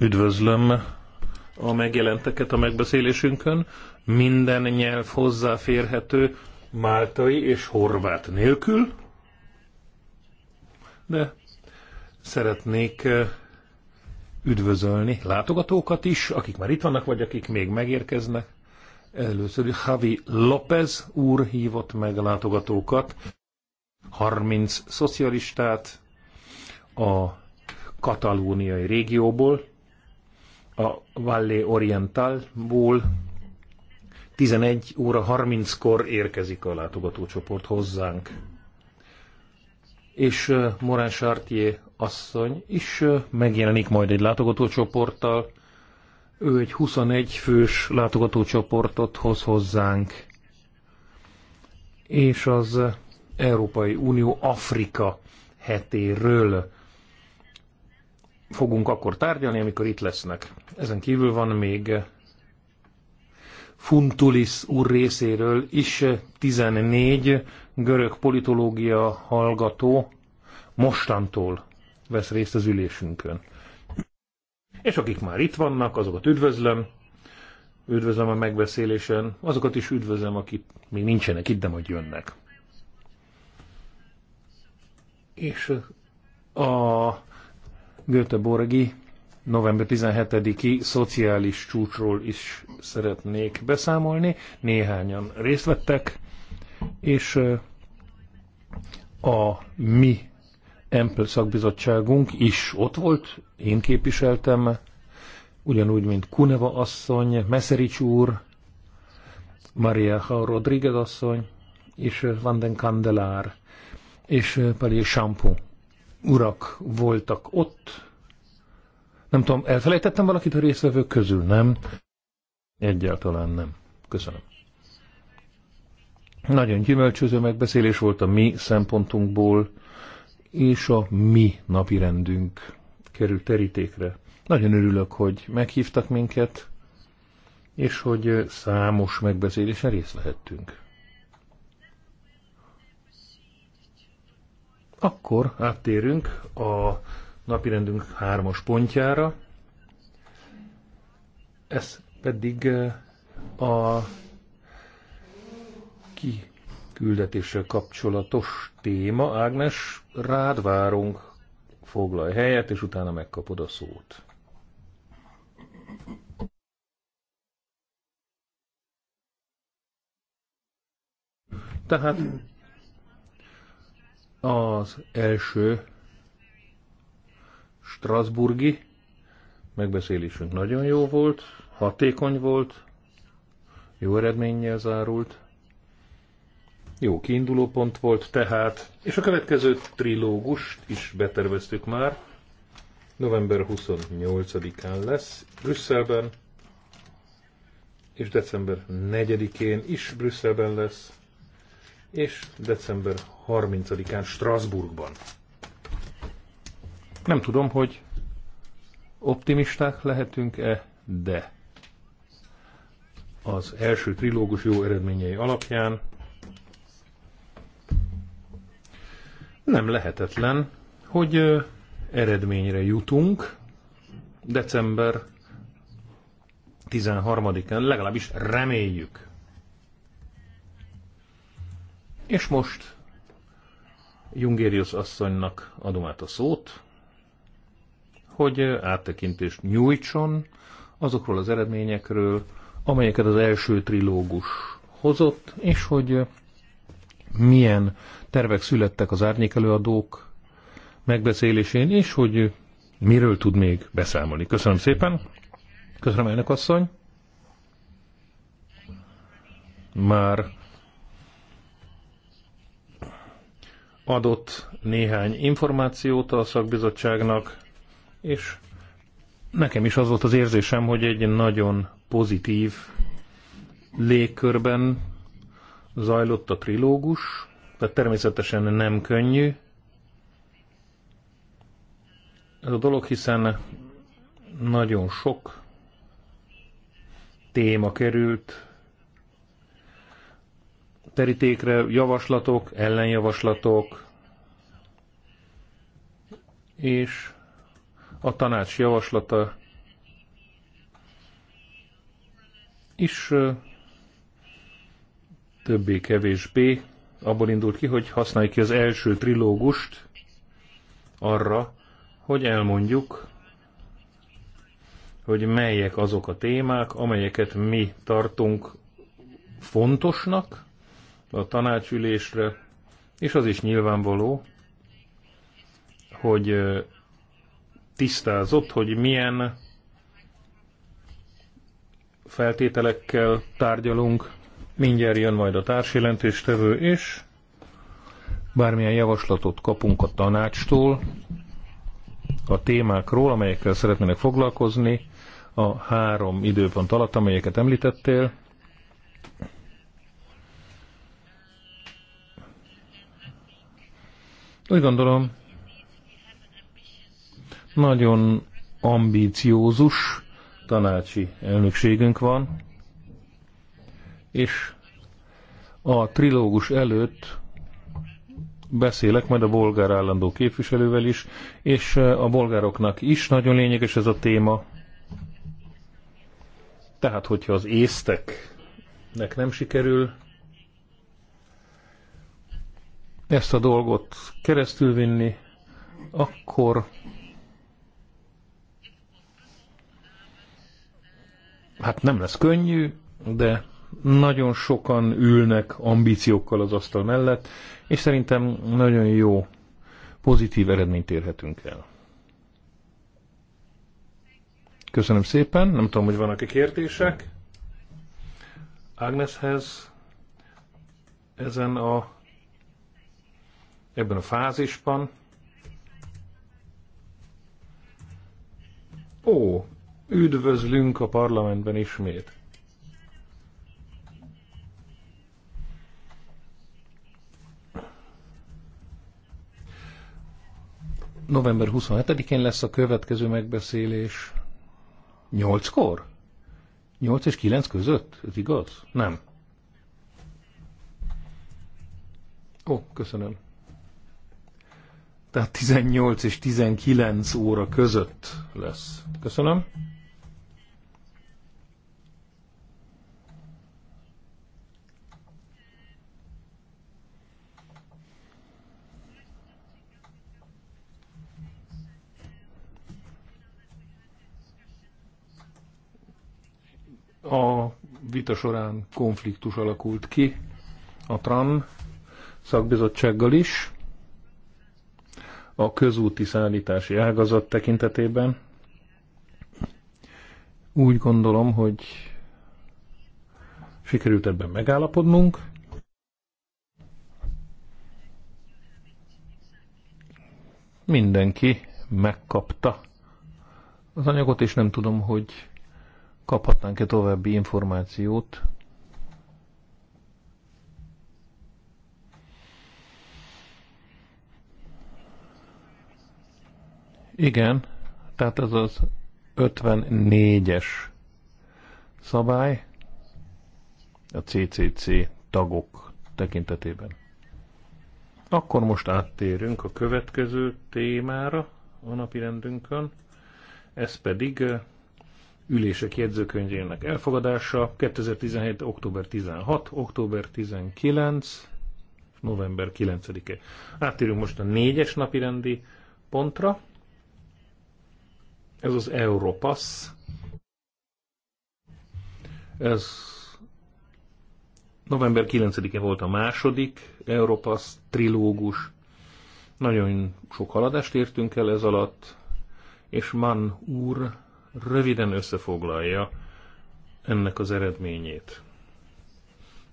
Üdvözlöm a megjelenteket a megbeszélésünkön. Minden nyelv hozzáférhető, máltai és horvát nélkül. De szeretnék eh, üdvözölni látogatókat is, akik már itt vannak, vagy akik még megérkeznek. Először Javi López úr hívott meg a látogatókat, 30 szocialistát, a katalóniai régióból, a Valle Orientalból 11 óra 30-kor érkezik a látogatócsoport hozzánk. És Morán Sartier asszony is megjelenik majd egy látogatócsoporttal. Ő egy 21 fős látogatócsoportot hoz hozzánk. És az Európai Unió Afrika hetéről fogunk akkor tárgyalni, amikor itt lesznek. Ezen kívül van még Funtulis úr részéről is 14 görög politológia hallgató mostantól vesz részt az ülésünkön. És akik már itt vannak, azokat üdvözlöm, üdvözlöm a megbeszélésen, azokat is üdvözlöm, akik még nincsenek itt, de majd jönnek. És a Göteborgi november 17-i szociális csúcsról is szeretnék beszámolni. Néhányan részt vettek, és a mi Empl szakbizottságunk is ott volt, én képviseltem, ugyanúgy, mint Kuneva asszony, Meszerics úr, Maria Rodriguez asszony, és Vanden Candelár, és Pali Shampoo urak voltak ott. Nem tudom, elfelejtettem valakit a részvevők közül, nem? Egyáltalán nem. Köszönöm. Nagyon gyümölcsöző megbeszélés volt a mi szempontunkból, és a mi napirendünk került terítékre. Nagyon örülök, hogy meghívtak minket, és hogy számos megbeszélésen részt vehettünk. Akkor áttérünk a napirendünk hármas pontjára, ez pedig eh, a kiküldetéssel kapcsolatos téma. Ágnes, rád várunk, foglalj helyet, és utána megkapod a szót. Tehát az első Strasburgi megbeszélésünk nagyon jó volt, hatékony volt, jó eredménnyel zárult, jó kiinduló pont volt tehát, és a következő trilógust is beterveztük már, november 28-án lesz Brüsszelben, és december 4-én is Brüsszelben lesz és december 30-án Strasbourgban. Nem tudom, hogy optimisták lehetünk-e, de az első trilógus jó eredményei alapján nem lehetetlen, hogy eredményre jutunk december 13-án, legalábbis reméljük. És most Jungérius asszonynak adom át a szót, hogy áttekintést nyújtson azokról az eredményekről, amelyeket az első trilógus hozott, és hogy milyen tervek születtek az árnyékelőadók megbeszélésén, és hogy miről tud még beszámolni. Köszönöm szépen. Köszönöm, elnök asszony. Már adott néhány információt a szakbizottságnak, és nekem is az volt az érzésem, hogy egy nagyon pozitív légkörben zajlott a trilógus, tehát természetesen nem könnyű ez a dolog, hiszen nagyon sok téma került terítékre javaslatok, ellenjavaslatok, és a tanács javaslata is többé-kevésbé abból indult ki, hogy használjuk ki az első trilógust arra, hogy elmondjuk, hogy melyek azok a témák, amelyeket mi tartunk fontosnak, a tanácsülésre, és az is nyilvánvaló, hogy tisztázott, hogy milyen feltételekkel tárgyalunk. Mindjárt jön majd a társjelentéstevő, és bármilyen javaslatot kapunk a tanácstól, a témákról, amelyekkel szeretnének foglalkozni, a három időpont alatt, amelyeket említettél, Úgy gondolom, nagyon ambíciózus tanácsi elnökségünk van, és a trilógus előtt beszélek majd a bolgár állandó képviselővel is, és a bolgároknak is nagyon lényeges ez a téma. Tehát, hogyha az észteknek nem sikerül ezt a dolgot keresztülvinni, akkor hát nem lesz könnyű, de nagyon sokan ülnek ambíciókkal az asztal mellett, és szerintem nagyon jó, pozitív eredményt érhetünk el. Köszönöm szépen, nem tudom, hogy vannak-e kérdések. Ágneshez ezen a ebben a fázisban. Ó, üdvözlünk a parlamentben ismét. November 27-én lesz a következő megbeszélés. Nyolckor? Nyolc és kilenc között? Ez igaz? Nem. Ó, köszönöm. Tehát 18 és 19 óra között lesz. Köszönöm. a vita során konfliktus alakult ki a TRAN szakbizottsággal is, a közúti szállítási ágazat tekintetében. Úgy gondolom, hogy sikerült ebben megállapodnunk. Mindenki megkapta az anyagot, és nem tudom, hogy kaphatnánk-e további információt Igen, tehát ez az 54-es szabály a CCC tagok tekintetében. Akkor most áttérünk a következő témára a napi rendünkön, ez pedig ülések jegyzőkönyvének elfogadása 2017. október 16, október 19, november 9-e. Áttérünk most a négyes napi rendi pontra, ez az Europass. Ez november 9-e volt a második Europass trilógus. Nagyon sok haladást értünk el ez alatt, és Mann úr röviden összefoglalja ennek az eredményét.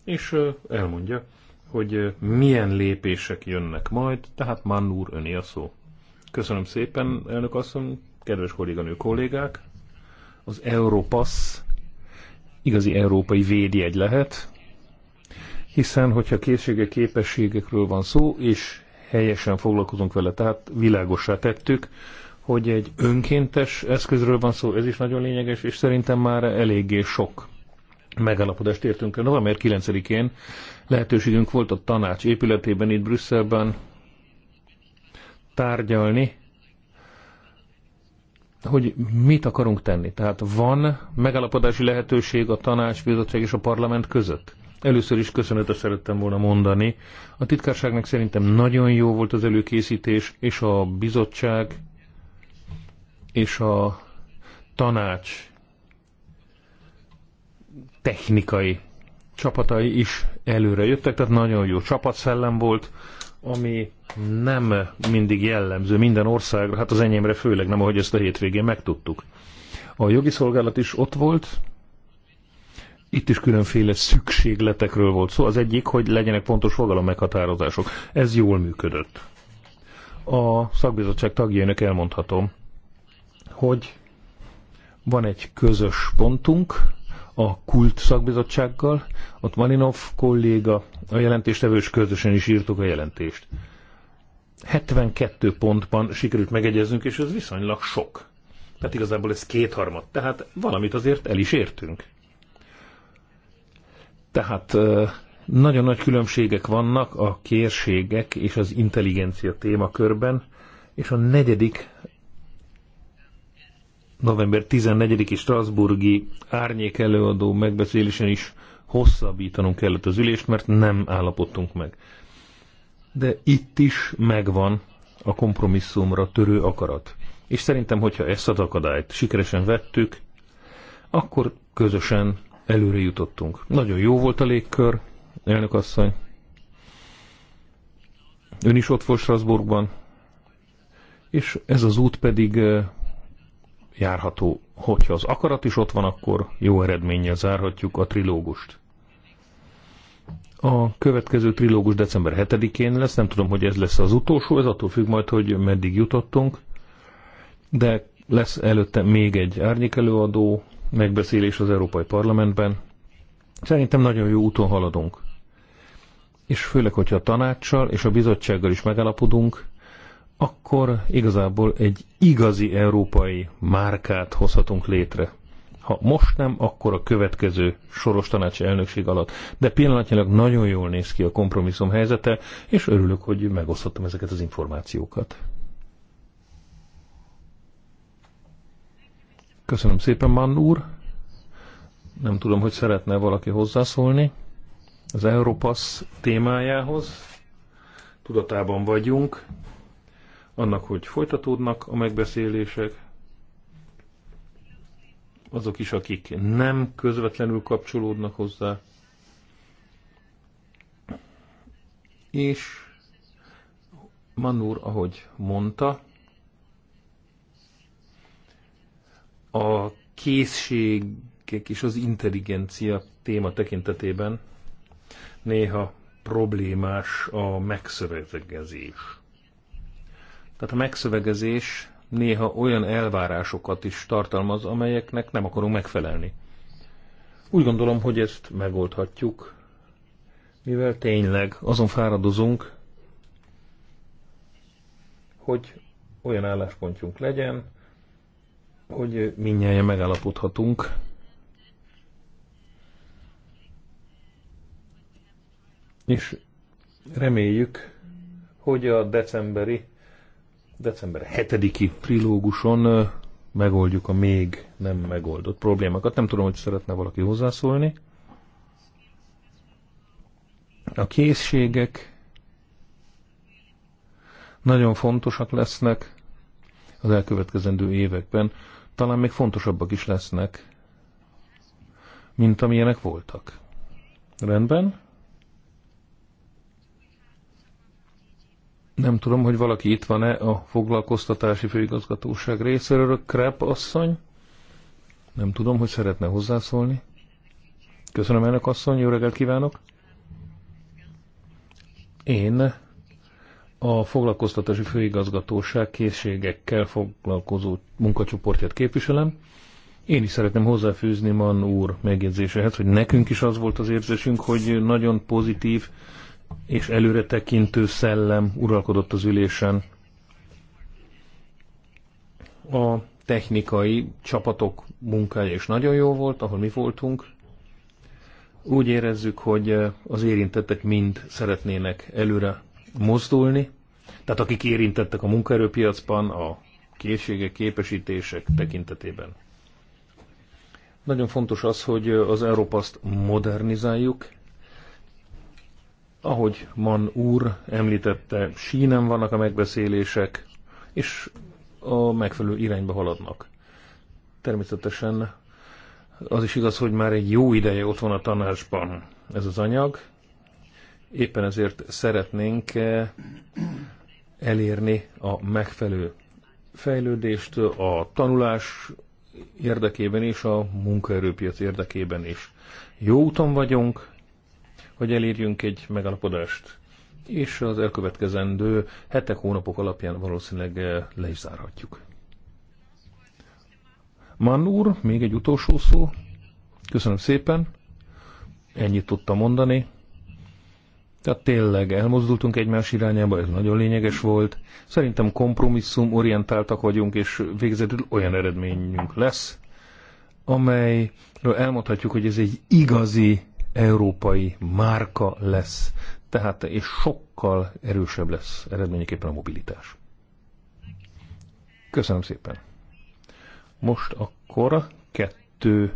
És elmondja, hogy milyen lépések jönnek majd, tehát Mann úr öné a szó. Köszönöm szépen, elnök asszony, kedves kolléganő kollégák, az Europass igazi európai védjegy lehet, hiszen hogyha készségek, képességekről van szó, és helyesen foglalkozunk vele, tehát világosá tettük, hogy egy önkéntes eszközről van szó, ez is nagyon lényeges, és szerintem már eléggé sok megállapodást értünk el. November 9-én lehetőségünk volt a tanács épületében itt Brüsszelben tárgyalni hogy mit akarunk tenni. Tehát van megalapodási lehetőség a tanács, bizottság és a parlament között. Először is köszönetet szerettem volna mondani. A titkárságnak szerintem nagyon jó volt az előkészítés, és a bizottság, és a tanács technikai csapatai is előre jöttek, tehát nagyon jó csapatszellem volt ami nem mindig jellemző minden országra, hát az enyémre főleg nem, ahogy ezt a hétvégén megtudtuk. A jogi szolgálat is ott volt, itt is különféle szükségletekről volt szó. Az egyik, hogy legyenek pontos fogalom meghatározások. Ez jól működött. A szakbizottság tagjainak elmondhatom, hogy van egy közös pontunk, a Kult szakbizottsággal, ott Maninov kolléga, a jelentéstevős közösen is írtuk a jelentést. 72 pontban sikerült megegyeznünk, és ez viszonylag sok. Tehát igazából ez kétharmad, tehát valamit azért el is értünk. Tehát nagyon nagy különbségek vannak a kérségek és az intelligencia témakörben, és a negyedik november 14-i Strasburgi árnyék előadó megbeszélésen is hosszabbítanunk kellett az ülést, mert nem állapodtunk meg. De itt is megvan a kompromisszumra törő akarat. És szerintem, hogyha ezt az akadályt sikeresen vettük, akkor közösen előre jutottunk. Nagyon jó volt a légkör, elnök asszony. Ön is ott volt Strasbourgban, és ez az út pedig eh, járható. Hogyha az akarat is ott van, akkor jó eredménnyel zárhatjuk a trilógust. A következő trilógus december 7-én lesz, nem tudom, hogy ez lesz az utolsó, ez attól függ majd, hogy meddig jutottunk, de lesz előtte még egy árnyékelőadó megbeszélés az Európai Parlamentben. Szerintem nagyon jó úton haladunk. És főleg, hogyha a tanácssal és a bizottsággal is megállapodunk, akkor igazából egy igazi európai márkát hozhatunk létre. Ha most nem, akkor a következő soros tanács elnökség alatt. De pillanatnyilag nagyon jól néz ki a kompromisszum helyzete, és örülök, hogy megosztottam ezeket az információkat. Köszönöm szépen, Mann úr. Nem tudom, hogy szeretne valaki hozzászólni az Európasz témájához. Tudatában vagyunk, annak, hogy folytatódnak a megbeszélések, azok is, akik nem közvetlenül kapcsolódnak hozzá, és Manur, ahogy mondta, a készségek és az intelligencia téma tekintetében néha problémás a megszövegezés. Tehát a megszövegezés néha olyan elvárásokat is tartalmaz, amelyeknek nem akarunk megfelelni. Úgy gondolom, hogy ezt megoldhatjuk, mivel tényleg azon fáradozunk, hogy olyan álláspontjunk legyen, hogy minnyáján megállapodhatunk. És reméljük, hogy a decemberi december 7-i trilóguson megoldjuk a még nem megoldott problémákat. Nem tudom, hogy szeretne valaki hozzászólni. A készségek nagyon fontosak lesznek az elkövetkezendő években. Talán még fontosabbak is lesznek, mint amilyenek voltak. Rendben? Nem tudom, hogy valaki itt van-e a foglalkoztatási főigazgatóság részéről, Krep asszony. Nem tudom, hogy szeretne hozzászólni. Köszönöm, elnök asszony, jó reggelt kívánok. Én a foglalkoztatási főigazgatóság készségekkel foglalkozó munkacsoportját képviselem. Én is szeretném hozzáfűzni Man úr megjegyzéséhez, hogy nekünk is az volt az érzésünk, hogy nagyon pozitív és előre tekintő szellem uralkodott az ülésen. A technikai csapatok munkája is nagyon jó volt, ahol mi voltunk. Úgy érezzük, hogy eh, az érintettek mind szeretnének előre mozdulni, tehát akik érintettek a munkaerőpiacban, a készségek, képesítések tekintetében. Nagyon fontos az, hogy eh, az Európaszt modernizáljuk, ahogy Man úr említette, sínen vannak a megbeszélések, és a megfelelő irányba haladnak. Természetesen az is igaz, hogy már egy jó ideje ott van a tanácsban ez az anyag, éppen ezért szeretnénk eh, elérni a megfelelő fejlődést a tanulás érdekében és a munkaerőpiac érdekében is. Jó úton vagyunk, hogy elérjünk egy megalapodást, és az elkövetkezendő hetek, hónapok alapján valószínűleg eh, le is zárhatjuk. Mann úr, még egy utolsó szó. Köszönöm szépen. Ennyit tudtam mondani. Tehát tényleg elmozdultunk egymás irányába, ez nagyon lényeges volt. Szerintem kompromisszum orientáltak vagyunk, és végzetül olyan eredményünk lesz, amelyről elmondhatjuk, hogy ez egy igazi európai márka lesz, tehát és sokkal erősebb lesz eredményeképpen a mobilitás. Köszönöm szépen. Most akkor kettő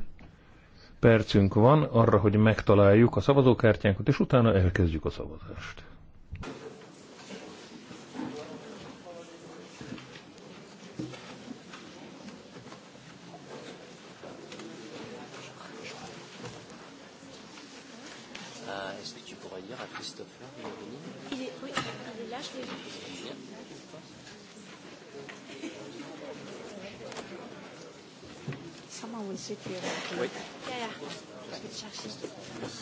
percünk van arra, hogy megtaláljuk a szavazókártyánkat, és utána elkezdjük a szavazást. on sait que. Oui. Yeah, yeah.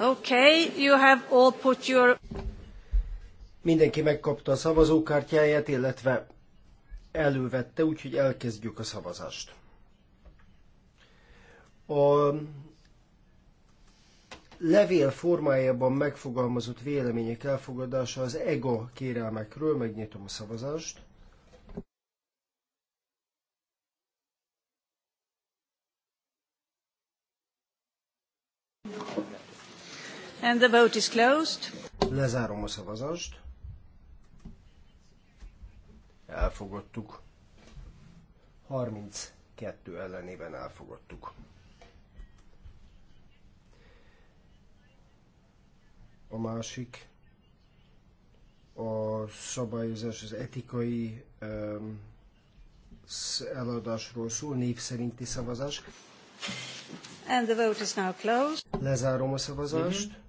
Okay, you have all put your... Mindenki megkapta a szavazókártyáját, illetve elővette, úgyhogy elkezdjük a szavazást. A levél formájában megfogalmazott vélemények elfogadása az ego kérelmekről, megnyitom a szavazást. And the vote is closed. Lezárom a szavazást. Elfogadtuk. 32 ellenében elfogadtuk. A másik a szabályozás, az etikai um, eladásról szól, név szerinti szavazás. And the vote is now closed. Lezárom a szavazást. Mm-hmm.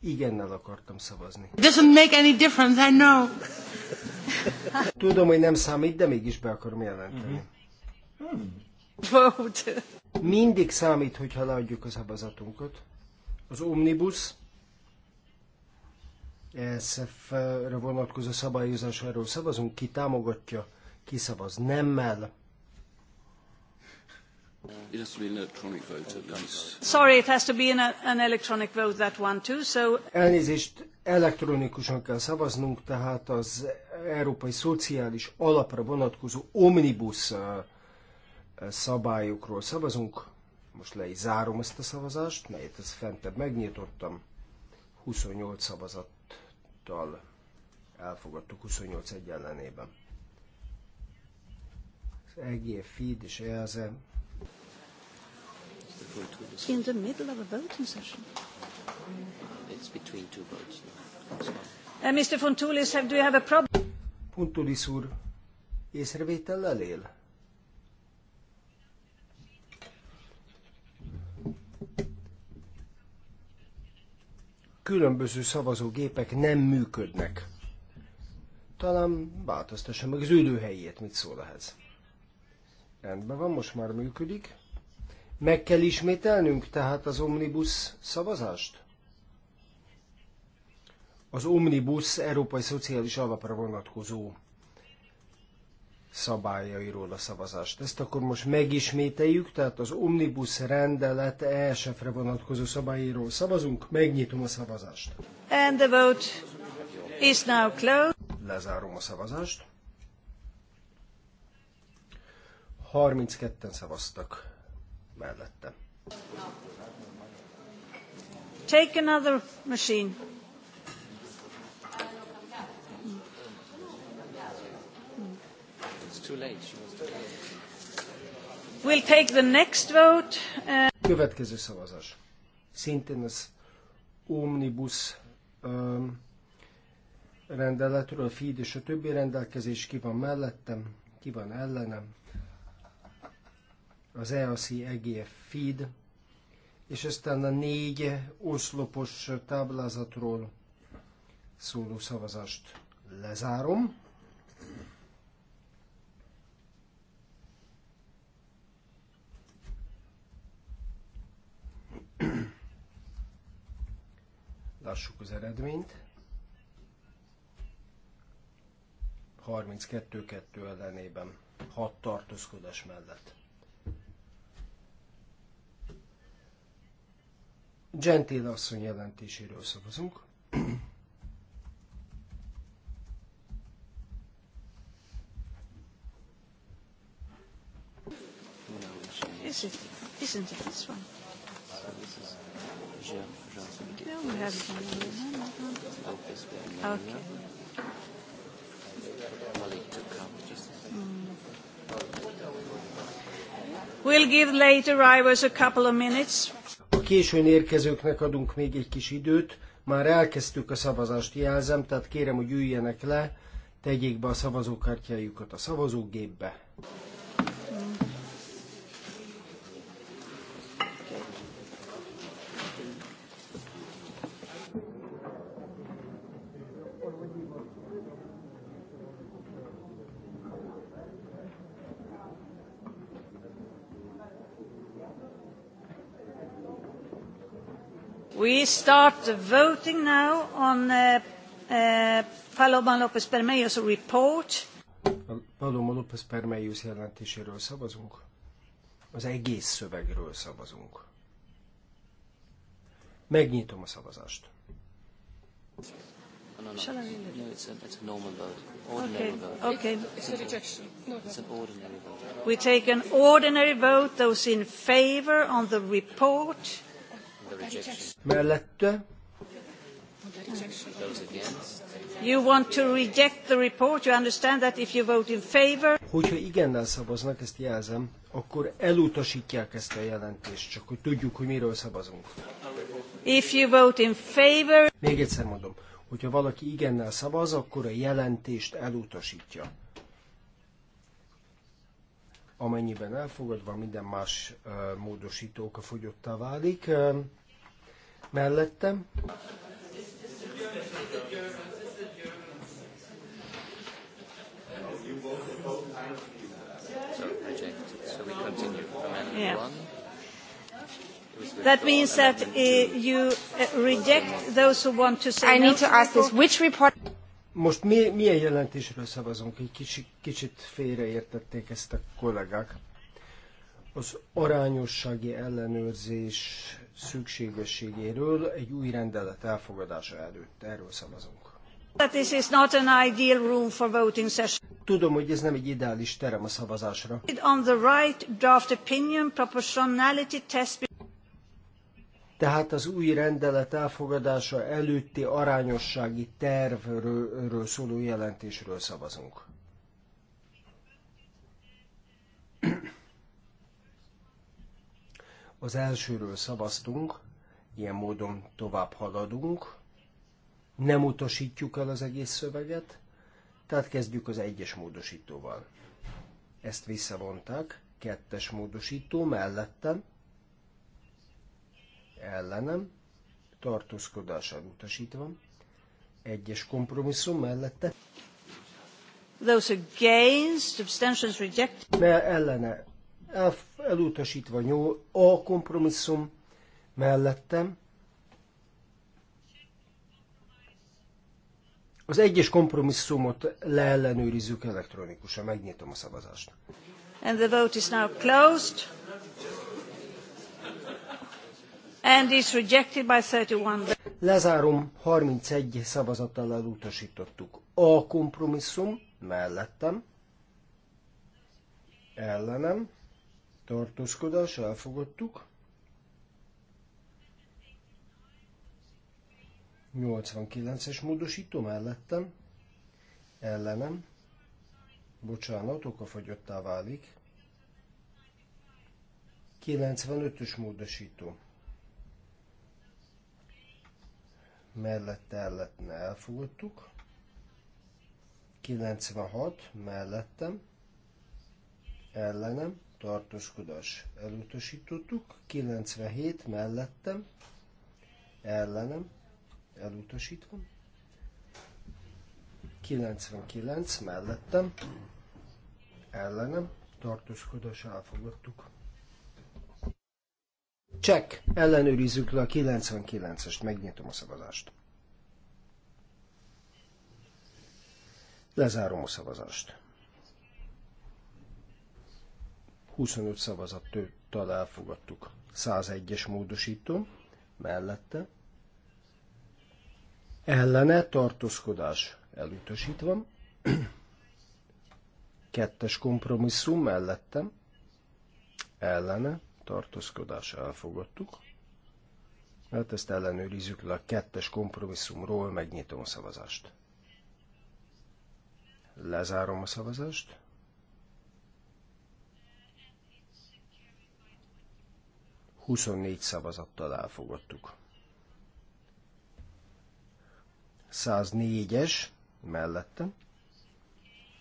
igennel akartam szavazni. It doesn't make any difference, I know. Tudom, hogy nem számít, de mégis be akarom jelenteni. Mm-hmm. Vote. Mindig számít, hogyha leadjuk a szavazatunkat. Az omnibus, ESF-re vonatkozó szabályozásáról szavazunk, ki támogatja, ki szavaz nemmel, It has to be an electronic vote at least. Sorry, it has to be an electronic vote that one too, so... Elnézést, elektronikusan kell szavaznunk, tehát az Európai Szociális Alapra vonatkozó omnibus szabályokról szavazunk. Most le is zárom ezt a szavazást, melyet ezt fentebb megnyitottam. 28 szavazattal elfogadtuk 28 egy ellenében. Az EGF, FID és EASE In the middle of a voting session. It's between two votes. Uh, Mr. Fontulis, have, do you have a problem? Fontulis úr, észrevétellel él? Különböző szavazógépek nem működnek. Talán változtassa meg az ülőhelyét, mit szól ehhez. Rendben van, most már működik. Meg kell ismételnünk tehát az omnibus szavazást? Az omnibus Európai Szociális Alapra vonatkozó szabályairól a szavazást. Ezt akkor most megismételjük, tehát az omnibus rendelet ESF-re vonatkozó szabályairól szavazunk, megnyitom a szavazást. And the vote is now closed. Lezárom a szavazást. 32-en szavaztak mellette. Take another machine. It's too late. She was too late. We'll take the next vote. And... Uh, Következő szavazás. Szintén az omnibus um, rendeletről, feed és a többi rendelkezés ki van mellettem, ki van ellenem, az EASI EGF feed, és aztán a négy oszlopos táblázatról szóló szavazást lezárom. Lássuk az eredményt. 32-2 ellenében, 6 tartózkodás mellett. Gentil asszony jelentéséről szavazunk. Is it? Isn't it this one? We'll give late arrivals a couple of minutes. A későn érkezőknek adunk még egy kis időt, már elkezdtük a szavazást, jelzem, tehát kérem, hogy üljenek le, tegyék be a szavazókártyájukat a szavazógépbe. We start voting now on uh, uh, Paloma López Permeios report. Paloma López Permeios jelentéséről szavazunk. Az egész szövegről szavazunk. Megnyitom a szavazást. No, no, no. Shall I read it? No, it's a, it's a normal vote. okay. vote. Okay. It's, a rejection. No, it's an ordinary vote. We take an ordinary vote. Those in favour on the report Mellette. You want to reject the report, you understand that if you vote in favor. Hogyha igennel szavaznak, ezt jelzem, akkor elutasítják ezt a jelentést, csak hogy tudjuk, hogy miről szavazunk. If you vote in favor. Még egyszer mondom, hogyha valaki igennel szavaz, akkor a jelentést elutasítja amennyiben elfogadva minden más módosítók a fogyottá válik. Mellettem. yeah. That means that uh, you uh, reject those who want to say I no need to ask this. Which report? Most mi, milyen jelentésről szavazunk? Egy kicsit, kicsit félreértették ezt a kollégák. Az arányossági ellenőrzés szükségességéről egy új rendelet elfogadása előtt. Erről szavazunk. This is not an ideal room for voting session. Tudom, hogy ez nem egy ideális terem a szavazásra. On the right draft opinion proportionality test tehát az új rendelet elfogadása előtti arányossági tervről szóló jelentésről szavazunk. Az elsőről szavaztunk, ilyen módon tovább haladunk, nem utasítjuk el az egész szöveget, tehát kezdjük az egyes módosítóval. Ezt visszavonták, kettes módosító mellettem, ellenem, tartózkodással utasítva, egyes kompromisszum mellette. Those against, abstentions rejected. Mert ellene, el, elutasítva nyúl, a kompromisszum mellettem. Az egyes kompromisszumot leellenőrizzük elektronikusan, megnyitom a szavazást. And the vote is now closed. 31. Lezárom, 31 szavazattal elutasítottuk. A kompromisszum mellettem, ellenem, tartózkodás, elfogadtuk. 89-es módosító mellettem, ellenem, bocsánat, okafogyottá válik. 95-ös módosító mellette ellene elfogadtuk. 96 mellettem ellenem tartózkodás elutasítottuk. 97 mellettem ellenem elutasítva. 99 mellettem ellenem tartózkodás elfogadtuk. Csek, ellenőrizzük le a 99-est, megnyitom a szavazást. Lezárom a szavazást. 25 szavazattal elfogadtuk. 101-es módosító, mellette. Ellene tartózkodás elutasítva. Kettes kompromisszum mellettem. Ellene tartózkodás elfogadtuk. Hát ezt ellenőrizzük le a kettes kompromisszumról, megnyitom a szavazást. Lezárom a szavazást. Huszonnégy szavazattal elfogadtuk. 104-es mellettem,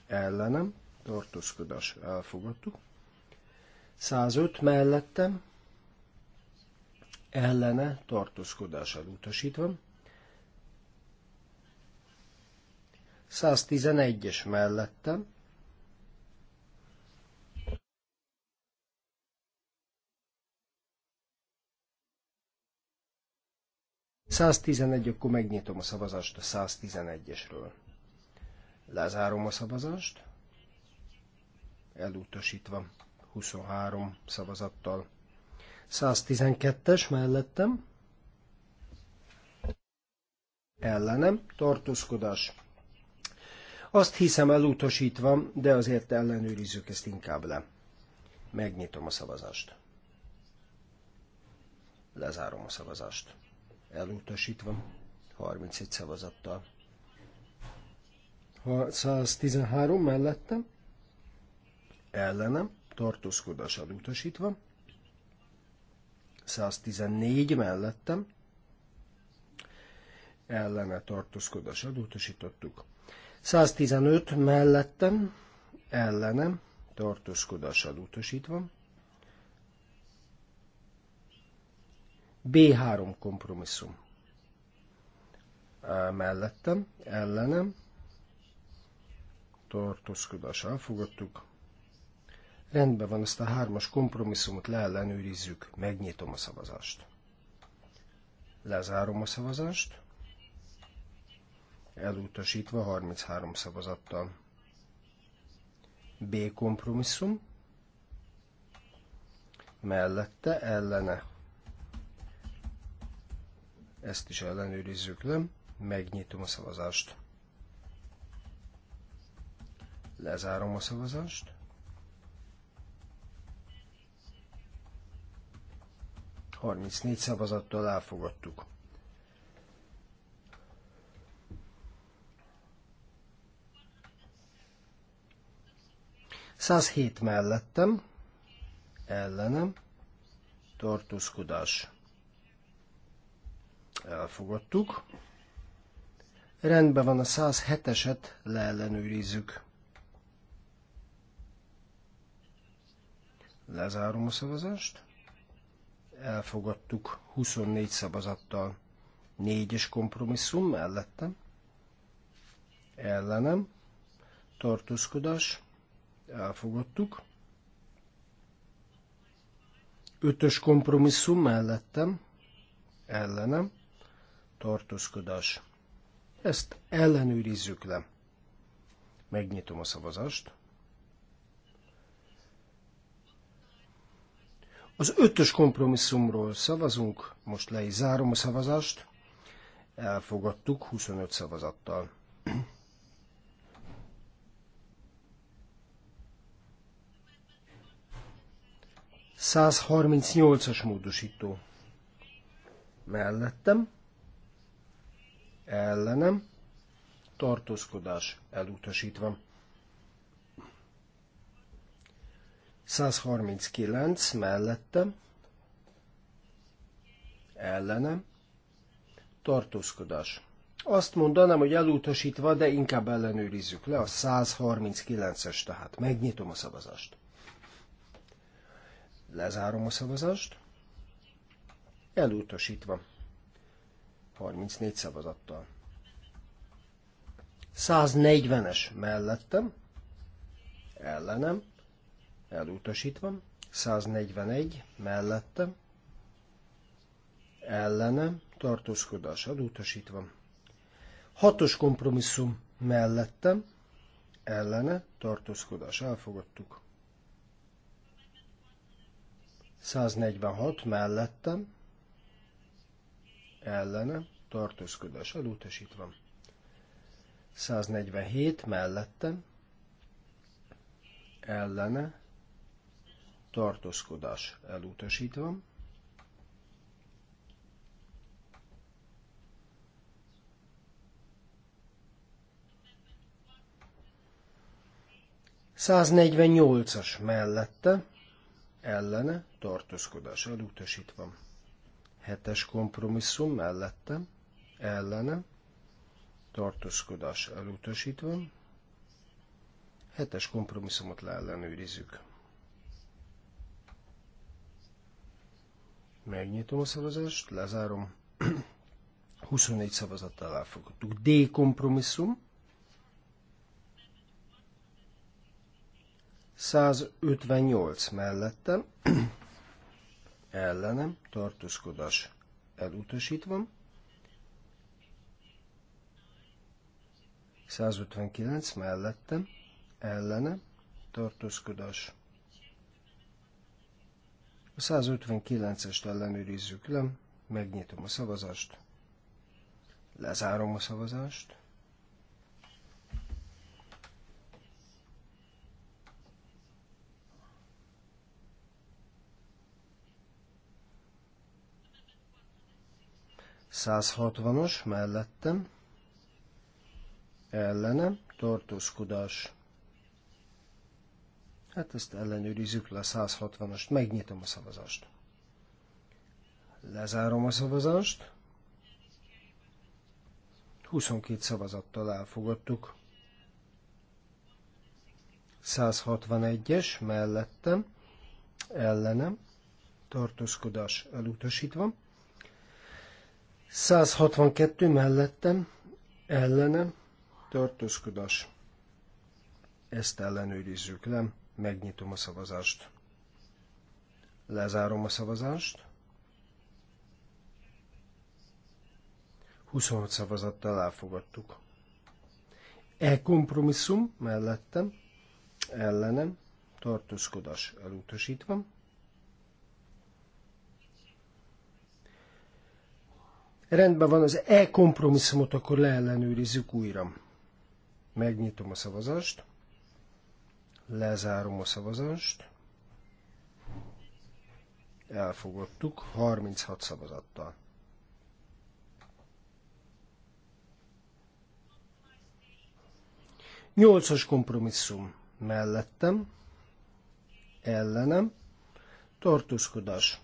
ellenem, tartózkodás elfogadtuk. 105 mellettem, ellene tartózkodással utasítva. 111-es mellettem, Száztizenegy, akkor megnyitom a szavazást a 111-esről. Lezárom a szavazást, elutasítva. 23 szavazattal. 112-es mellettem, ellenem, tartózkodás. Azt hiszem elutasítva, de azért ellenőrizzük ezt inkább le. Megnyitom a szavazást. Lezárom a szavazást. Elutasítva, 31 szavazattal. 113 mellettem, ellenem, tartózkodás elutasítva, 114 mellettem, ellene tartózkodás elutasítottuk, 115 mellettem, ellenem, tartózkodás elutasítva, B3 kompromisszum mellettem, ellenem, tartózkodás elfogadtuk, Rendben van, ezt a hármas kompromisszumot leellenőrizzük, megnyitom a szavazást. Lezárom a szavazást, elutasítva 33 szavazattal. B kompromisszum, mellette ellene. Ezt is ellenőrizzük le, megnyitom a szavazást. Lezárom a szavazást. 34 szavazattal elfogadtuk. Száz hét mellettem, ellenem, tartózkodás. Elfogadtuk. Rendben van, a 107-eset leellenőrizzük. Lezárom a szavazást elfogadtuk 24 szavazattal. Négyes kompromisszum mellettem, ellenem, tartózkodás, elfogadtuk. Ötös kompromisszum mellettem, ellenem, tartózkodás. Ezt ellenőrizzük le. Megnyitom a szavazást. Az ötös kompromisszumról szavazunk, most le is zárom a szavazást. Elfogadtuk 25 szavazattal. as módosító. Mellettem, ellenem, tartózkodás elutasítva. 139 mellettem, ellenem, tartózkodás. Azt mondanám, hogy elutasítva, de inkább ellenőrizzük le a 139-es, tehát megnyitom a szavazást. Lezárom a szavazást. Elutasítva. 34 szavazattal. 140-es mellettem, ellenem, elutasítva, 141 mellette, ellene, tartózkodás elutasítva, hatos kompromisszum mellette, ellene, tartózkodás elfogadtuk, 146 mellette, ellene, tartózkodás elutasítva, 147 mellette, ellene, tartózkodás elutasítva. Száznegyvennyolcas mellette, ellene, tartózkodás elutasítva. Hetes kompromisszum mellette, ellene, tartózkodás elutasítva. Hetes kompromisszumot leellenőrizzük. Megnyitom a szavazást, lezárom. 24 szavazattal elfogadtuk. D kompromisszum. 158 mellettem, ellenem, tartózkodás elutasítva. 159 mellettem, ellenem, tartózkodás a 159-est ellenőrizzük le, megnyitom a szavazást, lezárom a szavazást, Százhatvanos mellettem, ellenem, tartózkodás Hát ezt ellenőrizzük le 160-ast. Megnyitom a szavazást. Lezárom a szavazást. 22 szavazattal elfogadtuk. 161-es mellettem, ellenem, tartózkodás elutasítva. 162 mellettem, ellenem, tartózkodás. Ezt ellenőrizzük, nem? megnyitom a szavazást. Lezárom a szavazást. 26 szavazattal elfogadtuk. E kompromisszum mellettem, ellenem, tartózkodás elutasítva. Rendben van, az e kompromisszumot akkor leellenőrizzük újra. Megnyitom a szavazást. Lezárom a szavazást. Elfogadtuk 36 szavazattal. Nyolcas kompromisszum mellettem, ellenem, tartózkodás.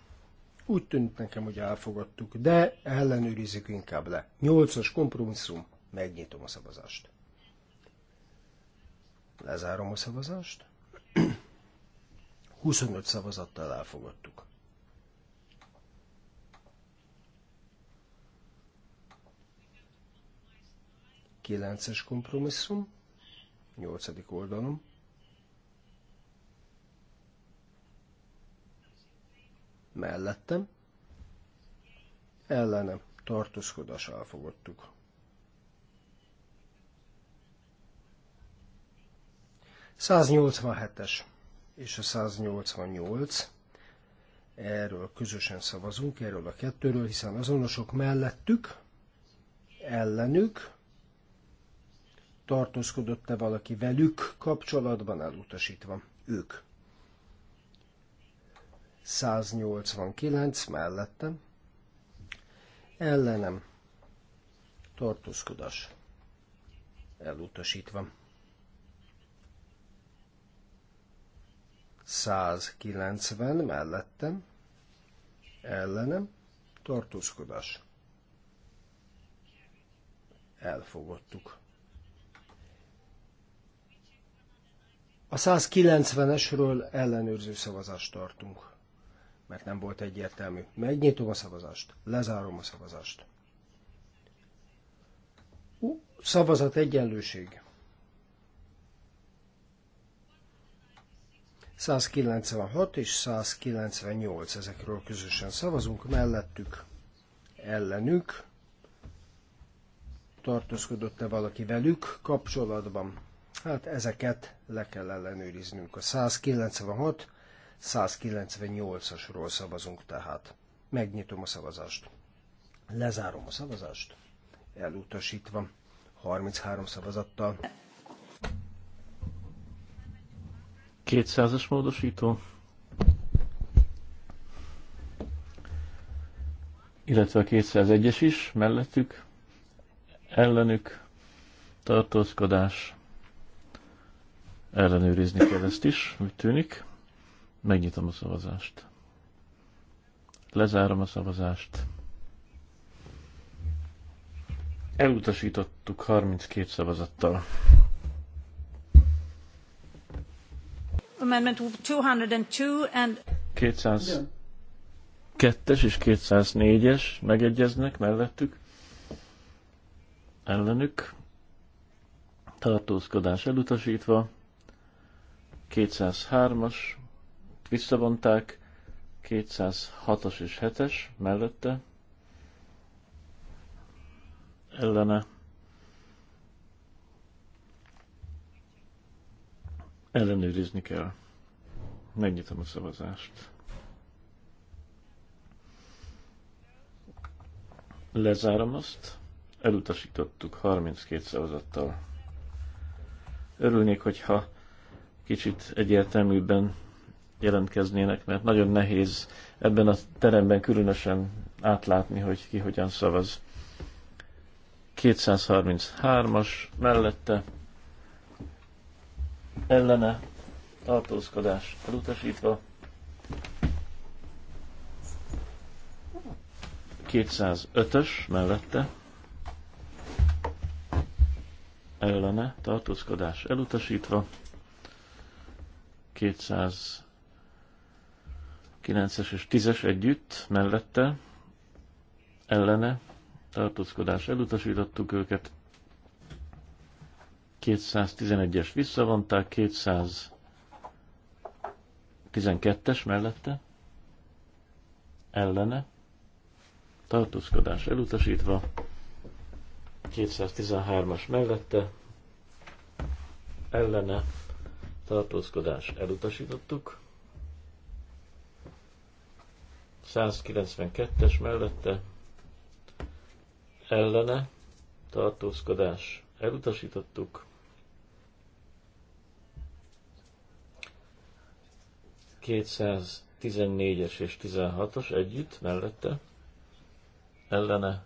Úgy tűnt nekem, hogy elfogadtuk, de ellenőrizzük inkább le. Nyolcas kompromisszum, megnyitom a szavazást. Lezárom a szavazást. 25 szavazattal elfogadtuk. Kilences kompromisszum, nyolcadik oldalom. Mellettem, ellenem tartózkodás elfogadtuk. 187-es és a 188, erről közösen szavazunk, erről a kettőről, hiszen azonosok mellettük, ellenük, tartózkodott-e valaki velük kapcsolatban elutasítva. Ők. 189 mellettem. Ellenem. Tartózkodás. Elutasítva. 190 mellettem, ellenem, tartózkodás. Elfogadtuk. A 190-esről ellenőrző szavazást tartunk, mert nem volt egyértelmű. Megnyitom a szavazást, lezárom a szavazást. Ú, szavazat egyenlőség. 196 és 198 ezekről közösen szavazunk, mellettük, ellenük, tartózkodott-e valaki velük kapcsolatban. Hát ezeket le kell ellenőriznünk. A 196, 198-asról szavazunk tehát. Megnyitom a szavazást. Lezárom a szavazást. Elutasítva. 33 szavazattal. 200-as módosító, illetve a 201-es is mellettük, ellenük tartózkodás, ellenőrizni kell ezt is, úgy tűnik. Megnyitom a szavazást. Lezárom a szavazást. Elutasítottuk 32 szavazattal. Amendment 202 and... 202-es és 204-es megegyeznek mellettük. Ellenük tartózkodás elutasítva. 203-as visszavonták. 206-as és 7-es mellette ellene Ellenőrizni kell. Megnyitom a szavazást. Lezárom azt. Elutasítottuk 32 szavazattal. Örülnék, hogyha kicsit egyértelműbben jelentkeznének, mert nagyon nehéz ebben a teremben különösen átlátni, hogy ki hogyan szavaz. 233-as mellette ellene tartózkodás elutasítva. 205-ös mellette ellene tartózkodás elutasítva. 209-es és 10-es együtt mellette ellene tartózkodás elutasítottuk őket. 211-es visszavonták, 212-es mellette, ellene, tartózkodás elutasítva, 213-as mellette, ellene, tartózkodás elutasítottuk, 192-es mellette, ellene, tartózkodás elutasítottuk, 214-es és 16-os együtt, mellette, ellene,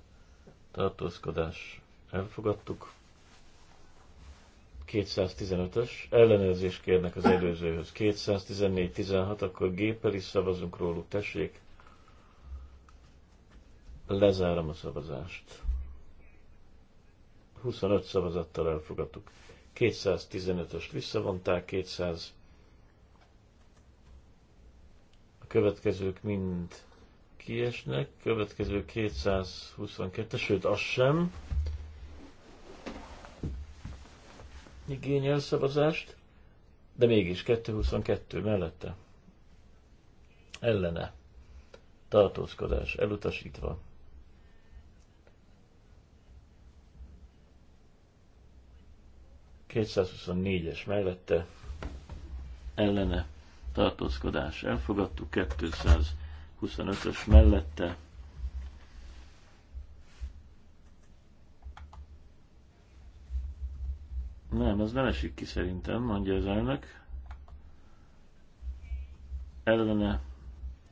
tartózkodás, elfogadtuk. 215-ös, ellenőrzést kérnek az előzőhöz. 214-16, akkor géppel is szavazunk róluk, tessék. Lezárom a szavazást. 25 szavazattal elfogadtuk. 215-öst visszavonták, 200 következők mind kiesnek, következő 222, sőt az sem igényel szavazást, de mégis 222 mellette ellene tartózkodás elutasítva. Kétszázhuszonnégyes mellette ellene tartózkodás elfogadtuk, 225-ös mellette Nem, az nem esik ki szerintem, mondja az elnök. Ellene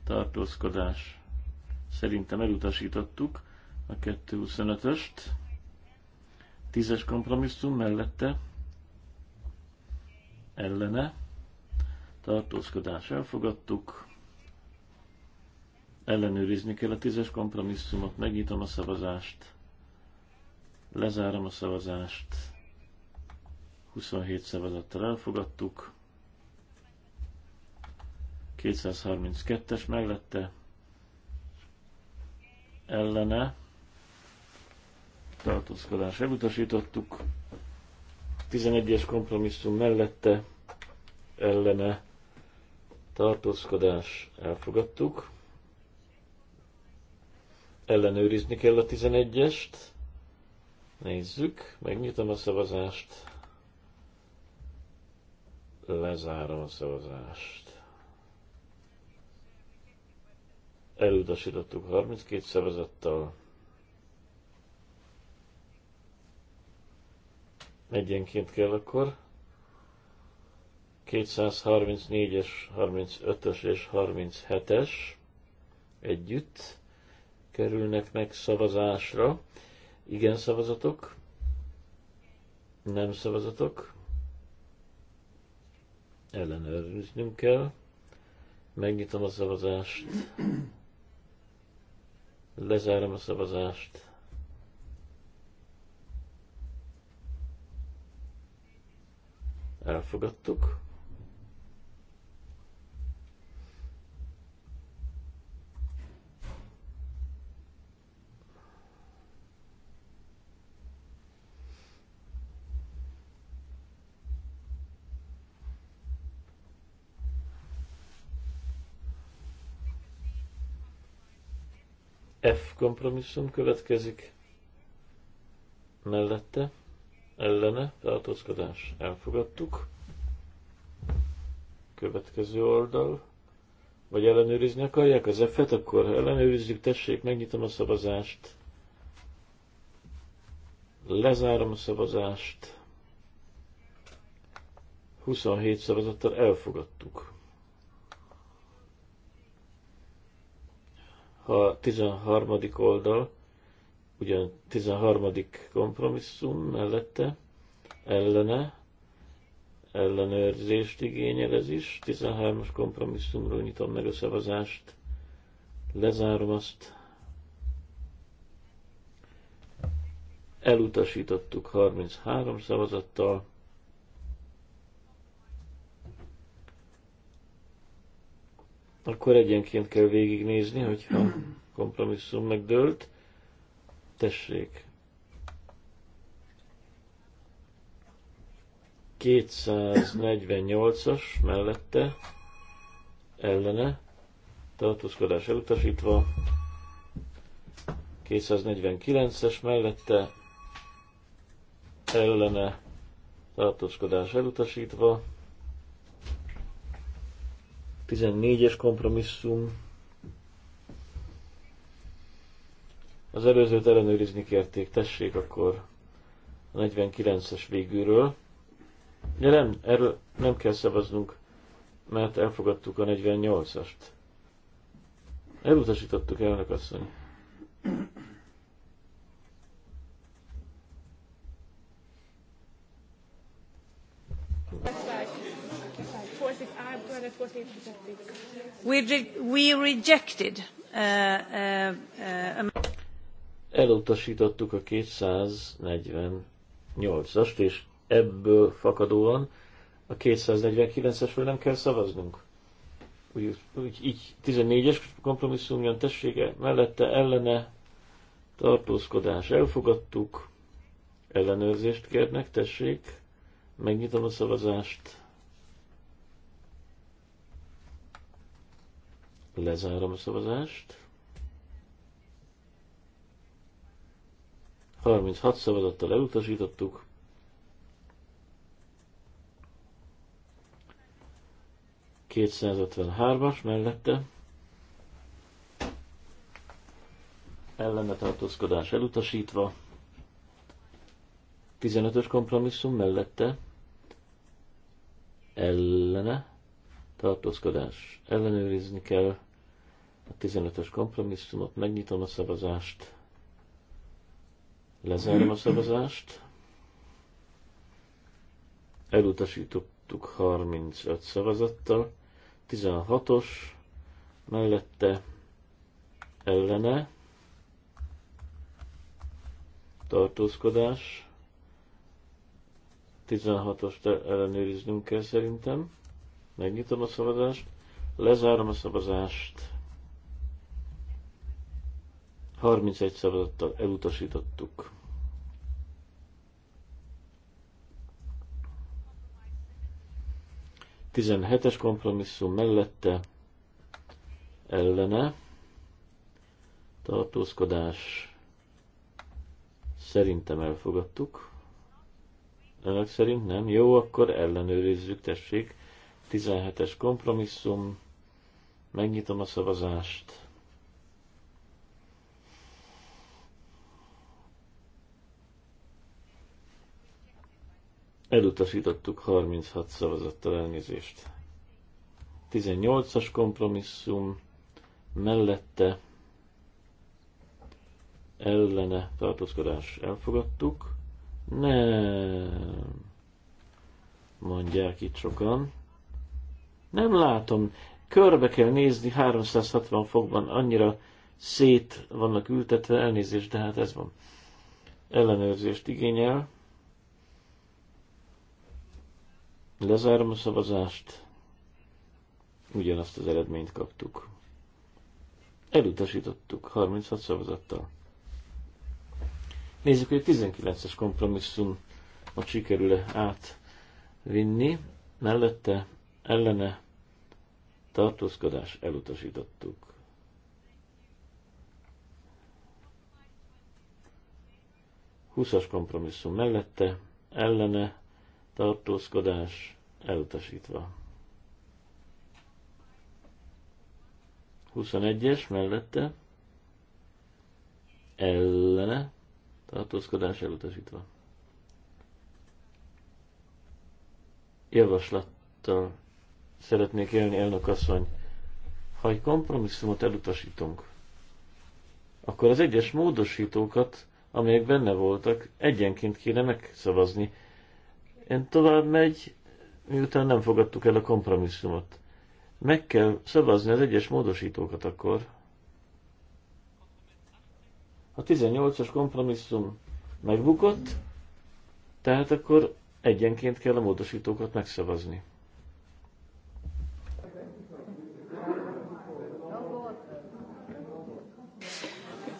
tartózkodás szerintem elutasítottuk a 225-öst. Tízes kompromisszum mellette ellene tartózkodás elfogadtuk. Ellenőrizni kell a tízes kompromisszumot, megnyitom a szavazást, lezárom a szavazást, 27 szavazattal elfogadtuk, 232-es mellette, ellene, tartózkodás elutasítottuk, 11-es kompromisszum mellette, ellene, tartózkodás elfogadtuk. Ellenőrizni kell a 11-est. Nézzük, megnyitom a szavazást. Lezárom a szavazást. Elutasítottuk 32 szavazattal. Egyenként kell akkor. 234-es, 35-ös és 37-es együtt kerülnek meg szavazásra. Igen szavazatok, nem szavazatok, ellenőriznünk kell. Megnyitom a szavazást, lezárom a szavazást. Elfogadtuk. F kompromisszum következik, mellette, ellene, tartózkodás, elfogadtuk. Következő oldal, vagy ellenőrizni akarják az F-et, akkor ellenőrizzük, tessék, megnyitom a szavazást, lezárom a szavazást, 27 szavazattal elfogadtuk. a 13. oldal, ugyan 13. kompromisszum mellette, ellene, ellenőrzést igényel ez is. 13-as kompromisszumról nyitom meg a szavazást, lezárom azt. Elutasítottuk 33 szavazattal. akkor egyenként kell végignézni, hogyha kompromisszum megdőlt. Tessék. 248-as mellette ellene tartózkodás elutasítva. 249-es mellette ellene tartózkodás elutasítva. 14-es kompromisszum. Az előzőt ellenőrizni kérték, tessék akkor a 49-es végülről. De nem, erről nem kell szavaznunk, mert elfogadtuk a 48-ast. Elutasítottuk elnök asszony. Thank Uh, uh, um, Elutasítottuk a 248-ast, és ebből fakadóan a 249-esről nem kell szavaznunk. Úgy, úgy így 14-es kompromisszum jön tessége, mellette ellene tartózkodás elfogadtuk, ellenőrzést kérnek, tessék, megnyitom a szavazást. Lezárom a szavazást. 36 szavazattal elutasítottuk. as mellette ellene tartózkodás elutasítva, 15-ös kompromisszum mellette ellene tartózkodás ellenőrizni kell, a 15-ös kompromisszumot, megnyitom a szavazást, lezárom a szavazást, elutasítottuk 35 szavazattal, 16-os, mellette ellene, tartózkodás, 16-ost ellenőriznünk kell szerintem, megnyitom a szavazást, lezárom a szavazást, 31 szavazattal elutasítottuk. Tizenhetes kompromisszum mellette ellene tartózkodás szerintem elfogadtuk. Önök szerint nem? Jó, akkor ellenőrizzük, tessék. 17-es kompromisszum. Megnyitom a szavazást. Elutasítottuk 36 szavazattal elnézést. 18-as kompromisszum mellette ellene tartózkodás elfogadtuk. Nem, mondják itt sokan. Nem látom. Körbe kell nézni 360 fokban, annyira szét vannak ültetve, elnézést, de hát ez van. Ellenőrzést igényel. Lezárom a szavazást. Ugyanazt az eredményt kaptuk. Elutasítottuk 36 szavazattal. Nézzük, hogy a 19-es kompromisszum a sikerül-e átvinni. Mellette ellene tartózkodás elutasítottuk. Húszas kompromisszum mellette, ellene tartózkodás elutasítva. 21-es mellette ellene tartózkodás elutasítva. Javaslattal szeretnék élni, elnök asszony, ha egy kompromisszumot elutasítunk, akkor az egyes módosítókat, amelyek benne voltak, egyenként kéne megszavazni, én tovább megy, miután nem fogadtuk el a kompromisszumot. Meg kell szavazni az egyes módosítókat akkor. A 18-as kompromisszum megbukott, tehát akkor egyenként kell a módosítókat megszavazni.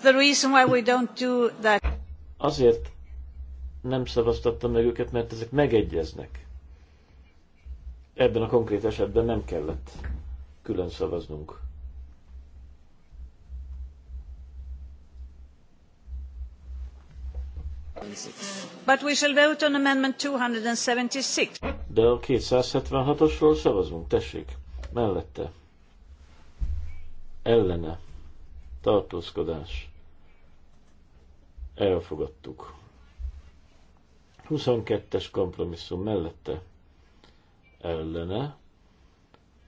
The reason why we don't do that. Azért nem szavaztattam meg őket, mert ezek megegyeznek. Ebben a konkrét esetben nem kellett külön szavaznunk. But we shall vote on amendment 276. De a 276-osról szavazunk, tessék. Mellette. Ellene. Tartózkodás. Elfogadtuk. 22-es kompromisszum mellette ellene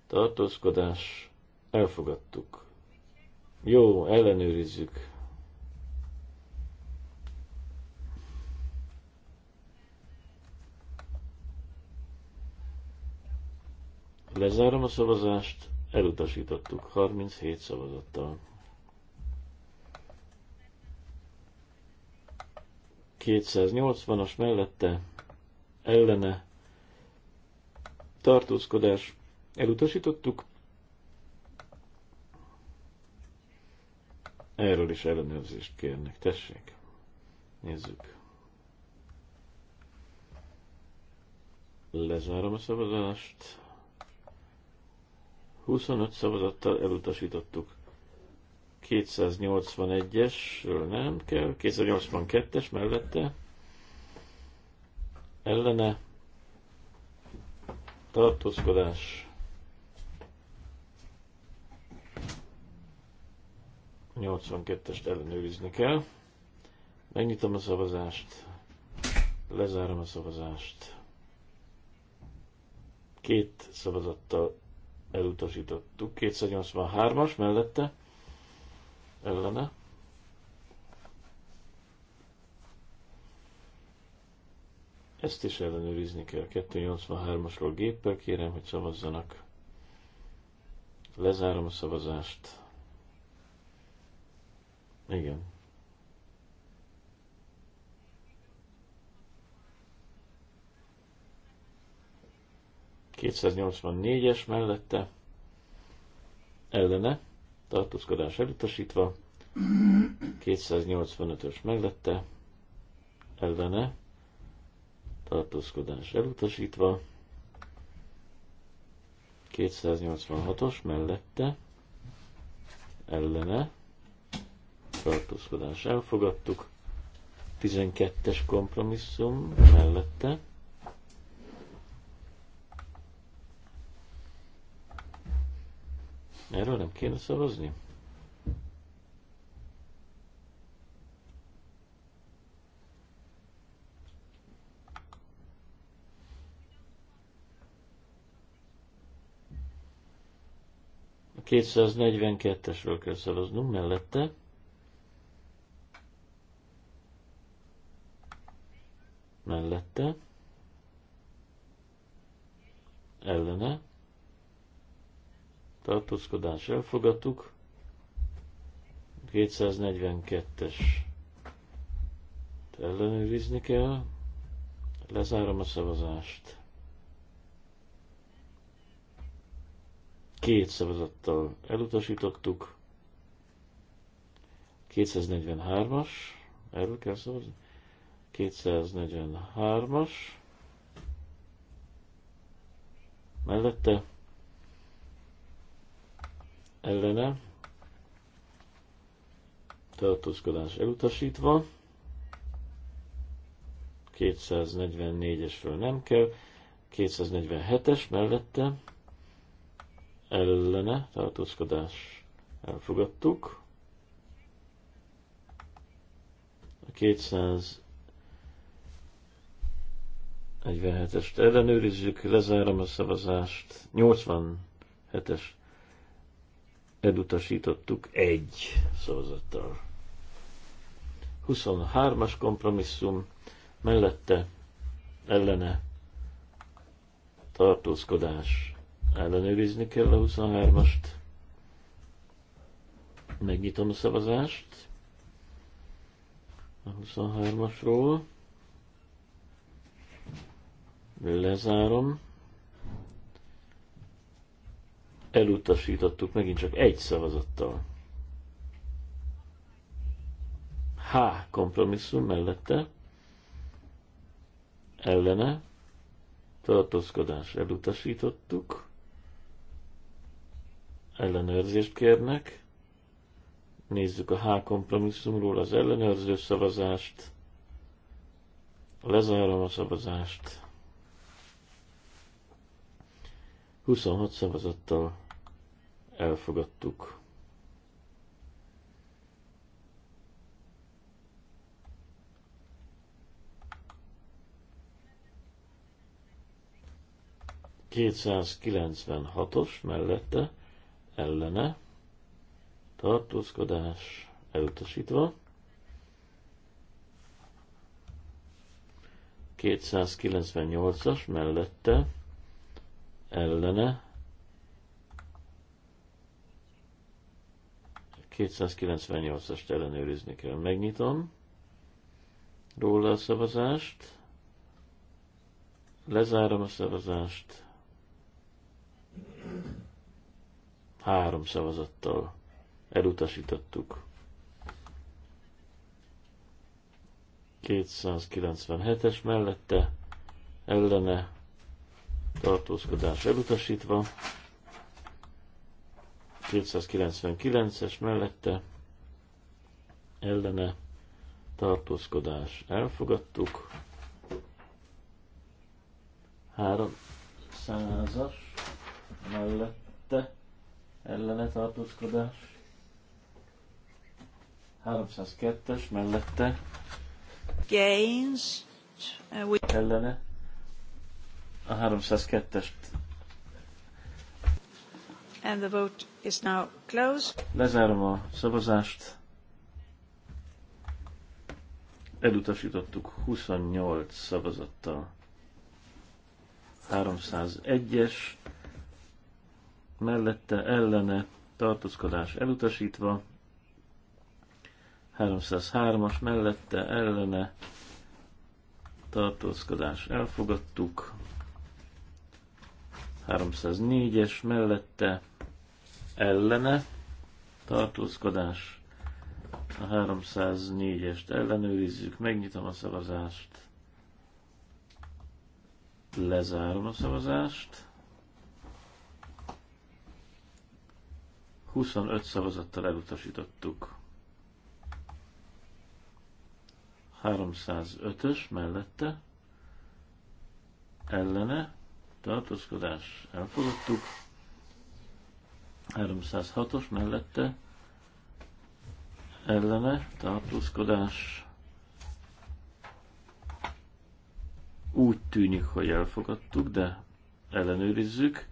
tartózkodás elfogadtuk. Jó, ellenőrizzük. Lezárom a szavazást, elutasítottuk 37 szavazattal. 280-as mellette ellene tartózkodás elutasítottuk. Erről is ellenőrzést kérnek. Tessék, nézzük. Lezárom a szavazást. 25 szavazattal elutasítottuk. 281-esről nem kell, 282-es mellette ellene tartózkodás 82-est ellenőrizni kell. Megnyitom a szavazást, lezárom a szavazást. Két szavazattal elutasítottuk. 283-as mellette ellene. Ezt is ellenőrizni kell. 283-asról géppel kérem, hogy szavazzanak. Lezárom a szavazást. Igen. négyes mellette ellene tartózkodás elutasítva, 285-ös mellette, ellene, tartózkodás elutasítva, 286-os mellette, ellene, tartózkodás elfogadtuk, 12-es kompromisszum mellette, Erről nem kéne szavazni? A 242-esről kell szavaznunk mellette. Mellette. Ellene tartózkodás elfogadtuk. 242-es ellenőrizni kell. Lezárom a szavazást. Két szavazattal elutasítottuk. 243-as, erről kell szavazni. 243-as. Mellette ellene tartózkodás elutasítva, 244-esről nem kell, 247-es mellette ellene tartózkodás elfogadtuk, a 247-est ellenőrizzük, lezárom a szavazást, 87-es elutasítottuk egy szavazattal. 23-as kompromisszum mellette ellene tartózkodás ellenőrizni kell a 23-ast. Megnyitom a szavazást a 23-asról. Lezárom. elutasítottuk megint csak egy szavazattal. H kompromisszum mellette ellene tartózkodás elutasítottuk, ellenőrzést kérnek, nézzük a H kompromisszumról az ellenőrző szavazást, lezárom a szavazást, 26 szavazattal elfogadtuk. os mellette ellene tartózkodás elutasítva. 298-as mellette ellene 298-ast ellenőrizni kell. Megnyitom róla a szavazást, lezárom a szavazást, három szavazattal elutasítottuk. 297-es mellette ellene tartózkodás elutasítva. 299-es mellette ellene tartózkodás elfogadtuk. 300-as mellette ellene tartózkodás. 302-es mellette gains uh, ellene a 302-est and the vote is now closed. Lezárom a szavazást. Elutasítottuk 28 szavazattal. 301-es mellette ellene tartózkodás elutasítva. 303-as mellette ellene tartózkodás elfogadtuk. 304-es mellette ellene tartózkodás. A 304-est ellenőrizzük, megnyitom a szavazást, lezárom a szavazást. 25 szavazattal elutasítottuk. 305-ös mellette ellene tartózkodás elfogadtuk. 306-os mellette ellene tartózkodás úgy tűnik, hogy elfogadtuk, de ellenőrizzük.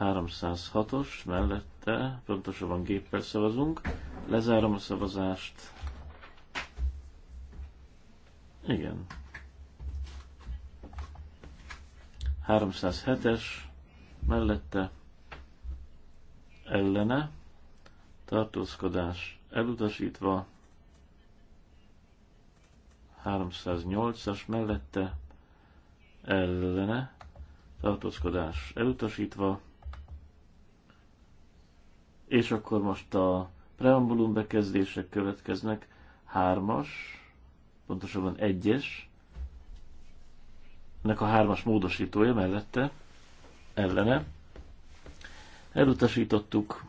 306-os mellette, pontosabban géppel szavazunk. Lezárom a szavazást. Igen. 307-es mellette ellene, tartózkodás elutasítva, 308-as mellette, ellene, tartózkodás elutasítva, és akkor most a preambulum bekezdések következnek, hármas, pontosabban egyes, ennek a hármas módosítója mellette, ellene, Elutasítottuk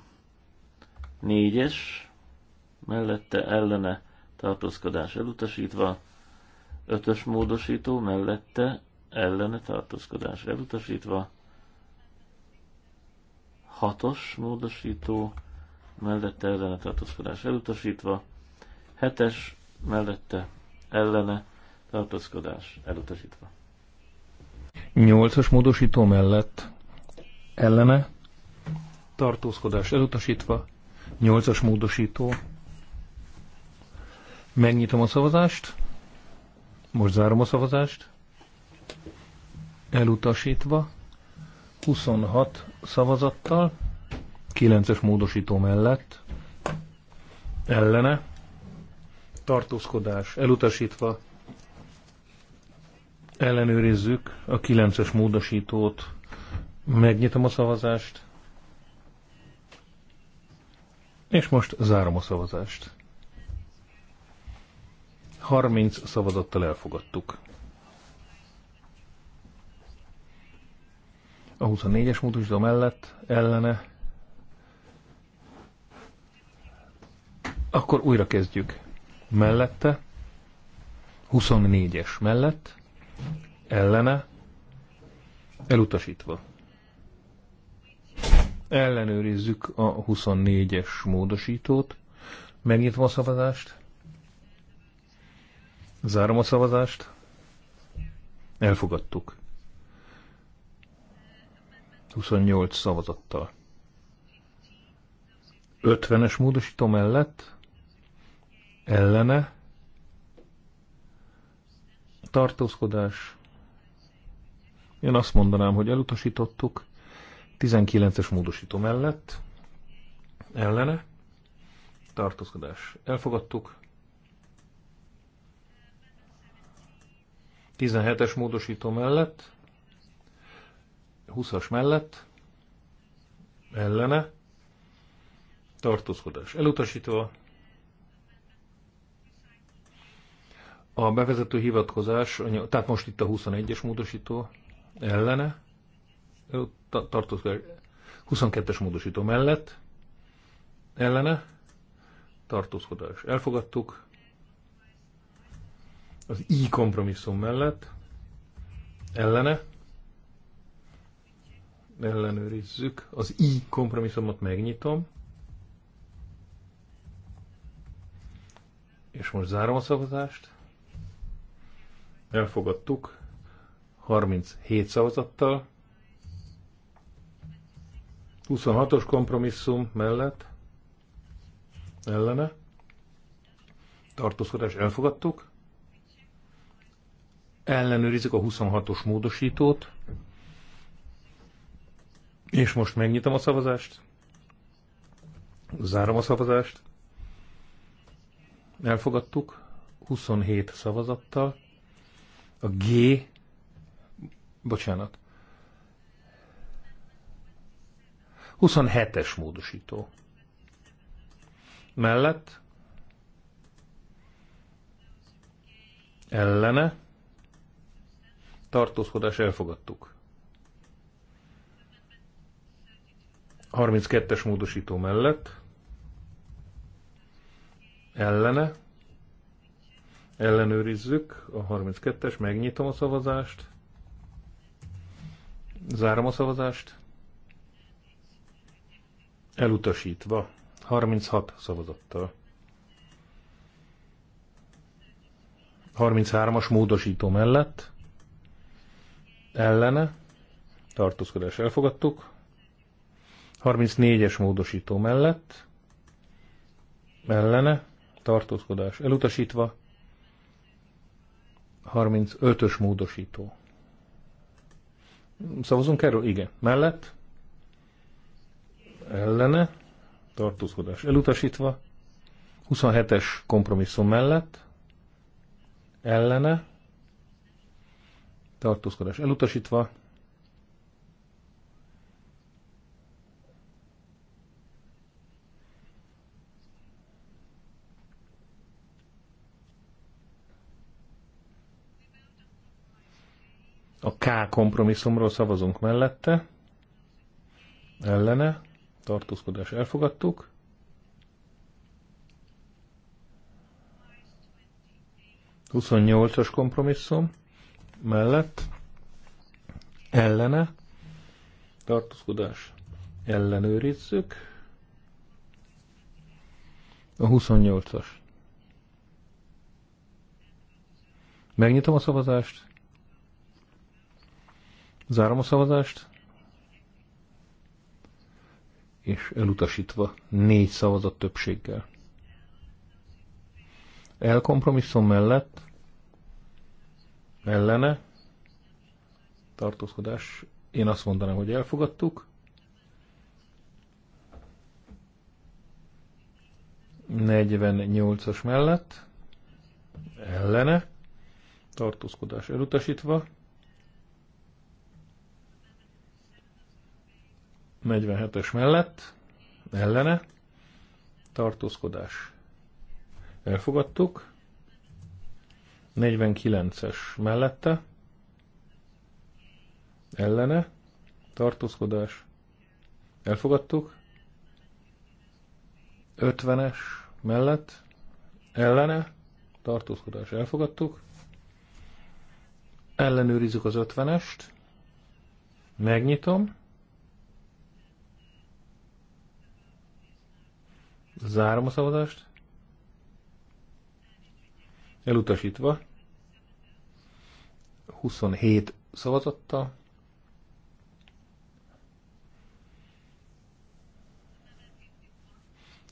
négyes, mellette ellene tartózkodás elutasítva, ötös módosító mellette ellene tartózkodás elutasítva, hatos módosító mellette ellene tartózkodás elutasítva, hetes mellette ellene tartózkodás elutasítva. Nyolcas módosító mellett ellene tartózkodás elutasítva, 8-as módosító. Megnyitom a szavazást, most zárom a szavazást, elutasítva, 26 szavazattal, 9-es módosító mellett, ellene, tartózkodás elutasítva, ellenőrizzük a 9-es módosítót, megnyitom a szavazást, és most zárom a szavazást. 30 szavazattal elfogadtuk. A 24-es módosító mellett ellene. Akkor újra kezdjük. Mellette. 24-es mellett. Ellene. Elutasítva. Ellenőrizzük a 24-es módosítót. Megnyitom a szavazást. Zárom a szavazást. Elfogadtuk. 28 szavazattal. 50-es módosító mellett ellene tartózkodás. Én azt mondanám, hogy elutasítottuk, 19-es módosító mellett ellene tartózkodás elfogadtuk. 17-es módosító mellett 20-as mellett ellene tartózkodás elutasítva. A bevezető hivatkozás, tehát most itt a 21-es módosító ellene tartózkodás 22-es módosító mellett ellene tartózkodás elfogadtuk. Az I kompromisszum mellett ellene ellenőrizzük. Az I kompromisszumot megnyitom. És most zárom a szavazást. Elfogadtuk 37 szavazattal. 26-os kompromisszum mellett ellene tartózkodás elfogadtuk. Ellenőrizzük a 26-os módosítót. És most megnyitom a szavazást. Zárom a szavazást. Elfogadtuk 27 szavazattal. A G, bocsánat, 27-es módosító. Mellett. Ellene. Tartózkodás elfogadtuk. 32-es módosító mellett. Ellene. Ellenőrizzük a 32-es, megnyitom a szavazást. Zárom a szavazást. Elutasítva. 36 szavazattal. 33-as módosító mellett. Ellene. Tartózkodás elfogadtuk. 34-es módosító mellett. Ellene. Tartózkodás elutasítva. 35-ös módosító. Szavazunk erről? Igen. Mellett? ellene, tartózkodás elutasítva, 27-es kompromisszum mellett, ellene, tartózkodás elutasítva, a K kompromisszumról szavazunk mellette, ellene, tartózkodás elfogadtuk. Huszonnyolcas kompromisszum mellett ellene tartózkodás ellenőrizzük. A 28-as. Megnyitom a szavazást. Zárom a szavazást és elutasítva négy szavazat többséggel. Elkompromisszum mellett ellene tartózkodás, én azt mondanám, hogy elfogadtuk. Negyvennyolcas mellett ellene tartózkodás elutasítva 47-es mellett, ellene, tartózkodás. Elfogadtuk. 49-es mellette, ellene, tartózkodás. Elfogadtuk. 50-es mellett, ellene, tartózkodás. Elfogadtuk. Ellenőrizzük az 50-est. Megnyitom. Zárom a szavazást. Elutasítva. 27 szavazattal.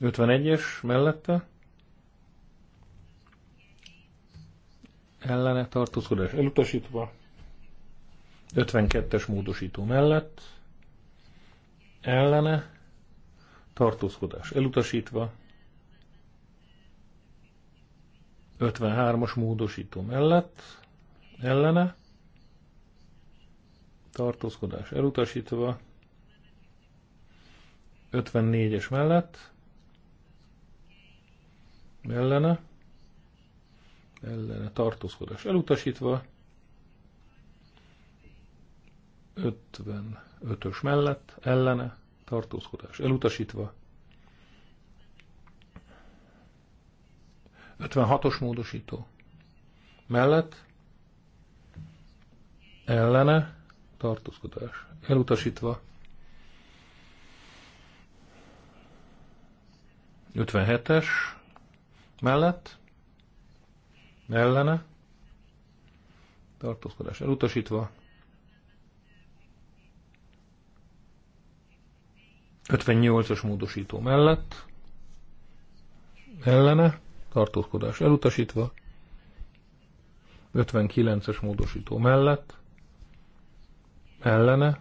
Ötvenegyes mellette. Ellene tartózkodás elutasítva. 52-es módosító mellett. Ellene tartózkodás elutasítva, 53-as módosító mellett, ellene, tartózkodás elutasítva, 54-es mellett, ellene, ellene tartózkodás elutasítva, 55-ös mellett, ellene, tartózkodás elutasítva. 56-os módosító mellett ellene tartózkodás elutasítva. 57-es mellett ellene tartózkodás elutasítva. 58-as módosító mellett, ellene, tartózkodás elutasítva, 59-es módosító mellett, ellene,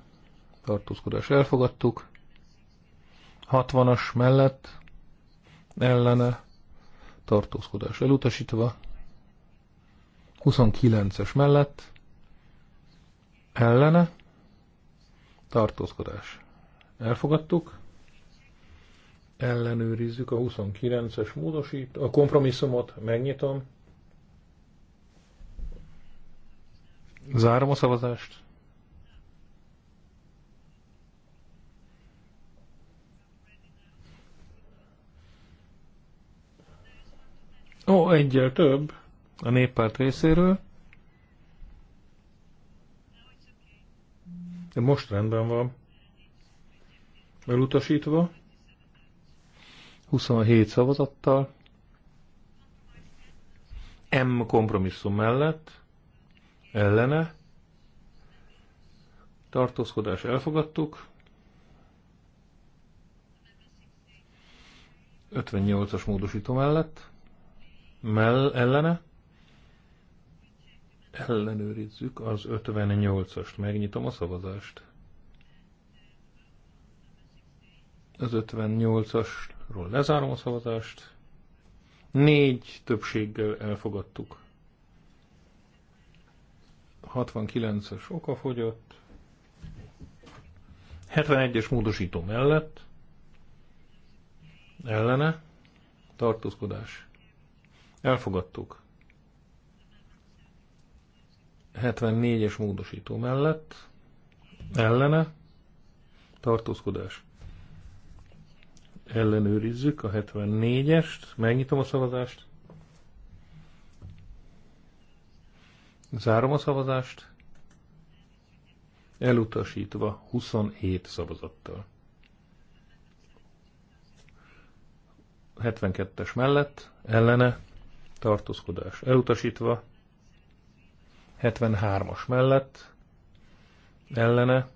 tartózkodás elfogadtuk, 60-as mellett, ellene, tartózkodás elutasítva, 29-es mellett, ellene, tartózkodás Elfogadtuk. Ellenőrizzük a 29-es módosít, a kompromisszumot megnyitom. Zárom a szavazást. Ó, egyel több a néppárt részéről. De most rendben van elutasítva, 27 szavazattal, M kompromisszum mellett, ellene, tartózkodás elfogadtuk, 58-as módosító mellett, mell ellene, ellenőrizzük az 58-ast, megnyitom a szavazást. Az 58-asról lezárom a szavazást. Négy többséggel elfogadtuk. 69-es oka fogyott. 71-es módosító mellett ellene tartózkodás. Elfogadtuk. 74-es módosító mellett ellene tartózkodás ellenőrizzük a 74-est, megnyitom a szavazást, zárom a szavazást, elutasítva 27 szavazattal. 72-es mellett, ellene, tartózkodás elutasítva, 73-as mellett, ellene,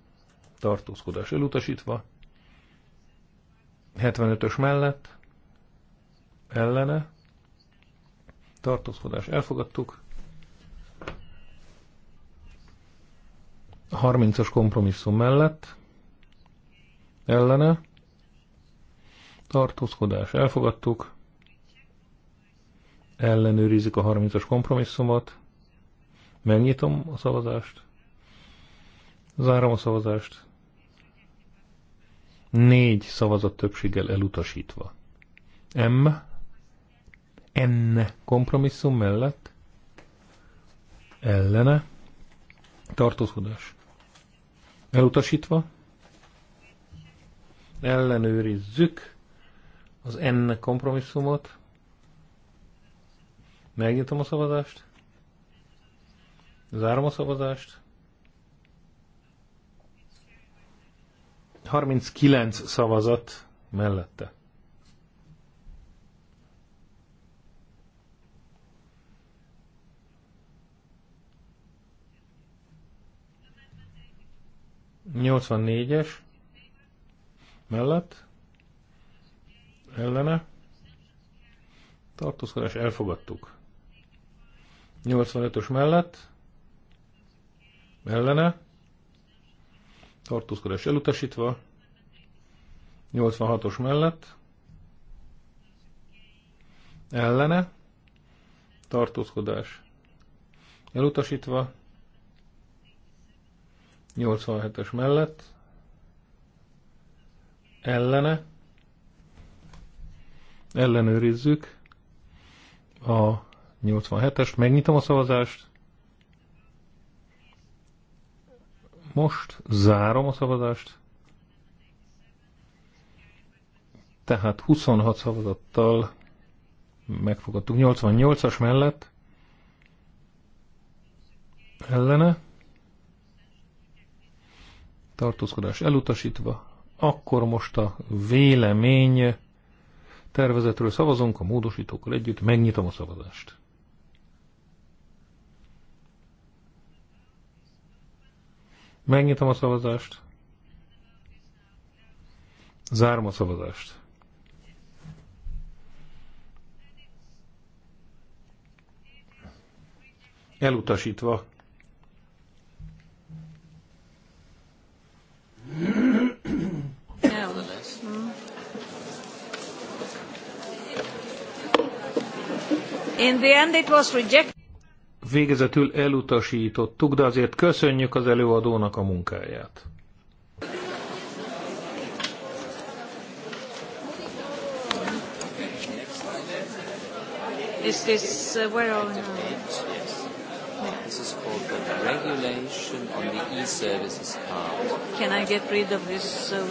tartózkodás elutasítva, 75-ös mellett ellene tartózkodás elfogadtuk. A 30-as kompromisszum mellett ellene tartózkodás elfogadtuk. Ellenőrizik a 30-as kompromisszumot. Megnyitom a szavazást. Zárom a szavazást négy szavazat többséggel elutasítva. M, N kompromisszum mellett, ellene, tartózkodás elutasítva, ellenőrizzük az N kompromisszumot, megnyitom a szavazást, zárom a szavazást, 39 szavazat mellette. Nyolcvan négyes mellett ellene tartózkodás elfogadtuk. Nyolcvan ötös mellett ellene tartózkodás elutasítva, 86-os mellett, ellene, tartózkodás elutasítva, 87-es mellett, ellene, ellenőrizzük a 87-est, megnyitom a szavazást, Most zárom a szavazást. Tehát 26 szavazattal megfogadtuk. 88-as mellett ellene tartózkodás elutasítva, akkor most a vélemény tervezetről szavazunk a módosítókkal együtt, megnyitom a szavazást. Megnyitom a szavazást. Zárom a szavazást. Elutasítva. Hmm. In the end it was rejected végezetül elutasítottuk, de azért köszönjük az előadónak a munkáját. Is this uh, where on? the page? Yes. Yeah. This is called the regulation on the e-services card. Can I get rid of this? Uh...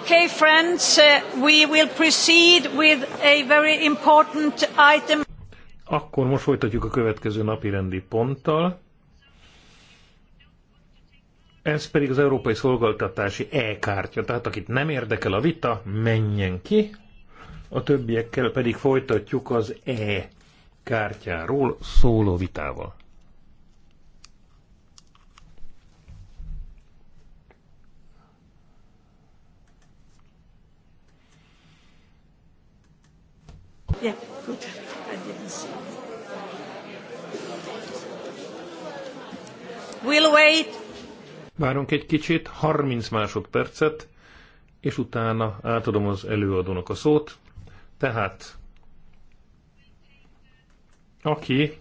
Okay, friends, uh, we will proceed with a very important item. Akkor most folytatjuk a következő napi rendi ponttal. Ez pedig az Európai Szolgáltatási E-kártya. Tehát akit nem érdekel a vita, menjen ki. A többiekkel pedig folytatjuk az E-kártyáról szóló vitával. Ja, We'll wait. Várunk egy kicsit, 30 másodpercet, és utána átadom az előadónak a szót. Tehát, aki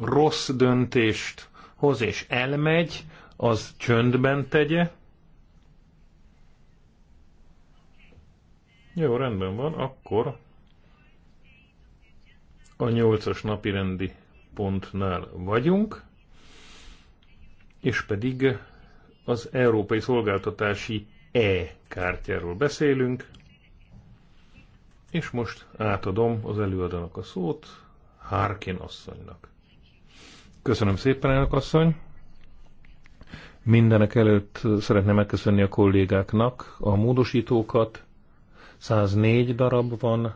rossz döntést hoz és elmegy, az csöndben tegye. Jó, rendben van, akkor a nyolcas napi rendi pontnál vagyunk, és pedig az Európai Szolgáltatási E-kártyáról beszélünk, és most átadom az előadónak a szót Harkin asszonynak. Köszönöm szépen, elnök asszony! Mindenek előtt szeretném megköszönni a kollégáknak a módosítókat. 104 darab van,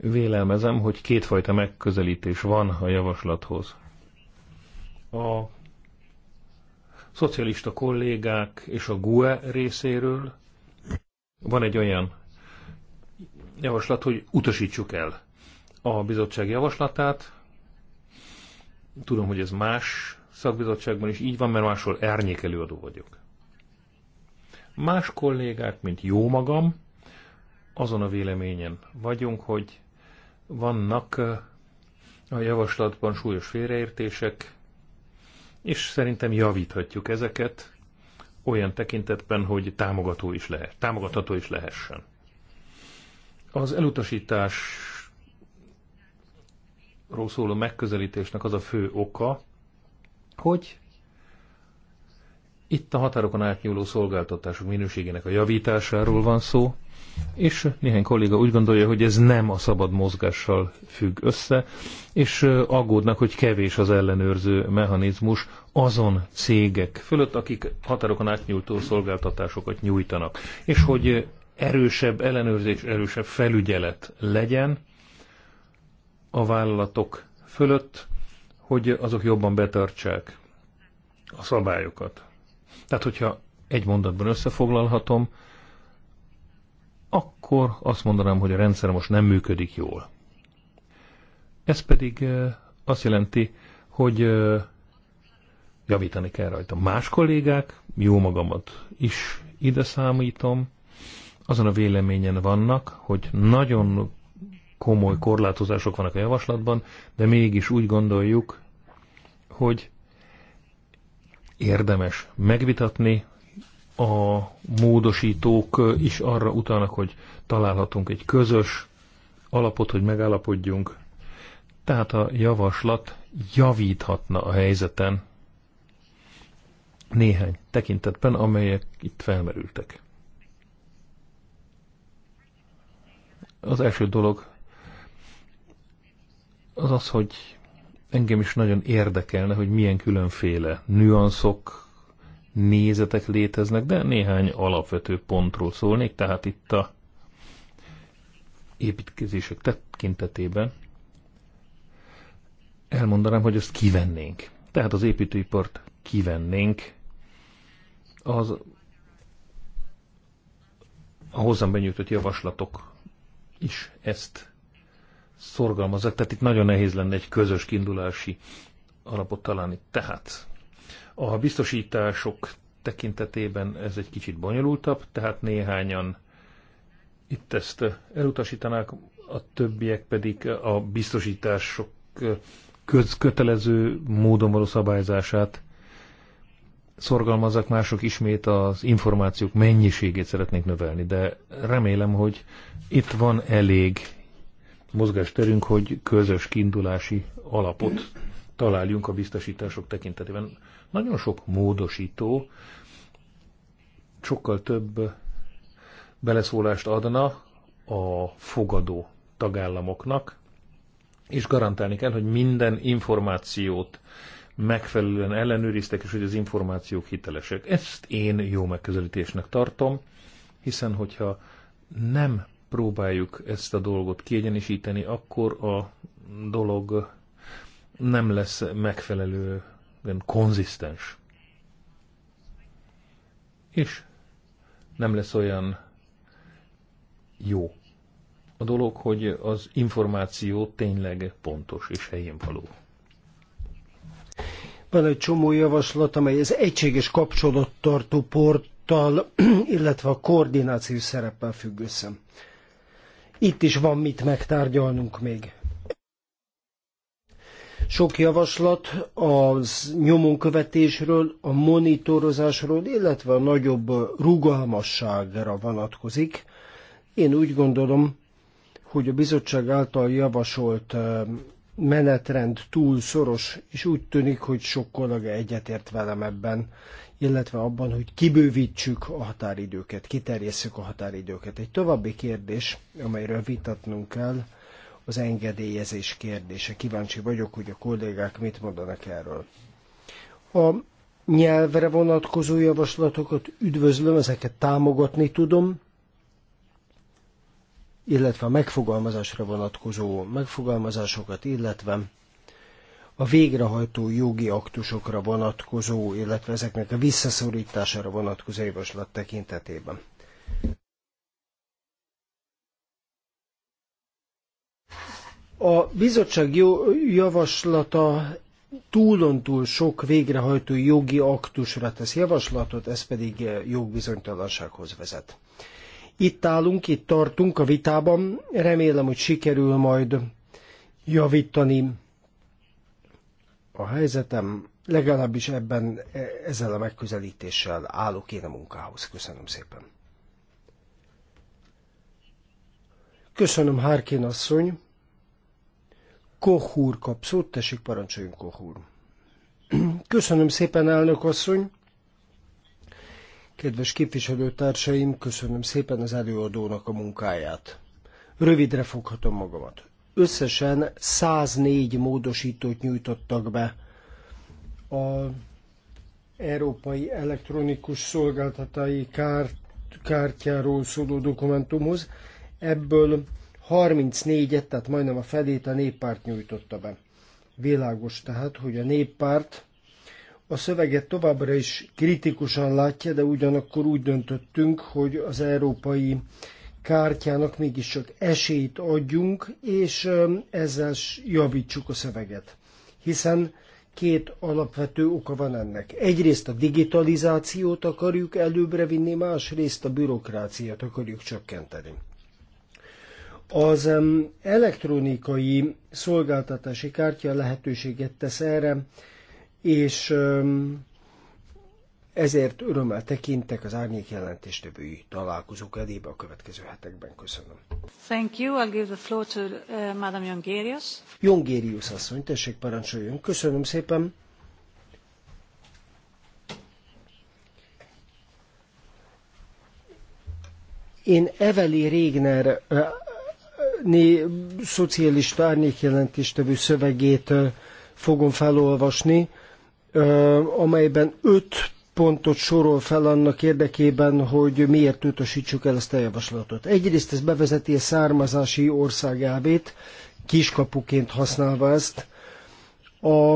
vélelmezem, hogy kétfajta megközelítés van a javaslathoz. A szocialista kollégák és a GUE részéről van egy olyan javaslat, hogy utasítsuk el a bizottság javaslatát. Tudom, hogy ez más szakbizottságban is így van, mert máshol árnyék előadó vagyok. Más kollégák, mint jó magam, azon a véleményen vagyunk, hogy vannak a javaslatban súlyos félreértések, és szerintem javíthatjuk ezeket olyan tekintetben, hogy támogató is lehet, támogatható is lehessen. Az elutasítás szóló megközelítésnek az a fő oka, hogy itt a határokon átnyúló szolgáltatások minőségének a javításáról van szó, és néhány kolléga úgy gondolja, hogy ez nem a szabad mozgással függ össze, és aggódnak, hogy kevés az ellenőrző mechanizmus azon cégek fölött, akik határokon átnyúltó szolgáltatásokat nyújtanak, és hogy erősebb ellenőrzés, erősebb felügyelet legyen a vállalatok fölött, hogy azok jobban betartsák a szabályokat. Tehát, hogyha egy mondatban összefoglalhatom, akkor azt mondanám, hogy a rendszer most nem működik jól. Ez pedig azt jelenti, hogy javítani kell rajta. Más kollégák, jó magamat is ide számítom, azon a véleményen vannak, hogy nagyon komoly korlátozások vannak a javaslatban, de mégis úgy gondoljuk, hogy érdemes megvitatni a módosítók is arra utalnak, hogy találhatunk egy közös alapot, hogy megállapodjunk. Tehát a javaslat javíthatna a helyzeten néhány tekintetben, amelyek itt felmerültek. Az első dolog az az, hogy engem is nagyon érdekelne, hogy milyen különféle nüanszok nézetek léteznek, de néhány alapvető pontról szólnék, tehát itt a építkezések tekintetében elmondanám, hogy ezt kivennénk. Tehát az építőipart kivennénk az a hozzám benyújtott javaslatok is ezt szorgalmazzák, tehát itt nagyon nehéz lenne egy közös kiindulási alapot találni. Tehát a biztosítások tekintetében ez egy kicsit bonyolultabb, tehát néhányan itt ezt elutasítanák, a többiek pedig a biztosítások közkötelező módon való szabályzását szorgalmazzak, mások ismét az információk mennyiségét szeretnék növelni, de remélem, hogy itt van elég mozgásterünk, hogy közös kiindulási alapot találjunk a biztosítások tekintetében. Nagyon sok módosító sokkal több beleszólást adna a fogadó tagállamoknak, és garantálni kell, hogy minden információt megfelelően ellenőriztek, és hogy az információk hitelesek. Ezt én jó megközelítésnek tartom, hiszen hogyha nem próbáljuk ezt a dolgot kiegyenisíteni, akkor a dolog nem lesz megfelelő konzisztens. És nem lesz olyan jó a dolog, hogy az információ tényleg pontos és helyén való. Van egy csomó javaslat, amely az egységes kapcsolattartó porttal, illetve a koordinációs szereppel függ össze. Itt is van mit megtárgyalnunk még. Sok javaslat az nyomonkövetésről, a monitorozásról, illetve a nagyobb rugalmasságra vonatkozik. Én úgy gondolom, hogy a bizottság által javasolt eh, menetrend túl szoros, és úgy tűnik, hogy sok kollega egyetért velem ebben, illetve abban, hogy kibővítsük a határidőket, kiterjesszük a határidőket. Egy további kérdés, amelyről vitatnunk kell, az engedélyezés kérdése. Kíváncsi vagyok, hogy a kollégák mit mondanak erről. A nyelvre vonatkozó javaslatokat üdvözlöm, ezeket támogatni tudom, illetve a megfogalmazásra vonatkozó megfogalmazásokat, illetve a végrehajtó jogi aktusokra vonatkozó, illetve ezeknek a visszaszorítására vonatkozó javaslat tekintetében. A bizottság javaslata túlontúl sok végrehajtó jogi aktusra tesz javaslatot, ez pedig jogbizonytalansághoz vezet. Itt állunk, itt tartunk a vitában, remélem, hogy sikerül majd javítani a helyzetem, legalábbis ebben e, ezzel a megközelítéssel állok én a munkához. Köszönöm szépen. Köszönöm, Hárkén asszony. Koch úr kap szót, tessék parancsoljunk, Koch úr. Köszönöm szépen, elnök asszony. Kedves képviselőtársaim, köszönöm szépen az előadónak a munkáját. Rövidre foghatom magamat. Összesen 104 módosítót nyújtottak be a Európai Elektronikus Szolgáltatai Kártyáról szóló dokumentumhoz. Ebből 34-et, tehát majdnem a felét a néppárt nyújtotta be. Világos tehát, hogy a néppárt a szöveget továbbra is kritikusan látja, de ugyanakkor úgy döntöttünk, hogy az európai kártyának mégiscsak esélyt adjunk, és ezzel javítsuk a szöveget. Hiszen két alapvető oka van ennek. Egyrészt a digitalizációt akarjuk előbbre vinni, másrészt a bürokráciát akarjuk csökkenteni. Az elektronikai szolgáltatási kártya lehetőséget tesz erre, és ezért örömmel tekintek az árnyék jelentéstevői találkozók elébe a következő hetekben. Köszönöm. Thank you. I'll give the floor to uh, eh, Madame Jongerius. Jongerius asszony, tessék parancsoljon. Köszönöm szépen. Én Eveli Régner eh, né, szocialista árnyékjelentéstevő szövegét fogom felolvasni, amelyben öt pontot sorol fel annak érdekében, hogy miért utasítsuk el ezt a javaslatot. Egyrészt ez bevezeti a származási országávét, kiskapuként használva ezt, a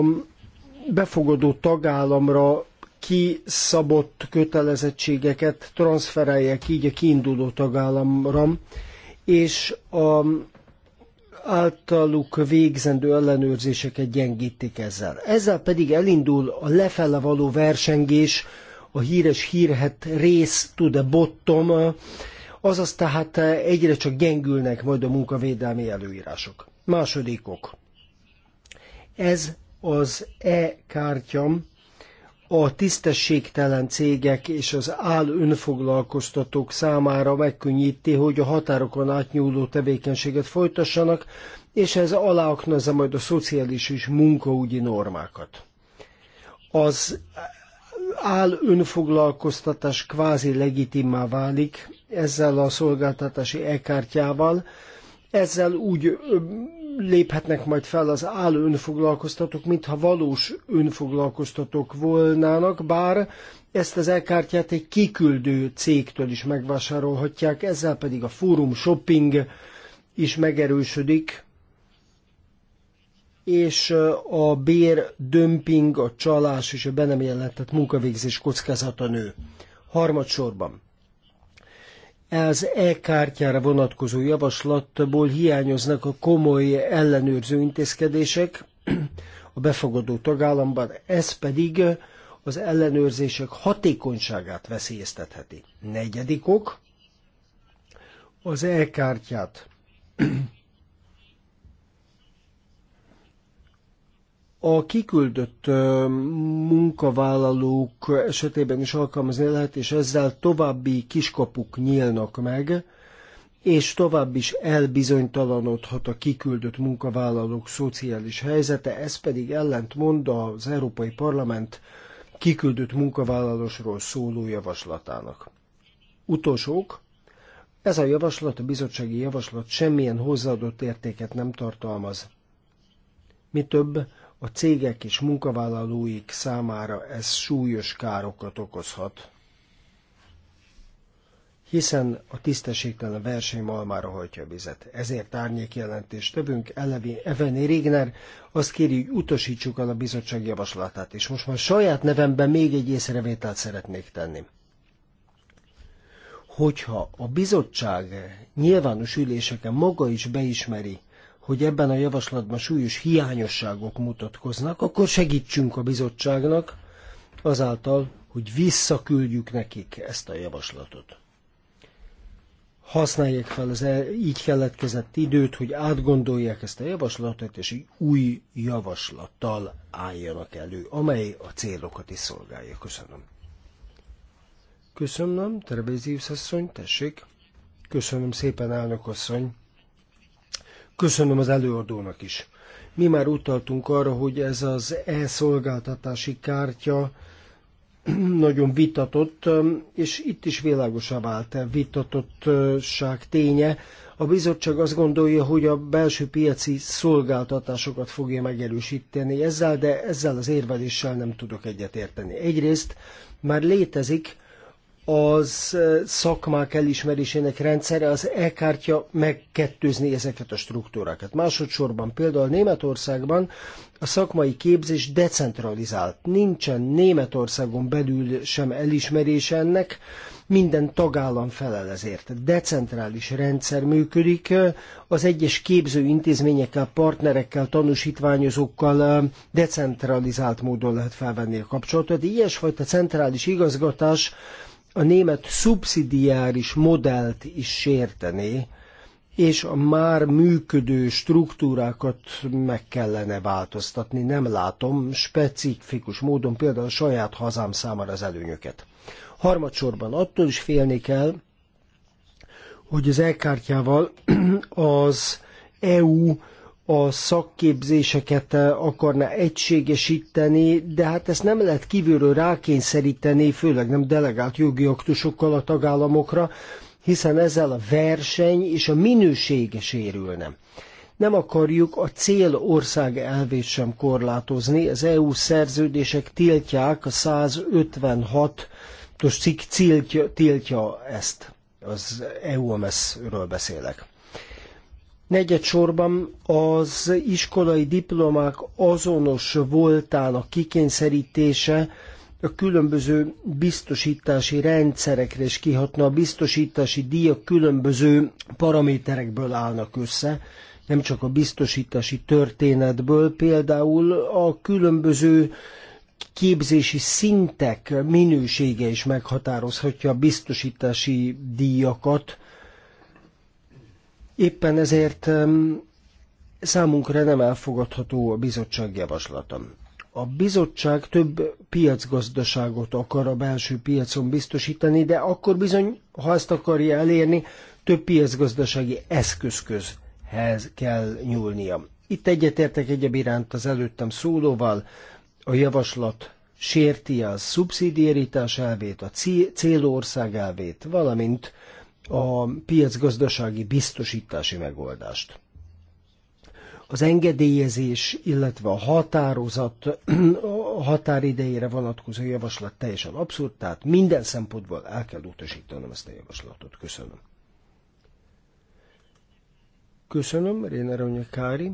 befogadó tagállamra kiszabott kötelezettségeket transferálják így a kiinduló tagállamra, és a általuk végzendő ellenőrzéseket gyengítik ezzel. Ezzel pedig elindul a lefele való versengés, a híres hírhet rész tud a bottom, azaz tehát egyre csak gyengülnek majd a munkavédelmi előírások. Másodikok. Ez az e-kártyam a tisztességtelen cégek és az áll önfoglalkoztatók számára megkönnyíti, hogy a határokon átnyúló tevékenységet folytassanak, és ez aláaknazza majd a szociális és munkaügyi normákat. Az áll önfoglalkoztatás kvázi legitimá válik ezzel a szolgáltatási e-kártyával, ezzel úgy léphetnek majd fel az álló önfoglalkoztatók, mintha valós önfoglalkoztatók volnának, bár ezt az elkártyát egy kiküldő cégtől is megvásárolhatják, ezzel pedig a fórum shopping is megerősödik, és uh, a bér dömping, a csalás és a be nem jelentett munkavégzés kockázata nő. Harmadsorban az e-kártyára vonatkozó javaslatból hiányoznak a komoly ellenőrző intézkedések a befogadó tagállamban, ez pedig az ellenőrzések hatékonyságát veszélyeztetheti. Negyedik ok, az e-kártyát a kiküldött munkavállalók esetében is alkalmazni lehet, és ezzel további kiskapuk nyílnak meg, és tovább is elbizonytalanodhat a kiküldött munkavállalók szociális helyzete, ez pedig ellentmond az Európai Parlament kiküldött munkavállalósról szóló javaslatának. Utolsók, ez a javaslat, a bizottsági javaslat semmilyen hozzáadott értéket nem tartalmaz. Mi több, a cégek és munkavállalóik számára ez súlyos károkat okozhat, hiszen a tisztességtelen verseny malmára hajtja a vizet. Ezért árnyék jelentést tövünk, Elevi Eveni Rigner azt kéri, hogy utasítsuk el a bizottság javaslatát, és most már saját nevemben még egy észrevételt szeretnék tenni. Hogyha a bizottság nyilvános üléseken maga is beismeri, hogy ebben a javaslatban súlyos hiányosságok mutatkoznak, akkor segítsünk a bizottságnak azáltal, hogy visszaküldjük nekik ezt a javaslatot. Használják fel az így keletkezett időt, hogy átgondolják ezt a javaslatot, és egy új javaslattal álljanak elő, amely a célokat is szolgálja. Köszönöm. Köszönöm, Terebézius asszony, tessék. Köszönöm szépen, elnök asszony. Köszönöm az előadónak is. Mi már utaltunk arra, hogy ez az e-szolgáltatási kártya nagyon vitatott, és itt is világosá vált a vitatottság ténye. A bizottság azt gondolja, hogy a belső piaci szolgáltatásokat fogja megerősíteni ezzel, de ezzel az érveléssel nem tudok egyetérteni. Egyrészt már létezik az eh, szakmák elismerésének rendszere, az e-kártya megkettőzni ezeket a struktúrákat. Másodszorban például Németországban a szakmai képzés decentralizált. Nincsen Németországon belül sem elismerés ennek, minden tagállam felel ezért. Decentrális rendszer működik, az egyes képzőintézményekkel, partnerekkel, tanúsítványozókkal eh, decentralizált módon lehet felvenni a kapcsolatot. Ilyesfajta centrális igazgatás a német szubszidiáris modellt is sértené, és a már működő struktúrákat meg kellene változtatni. Nem látom specifikus módon például a saját hazám számára az előnyöket. Harmadsorban attól is félni kell, hogy az e-kártyával az EU a szakképzéseket akarná egységesíteni, de hát ezt nem lehet kívülről rákényszeríteni, főleg nem delegált jogi aktusokkal a tagállamokra, hiszen ezzel a verseny és a minősége sérülne. Nem akarjuk a cél ország elvét sem korlátozni, az EU szerződések tiltják, a 156-os cikk tiltja, tiltja ezt, az EUMS-ről beszélek. Negyed sorban az iskolai diplomák azonos voltának kikényszerítése a különböző biztosítási rendszerekre is kihatna. A biztosítási díjak különböző paraméterekből állnak össze, nem csak a biztosítási történetből, például a különböző képzési szintek minősége is meghatározhatja a biztosítási díjakat, Éppen ezért számunkra nem elfogadható a bizottság javaslata. A bizottság több piacgazdaságot akar a belső piacon biztosítani, de akkor bizony, ha ezt akarja elérni, több piacgazdasági eszközközhez kell nyúlnia. Itt egyetértek egyéb iránt az előttem szólóval, a javaslat sérti a szubszidiaritás elvét, a célország elvét, valamint a piacgazdasági biztosítási megoldást. Az engedélyezés, illetve a határozat a határidejére vonatkozó javaslat teljesen abszurd, tehát minden szempontból el kell utasítanom ezt a javaslatot. Köszönöm. Köszönöm, Réna Ronya Kári.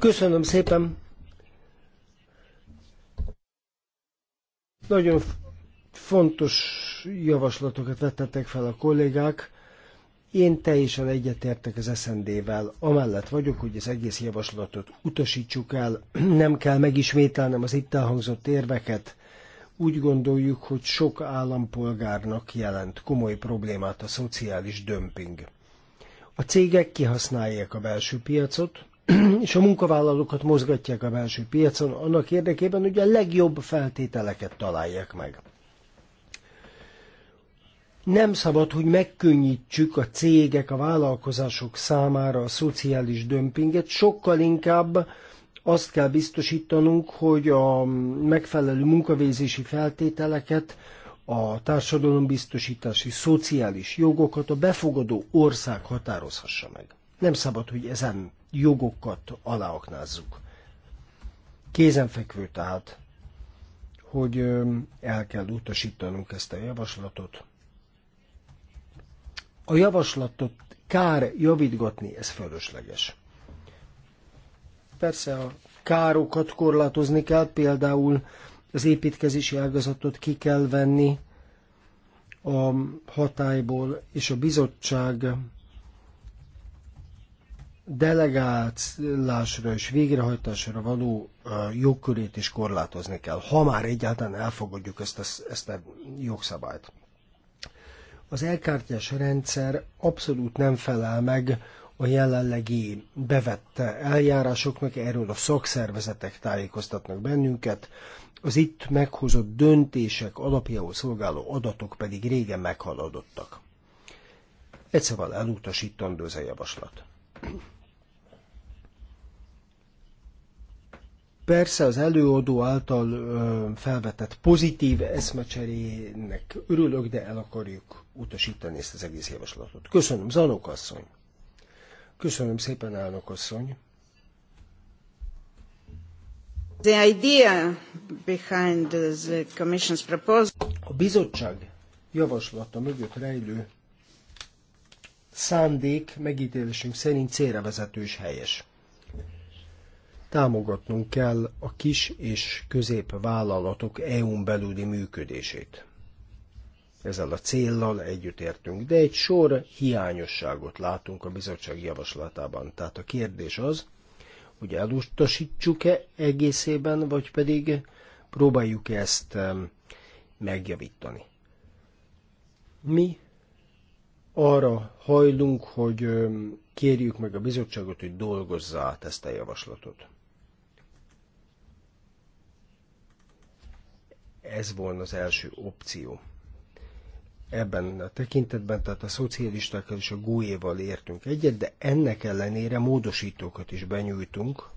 Köszönöm szépen. Nagyon fontos javaslatokat vetettek fel a kollégák. Én teljesen egyetértek az SZND-vel. Amellett vagyok, hogy az egész javaslatot utasítsuk el. Nem kell megismételnem az itt elhangzott érveket. Úgy gondoljuk, hogy sok állampolgárnak jelent komoly problémát a szociális dömping. A cégek kihasználják a belső piacot, és a munkavállalókat mozgatják a belső piacon, annak érdekében, hogy a legjobb feltételeket találják meg. Nem szabad, hogy megkönnyítsük a cégek, a vállalkozások számára a szociális dömpinget, sokkal inkább azt kell biztosítanunk, hogy a megfelelő munkavézési feltételeket, a társadalombiztosítási szociális jogokat a befogadó ország határozhassa meg. Nem szabad, hogy ezen jogokat aláaknázzuk. Kézenfekvő tehát, hogy el kell utasítanunk ezt a javaslatot. A javaslatot kár javítgatni, ez fölösleges. Persze a károkat korlátozni kell, például az építkezési ágazatot ki kell venni a hatályból, és a bizottság delegálásra és végrehajtásra való jogkörét is korlátozni kell, ha már egyáltalán elfogadjuk ezt a, ezt a jogszabályt. Az elkártyás rendszer abszolút nem felel meg a jelenlegi bevett eljárásoknak, erről a szakszervezetek tájékoztatnak bennünket, az itt meghozott döntések alapjául szolgáló adatok pedig régen meghaladottak. szóval elutasítandó ez a javaslat. Persze az előadó által ö, felvetett pozitív eszmecserének örülök, de el akarjuk utasítani ezt az egész javaslatot. Köszönöm, Zanok asszony. Köszönöm szépen, elnök asszony. The idea behind the commission's proposal. A bizottság javaslata mögött rejlő szándék megítélésünk szerint célra vezető és helyes támogatnunk kell a kis és középvállalatok EU-n belüli működését. Ezzel a céllal együttértünk, de egy sor hiányosságot látunk a bizottság javaslatában. Tehát a kérdés az, hogy elutasítsuk-e egészében, vagy pedig próbáljuk ezt megjavítani. Mi arra hajlunk, hogy kérjük meg a bizottságot, hogy dolgozza át ezt a javaslatot. Ez volna az első opció. Ebben a tekintetben, tehát a szocialistákkal és a gújéval értünk egyet, de ennek ellenére módosítókat is benyújtunk,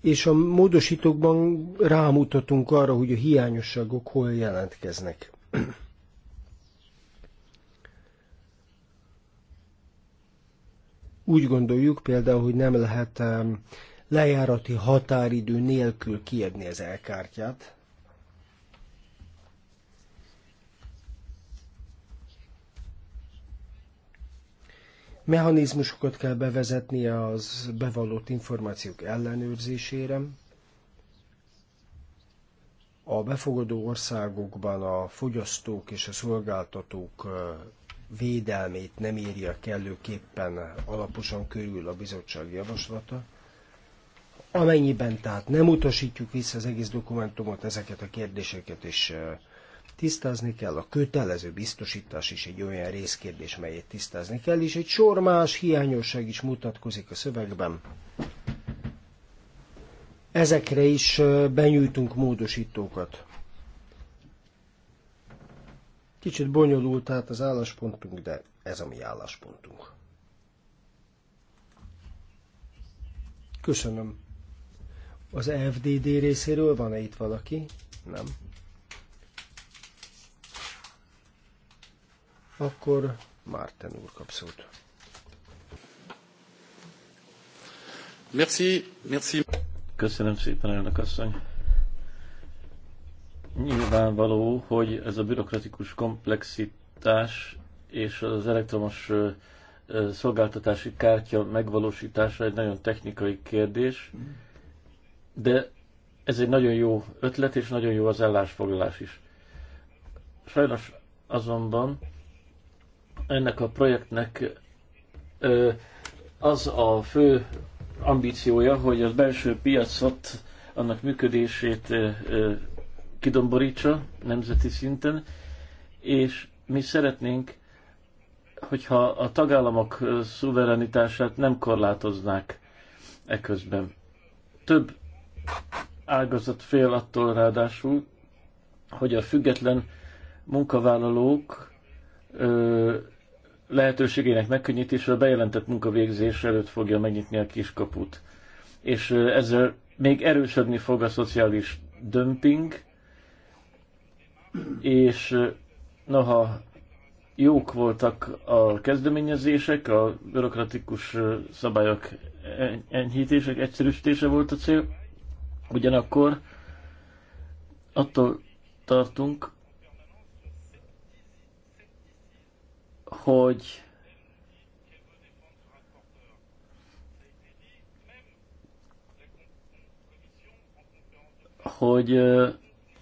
és a módosítókban rámutatunk arra, hogy a hiányosságok hol jelentkeznek. Úgy gondoljuk például, hogy nem lehet lejárati határidő nélkül kiadni az elkártyát. Mechanizmusokat kell bevezetni az bevallott információk ellenőrzésére. A befogadó országokban a fogyasztók és a szolgáltatók védelmét nem írja kellőképpen alaposan körül a bizottság javaslata. Amennyiben tehát nem utasítjuk vissza az egész dokumentumot, ezeket a kérdéseket is tisztázni kell. A kötelező biztosítás is egy olyan részkérdés, melyet tisztázni kell, és egy sor más hiányosság is mutatkozik a szövegben. Ezekre is benyújtunk módosítókat. Kicsit bonyolult tehát az álláspontunk, de ez a mi álláspontunk. Köszönöm. Az FDD részéről van-e itt valaki? Nem. Akkor Márten úr kap szót. Merci, merci. Köszönöm szépen, elnök asszony. Nyilvánvaló, hogy ez a bürokratikus komplexitás és az elektromos szolgáltatási kártya megvalósítása egy nagyon technikai kérdés. Mm de ez egy nagyon jó ötlet, és nagyon jó az ellásfoglalás is. Sajnos azonban ennek a projektnek az a fő ambíciója, hogy az belső piacot, annak működését kidomborítsa nemzeti szinten, és mi szeretnénk, hogyha a tagállamok szuverenitását nem korlátoznák eközben. Több ágazat fél attól ráadásul, hogy a független munkavállalók ö, lehetőségének megkönnyítésre a bejelentett munkavégzés előtt fogja megnyitni a kiskaput. És ö, ezzel még erősödni fog a szociális dömping, és noha jók voltak a kezdeményezések, a bürokratikus szabályok enyhítések, egyszerűsítése volt a cél, Ugyanakkor attól tartunk, hogy hogy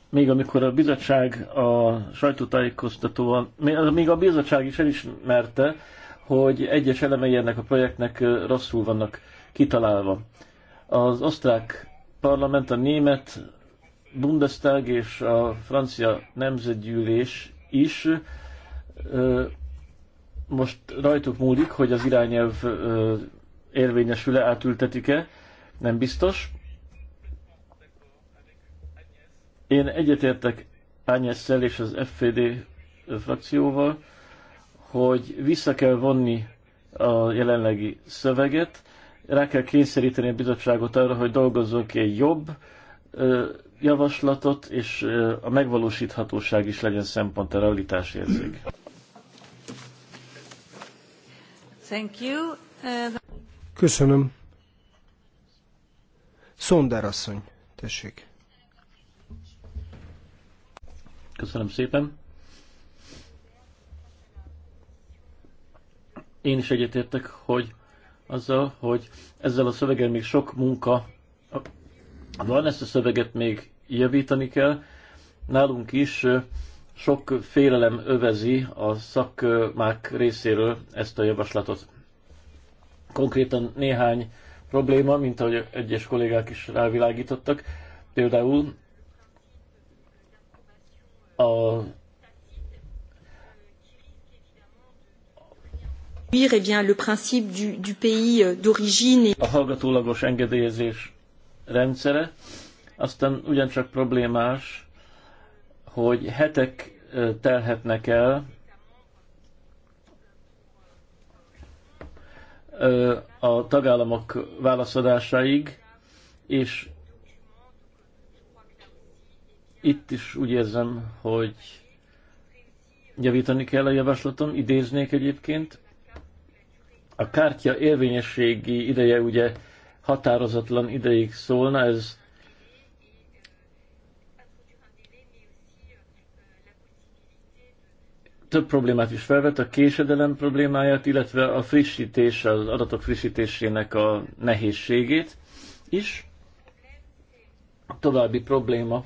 még amikor a bizottság a sajtótájékoztatóval, még a bizottság is elismerte, hogy egyes elemei ennek a projektnek rosszul vannak kitalálva. Az osztrák parlament, a német Bundestag és a francia nemzetgyűlés is most rajtuk múlik, hogy az irányelv érvényesül-e, átültetik-e, nem biztos. Én egyetértek Ányesszel és az FPD frakcióval, hogy vissza kell vonni a jelenlegi szöveget, rá kell kényszeríteni a bizottságot arra, hogy dolgozzon ki egy jobb javaslatot, és a megvalósíthatóság is legyen szempont a érzék. Thank you. Köszönöm. Szondár asszony, tessék. Köszönöm szépen. Én is egyetértek, hogy azzal, hogy ezzel a szöveggel még sok munka van, ezt a szöveget még javítani kell. Nálunk is sok félelem övezi a szakmák részéről ezt a javaslatot. Konkrétan néhány probléma, mint ahogy egyes kollégák is rávilágítottak. Például a introduire eh bien, le principe du, du pays euh, d'origine. A hallgatólagos engedélyezés rendszere, aztán ugyancsak problémás, hogy hetek telhetnek el a tagállamok válaszadásáig, és itt is úgy érzem, hogy javítani kell a javaslatom, idéznék egyébként. A kártya érvényességi ideje ugye határozatlan ideig szólna, ez több problémát is felvet, a késedelem problémáját, illetve a frissítés, az adatok frissítésének a nehézségét is. A további probléma,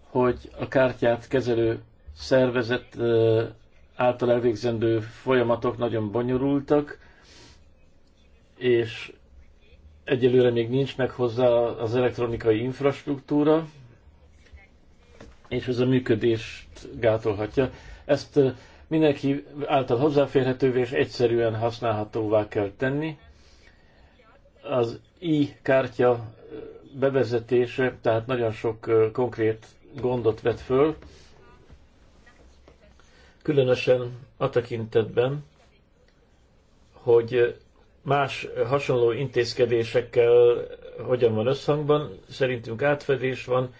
hogy a kártyát kezelő szervezet által elvégzendő folyamatok nagyon bonyolultak, és egyelőre még nincs meg hozzá az elektronikai infrastruktúra, és ez a működést gátolhatja. Ezt mindenki által hozzáférhetővé és egyszerűen használhatóvá kell tenni. Az i-kártya bevezetése tehát nagyon sok konkrét gondot vet föl, különösen a tekintetben, hogy más hasonló intézkedésekkel hogyan van összhangban, szerintünk átfedés van,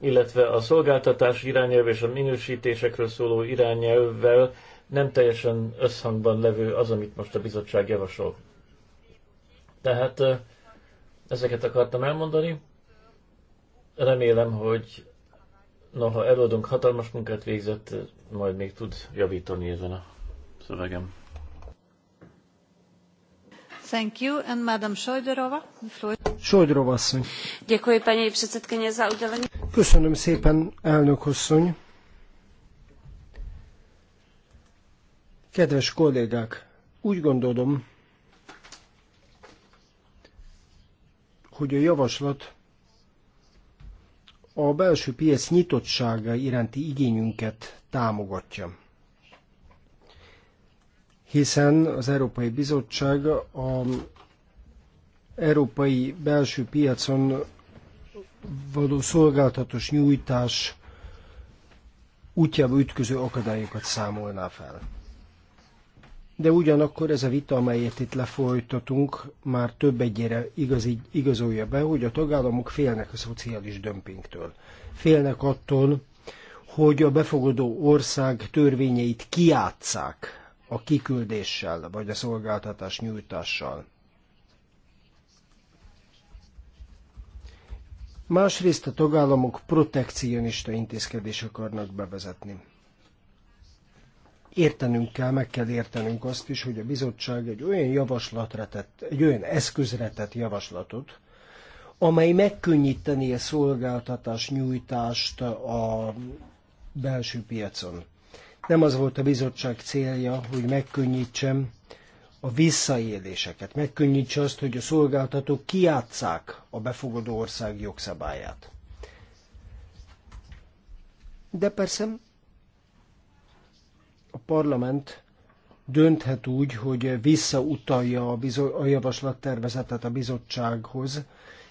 illetve a szolgáltatás irányelv és a minősítésekről szóló irányelvvel nem teljesen összhangban levő az, amit most a bizottság javasol. Tehát ezeket akartam elmondani. Remélem, hogy noha előadunk hatalmas munkát végzett, majd még tud javítani ezen a szövegem. Thank you. And Madam Sojdorova. Sojdorova asszony. Děkuji, paní předsedkyně, za udělení. Köszönöm szépen, elnök asszony. Kedves kollégák, úgy gondolom, hogy a javaslat a belső piac nyitottsága iránti igényünket támogatja. Hiszen az Európai Bizottság a európai belső piacon való szolgáltatós nyújtás útjába ütköző akadályokat számolná fel de ugyanakkor ez a vita, amelyet itt lefolytatunk, már több egyére igazi, igazolja be, hogy a tagállamok félnek a szociális dömpingtől. Félnek attól, hogy a befogadó ország törvényeit kiátszák a kiküldéssel, vagy a szolgáltatás nyújtással. Másrészt a tagállamok protekcionista intézkedés akarnak bevezetni értenünk kell, meg kell értenünk azt is, hogy a bizottság egy olyan javaslatra tett, egy olyan eszközre tett javaslatot, amely megkönnyíteni a szolgáltatás nyújtást a belső piacon. Nem az volt a bizottság célja, hogy megkönnyítsem a visszaéléseket, megkönnyítse azt, hogy a szolgáltatók kiátszák a befogadó ország jogszabályát. De persze a parlament dönthet úgy, hogy visszautalja a, a javaslattervezetet a bizottsághoz,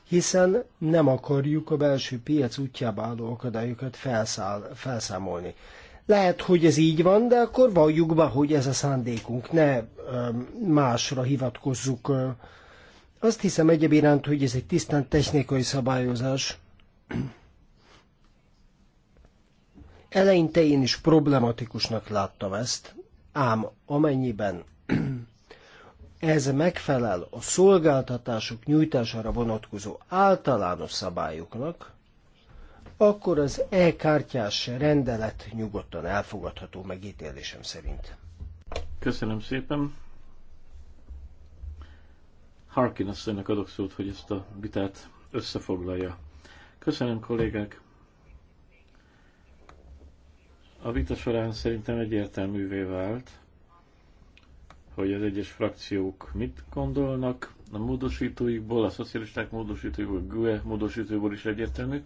hiszen nem akarjuk a belső piac útjába álló akadályokat felszáll, felszámolni. Lehet, hogy ez így van, de akkor valljuk be, hogy ez a szándékunk, ne másra hivatkozzuk. Azt hiszem egyébként, hogy ez egy tisztán technikai szabályozás. Eleinte én is problematikusnak láttam ezt, ám amennyiben ez megfelel a szolgáltatások nyújtására vonatkozó általános szabályoknak, akkor az e-kártyás rendelet nyugodtan elfogadható megítélésem szerint. Köszönöm szépen. Harkin asszonynak adok szót, hogy ezt a vitát összefoglalja. Köszönöm kollégák. A vita során szerintem egyértelművé vált, hogy az egyes frakciók mit gondolnak, a módosítóikból, a szocialisták módosítóikból, a GUE módosítóikból is egyértelmű,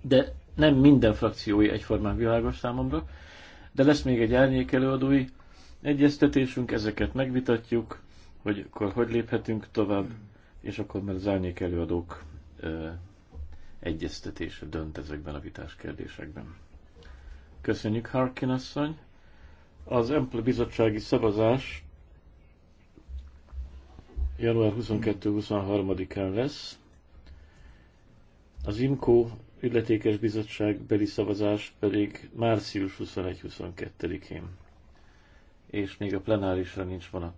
de nem minden frakciói egyformán világos számomra, de lesz még egy árnyék előadói egyeztetésünk, ezeket megvitatjuk, hogy akkor hogy léphetünk tovább, és akkor már az árnyék előadók ö, egyeztetése dönt ezekben a vitás kérdésekben. Köszönjük, Harkin asszony. Az Emple bizottsági szavazás január 22-23-án lesz. Az IMCO illetékes bizottság beli szavazás pedig március 21-22-én. És még a plenárisra nincs a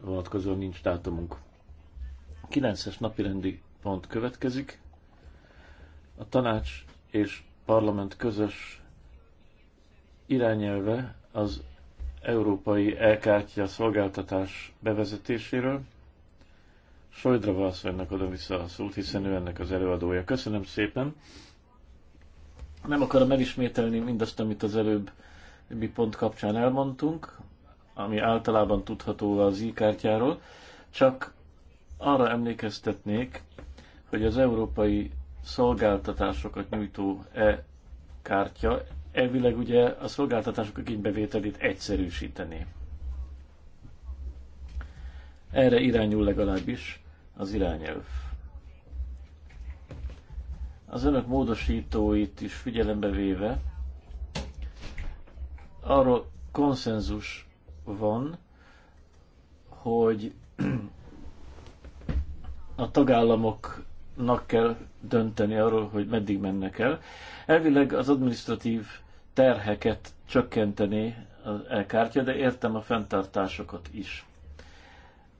vonatkozóan nincs dátumunk. 9-es napirendi pont következik. A tanács és parlament közös irányelve az európai elkártya szolgáltatás bevezetéséről. Sojdra Valszvennek adom vissza a szót, hiszen ő ennek az előadója. Köszönöm szépen. Nem akarom megismételni mindazt, amit az előbbi pont kapcsán elmondtunk, ami általában tudható az i-kártyáról, csak arra emlékeztetnék, hogy az európai szolgáltatásokat nyújtó e-kártya elvileg ugye a szolgáltatások igénybevételét egyszerűsíteni. Erre irányul legalábbis az irányelv. Az önök módosítóit is figyelembe véve, arról konszenzus van, hogy a tagállamok nak kell dönteni arról, hogy meddig mennek el. Elvileg az administratív terheket csökkenteni az elkártya, de értem a fenntartásokat is.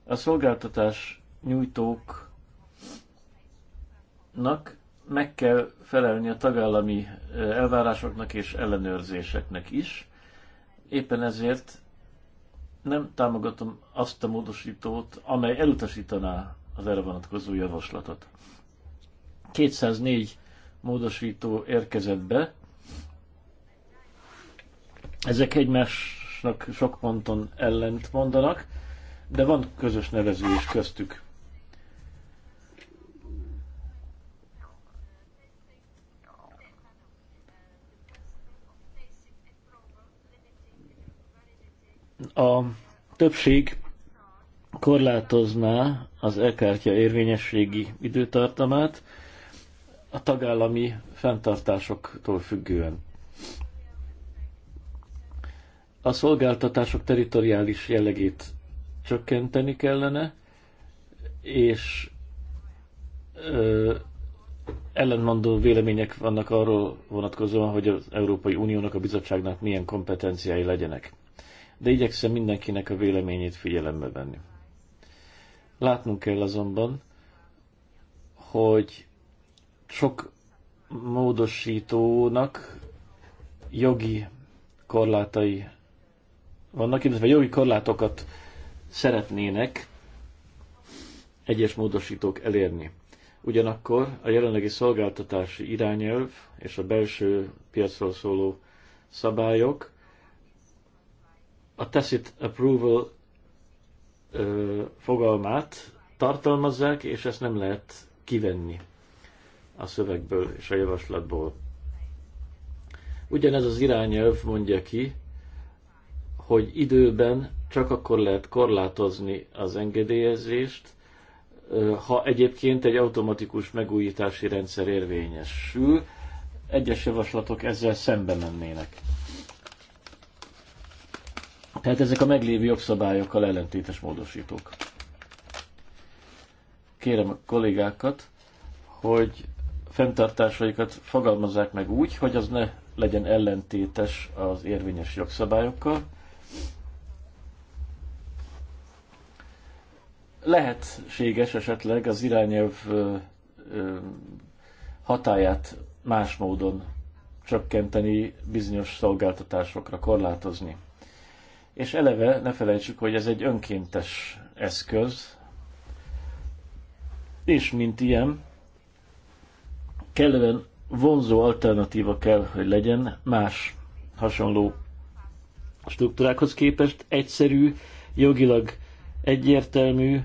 A szolgáltatás nyújtóknak meg kell felelni a tagállami elvárásoknak és ellenőrzéseknek is. Éppen ezért nem támogatom azt a módosítót, amely elutasítaná az erre vonatkozó javaslatot. 204 módosító érkezett be. Ezek egymásnak sok ponton ellent mondanak, de van közös nevező is köztük. a többség korlátozná az e-kártya érvényességi időtartamát, a tagállami fenntartásoktól függően. A szolgáltatások teritoriális jellegét csökkenteni kellene, és ö, ellenmondó vélemények vannak arról vonatkozóan, hogy az Európai Uniónak, a bizottságnak milyen kompetenciái legyenek. De igyekszem mindenkinek a véleményét figyelembe venni. Látnunk kell azonban, hogy sok módosítónak jogi korlátai vannak, illetve jogi korlátokat szeretnének egyes módosítók elérni. Ugyanakkor a jelenlegi szolgáltatási irányelv és a belső piacról szóló szabályok a tacit approval ö, fogalmát tartalmazzák, és ezt nem lehet kivenni a szövegből és a javaslatból. Ugyanez az irányelv mondja ki, hogy időben csak akkor lehet korlátozni az engedélyezést, ha egyébként egy automatikus megújítási rendszer érvényesül, egyes javaslatok ezzel szembe mennének. Tehát ezek a meglévő jogszabályokkal ellentétes módosítók. Kérem a kollégákat, hogy fenntartásaikat fogalmazzák meg úgy, hogy az ne legyen ellentétes az érvényes jogszabályokkal. Lehetséges esetleg az irányelv hatáját más módon csökkenteni, bizonyos szolgáltatásokra korlátozni. És eleve ne felejtsük, hogy ez egy önkéntes eszköz, és mint ilyen, kellően vonzó alternatíva kell, hogy legyen más hasonló struktúrákhoz képest. Egyszerű, jogilag egyértelmű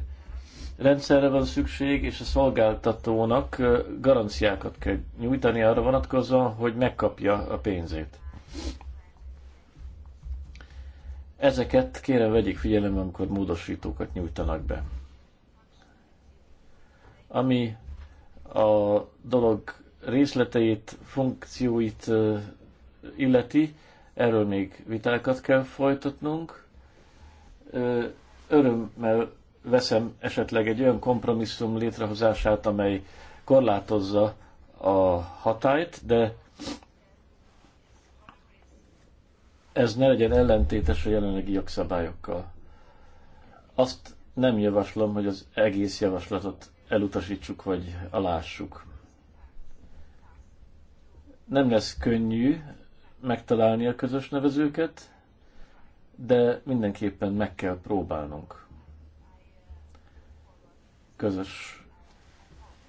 rendszerre van szükség, és a szolgáltatónak garanciákat kell nyújtani arra vonatkozóan, hogy megkapja a pénzét. Ezeket kérem vegyék figyelembe, amikor módosítókat nyújtanak be. Ami a dolog részleteit, funkcióit illeti, erről még vitákat kell folytatnunk. Örömmel veszem esetleg egy olyan kompromisszum létrehozását, amely korlátozza a hatályt, de ez ne legyen ellentétes a jelenlegi jogszabályokkal. Azt nem javaslom, hogy az egész javaslatot elutasítsuk vagy alássuk. Nem lesz könnyű megtalálni a közös nevezőket, de mindenképpen meg kell próbálnunk közös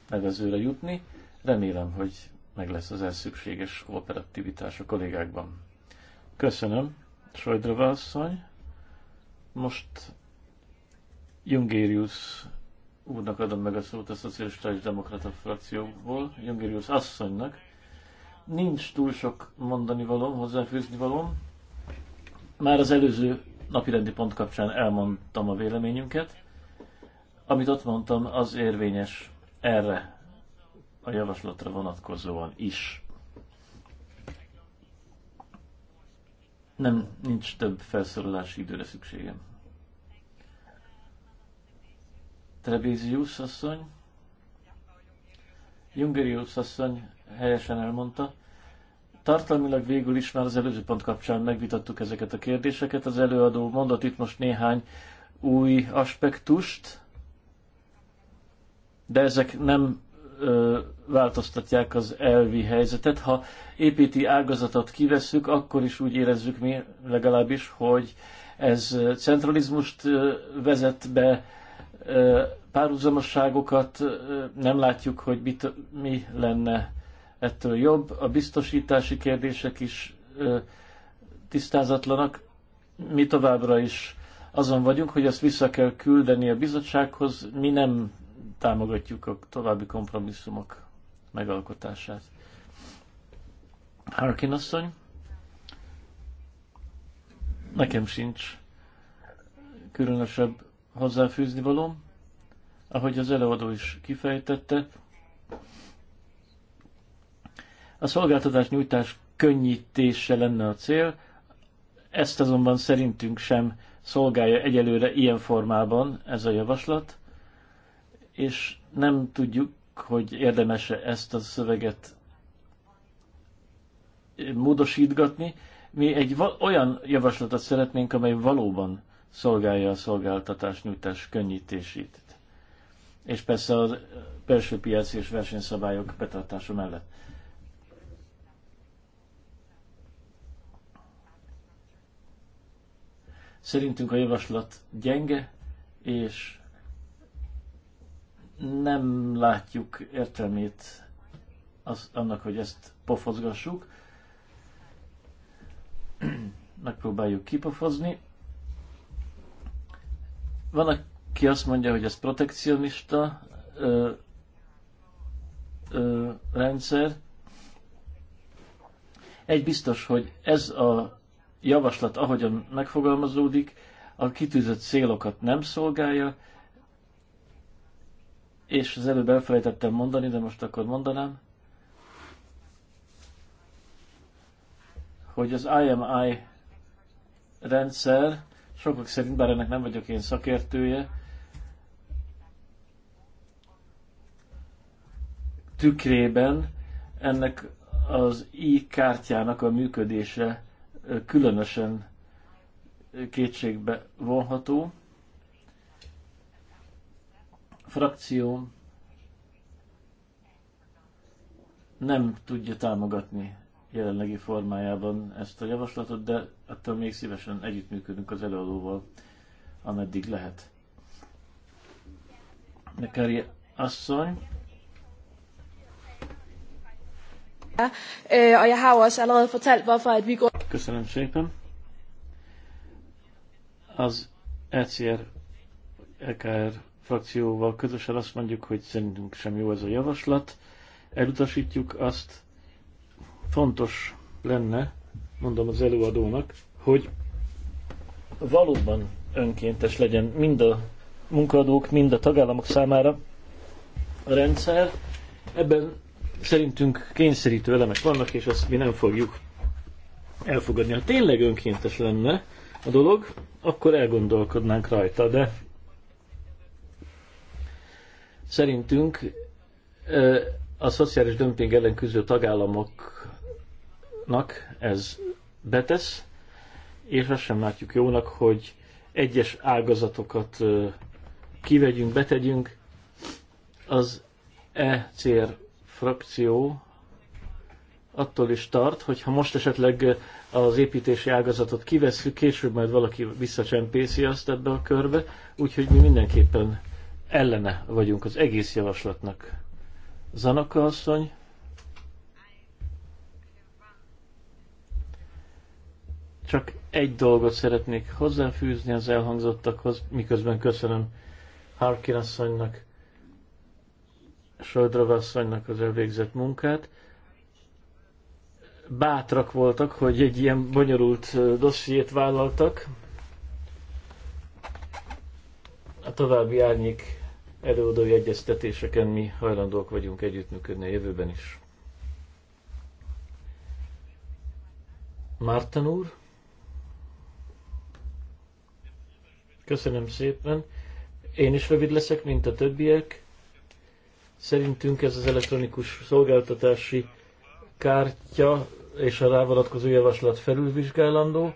nevezőre jutni. Remélem, hogy meg lesz az elszükséges kooperativitás a kollégákban. Köszönöm, Sojdrova asszony. Most Jungérius úrnak adom meg a szót a Szocialista és Demokrata frakcióból, Jungerius asszonynak. Nincs túl sok mondani valom, hozzáfűzni valom. Már az előző napirendi pont kapcsán elmondtam a véleményünket. Amit ott mondtam, az érvényes erre a javaslatra vonatkozóan is. Nem, nincs több felszorolási időre szükségem. Trebizius asszony. Jungerius asszony helyesen elmondta. Tartalmilag végül is már az előző pont kapcsán megvitattuk ezeket a kérdéseket. Az előadó mondott itt most néhány új aspektust, de ezek nem ö, változtatják az elvi helyzetet. Ha építi ágazatot kivesszük, akkor is úgy érezzük mi legalábbis, hogy ez centralizmust vezet be, párhuzamosságokat, nem látjuk, hogy mit, mi lenne ettől jobb. A biztosítási kérdések is tisztázatlanak. Mi továbbra is azon vagyunk, hogy azt vissza kell küldeni a bizottsághoz, mi nem támogatjuk a további kompromisszumok megalkotását. Harkin asszony? Nekem sincs különösebb hozzáfűzni valom, ahogy az előadó is kifejtette. A szolgáltatás nyújtás könnyítése lenne a cél, ezt azonban szerintünk sem szolgálja egyelőre ilyen formában ez a javaslat, és nem tudjuk, hogy érdemese ezt a szöveget módosítgatni. Mi egy olyan javaslatot szeretnénk, amely valóban szolgálja a szolgáltatás nyújtás könnyítését. És persze az belső piaci és versenyszabályok betartása mellett. Szerintünk a javaslat gyenge, és nem látjuk értelmét az, annak, hogy ezt pofozgassuk. Megpróbáljuk kipofozni. Van, aki azt mondja, hogy ez protekcionista ö, ö, rendszer. Egy biztos, hogy ez a javaslat, ahogyan megfogalmazódik, a kitűzött célokat nem szolgálja, és az előbb elfelejtettem mondani, de most akkor mondanám, hogy az IMI rendszer Sokak szerint, bár ennek nem vagyok én szakértője, tükrében ennek az i-kártyának a működése különösen kétségbe vonható. Frakció nem tudja támogatni jelenlegi formájában ezt a javaslatot, de attól még szívesen együttműködünk az előadóval, ameddig lehet. Nekeri asszony. Eh, Köszönöm szépen. Az ECR, EKR frakcióval közösen azt mondjuk, hogy szerintünk sem jó ez a javaslat. Elutasítjuk azt, fontos lenne, mondom az előadónak, hogy valóban önkéntes legyen mind a munkadók, mind a tagállamok számára a rendszer. Ebben szerintünk kényszerítő elemek vannak, és azt mi nem fogjuk elfogadni. Ha tényleg önkéntes lenne a dolog, akkor elgondolkodnánk rajta, de szerintünk a szociális dömping ellen küzdő tagállamok javaslatnak ez betesz, és azt sem látjuk jónak, hogy egyes ágazatokat kivegyünk, betegyünk. Az ECR frakció attól is tart, hogy ha most esetleg az építési ágazatot kiveszük, később majd valaki visszacsempészi azt ebbe a körbe, úgyhogy mi mindenképpen ellene vagyunk az egész javaslatnak. Zanaka asszony, Csak egy dolgot szeretnék hozzáfűzni az elhangzottakhoz, miközben köszönöm Harkin asszonynak, Soldrov asszonynak az elvégzett munkát. Bátrak voltak, hogy egy ilyen bonyolult dossziét vállaltak. A további árnyék előadói egyeztetéseken mi hajlandók vagyunk együttműködni a jövőben is. Márten úr? Köszönöm szépen. Én is rövid leszek, mint a többiek. Szerintünk ez az elektronikus szolgáltatási kártya és a rávalatkozó javaslat felülvizsgálandó.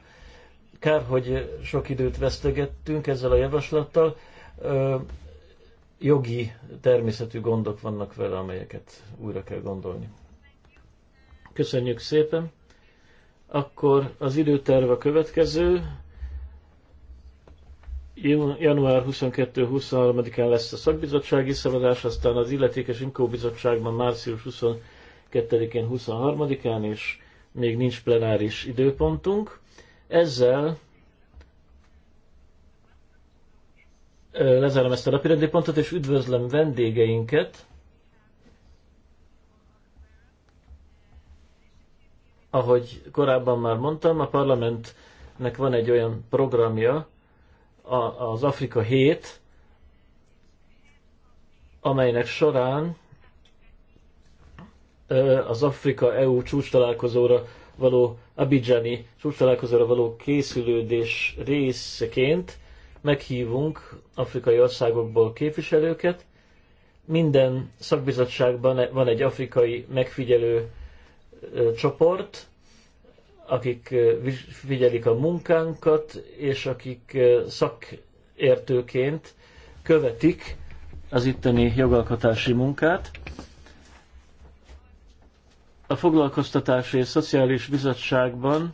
Kár, hogy sok időt vesztegettünk ezzel a javaslattal. Ö, jogi természetű gondok vannak vele, amelyeket újra kell gondolni. Köszönjük szépen! Akkor az időterv a következő január 22-23-án lesz a szakbizottsági szavazás, aztán az illetékes Inkó bizottságban március 22-én, 23-án, és még nincs plenáris időpontunk. Ezzel lezárom ezt a napirendi pontot, és üdvözlöm vendégeinket, ahogy korábban már mondtam, a parlamentnek van egy olyan programja, az Afrika 7, amelynek során az Afrika-EU csúcs találkozóra való Abidjani csúcs találkozóra való készülődés részeként meghívunk afrikai országokból képviselőket. Minden szakbizottságban van egy afrikai megfigyelő csoport, akik figyelik a munkánkat, és akik szakértőként követik az itteni jogalkotási munkát. A Foglalkoztatási és Szociális Bizottságban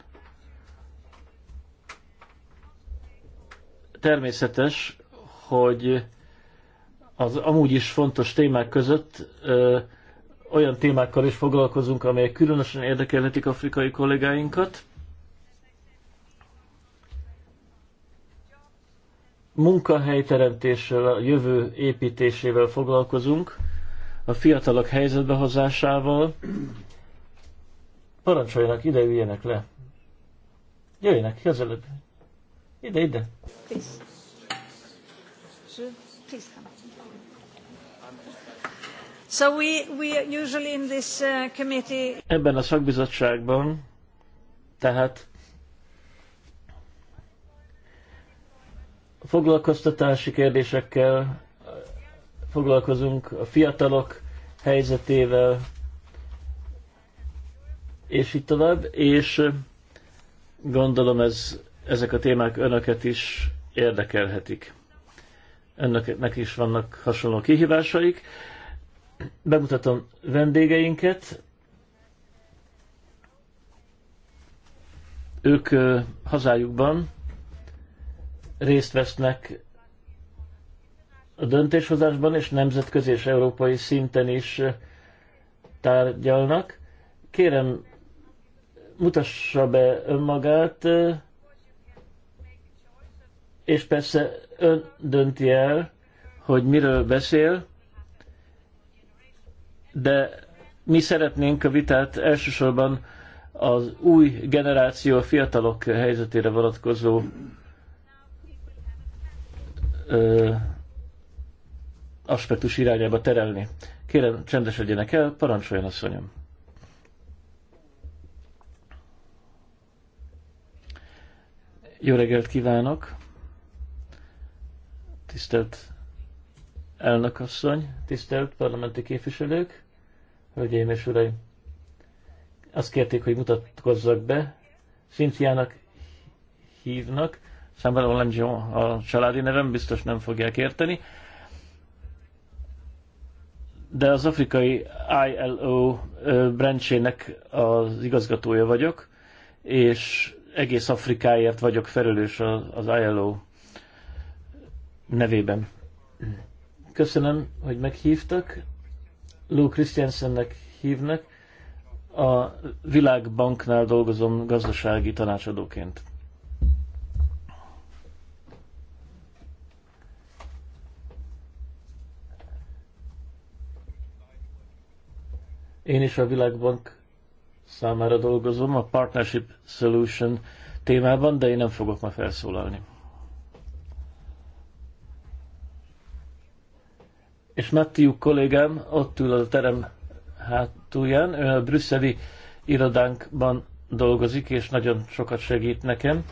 természetes, hogy az amúgy is fontos témák között olyan témákkal is foglalkozunk, amelyek különösen érdekelhetik afrikai kollégáinkat. Munkahelyteremtéssel, a jövő építésével foglalkozunk, a fiatalok helyzetbehozásával. Parancsoljanak, ide üljenek le. Jöjjenek, közelebb. Ide, ide. Please. So we, we usually in this uh, committee... Ebben a szakbizottságban, tehát foglalkoztatási kérdésekkel foglalkozunk, a fiatalok helyzetével, és így tovább, és gondolom ez, ezek a témák önöket is érdekelhetik. Önöknek is vannak hasonló kihívásaik. Bemutatom vendégeinket. Ők hazájukban részt vesznek a döntéshozásban, és nemzetközi és európai szinten is tárgyalnak. Kérem, mutassa be önmagát, és persze ön dönti el, hogy miről beszél, de mi szeretnénk a vitát elsősorban az új generáció, a fiatalok helyzetére vonatkozó ö, aspektus irányába terelni. Kérem, csendesedjenek el, parancsoljon asszonyom. Jó reggelt kívánok! Tisztelt elnökasszony, tisztelt parlamenti képviselők! hölgyeim és uraim. Azt kérték, hogy mutatkozzak be. Szintiának hívnak. Számban Olengion a családi nevem, biztos nem fogják érteni. De az afrikai ILO branchének az igazgatója vagyok, és egész Afrikáért vagyok felelős az ILO nevében. Köszönöm, hogy meghívtak. Lou Christiansennek hívnak, a Világbanknál dolgozom gazdasági tanácsadóként. Én is a Világbank számára dolgozom a Partnership Solution témában, de én nem fogok ma felszólalni. és Mattiuk kollégám ott ül a terem hátulján, ő a brüsszeli irodánkban dolgozik, és nagyon sokat segít nekem.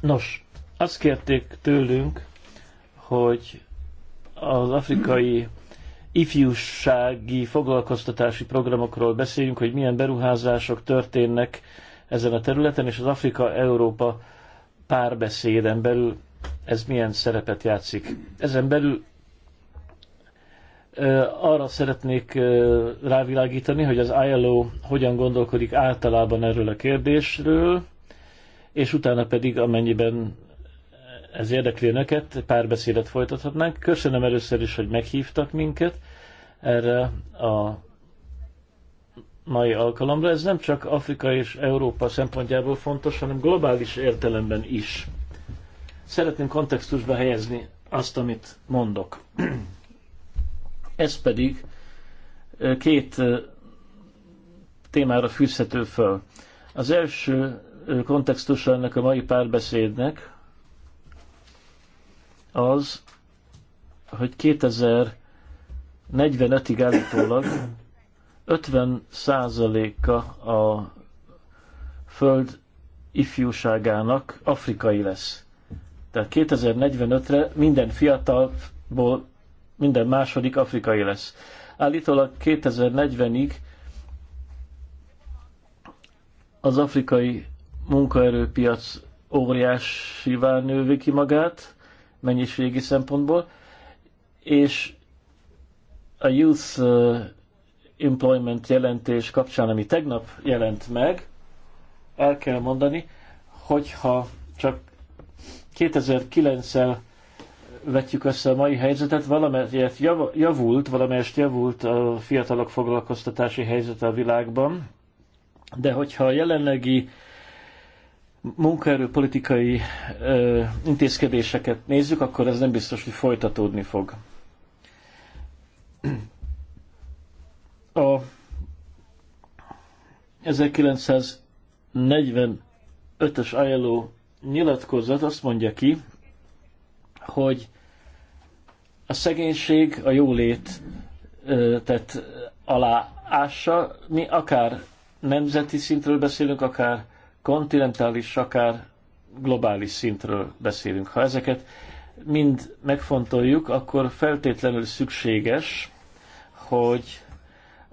Nos, azt kérték tőlünk, hogy az afrikai ifjúsági foglalkoztatási programokról beszéljünk, hogy milyen beruházások történnek ezen a területen, és az Afrika-Európa párbeszéden belül ez milyen szerepet játszik. Ezen belül arra szeretnék rávilágítani, hogy az ILO hogyan gondolkodik általában erről a kérdésről, és utána pedig, amennyiben ez érdekli önöket, beszédet folytathatnánk. Köszönöm először is, hogy meghívtak minket erre a mai alkalomra. Ez nem csak Afrika és Európa szempontjából fontos, hanem globális értelemben is. Szeretném kontextusba helyezni azt, amit mondok. Ez pedig két témára fűzhető föl. Az első kontextusa ennek a mai párbeszédnek az, hogy 2045-ig állítólag 50%-a a föld ifjúságának afrikai lesz. Tehát 2045-re minden fiatalból minden második afrikai lesz. Állítólag 2040-ig az afrikai munkaerőpiac óriásivá nővi ki magát, mennyiségi szempontból, és a Youth uh, Employment jelentés kapcsán, ami tegnap jelent meg, el kell mondani, hogyha csak 2009-el vetjük össze a mai helyzetet, valamelyet javult, valamelyest javult a fiatalok foglalkoztatási helyzete a világban, de hogyha a jelenlegi munkaerőpolitikai ö, intézkedéseket nézzük, akkor ez nem biztos, hogy folytatódni fog. A 1945-ös ILO nyilatkozat azt mondja ki, hogy a szegénység a jólét tett alá ássa. Mi akár nemzeti szintről beszélünk, akár kontinentális, akár globális szintről beszélünk. Ha ezeket mind megfontoljuk, akkor feltétlenül szükséges, hogy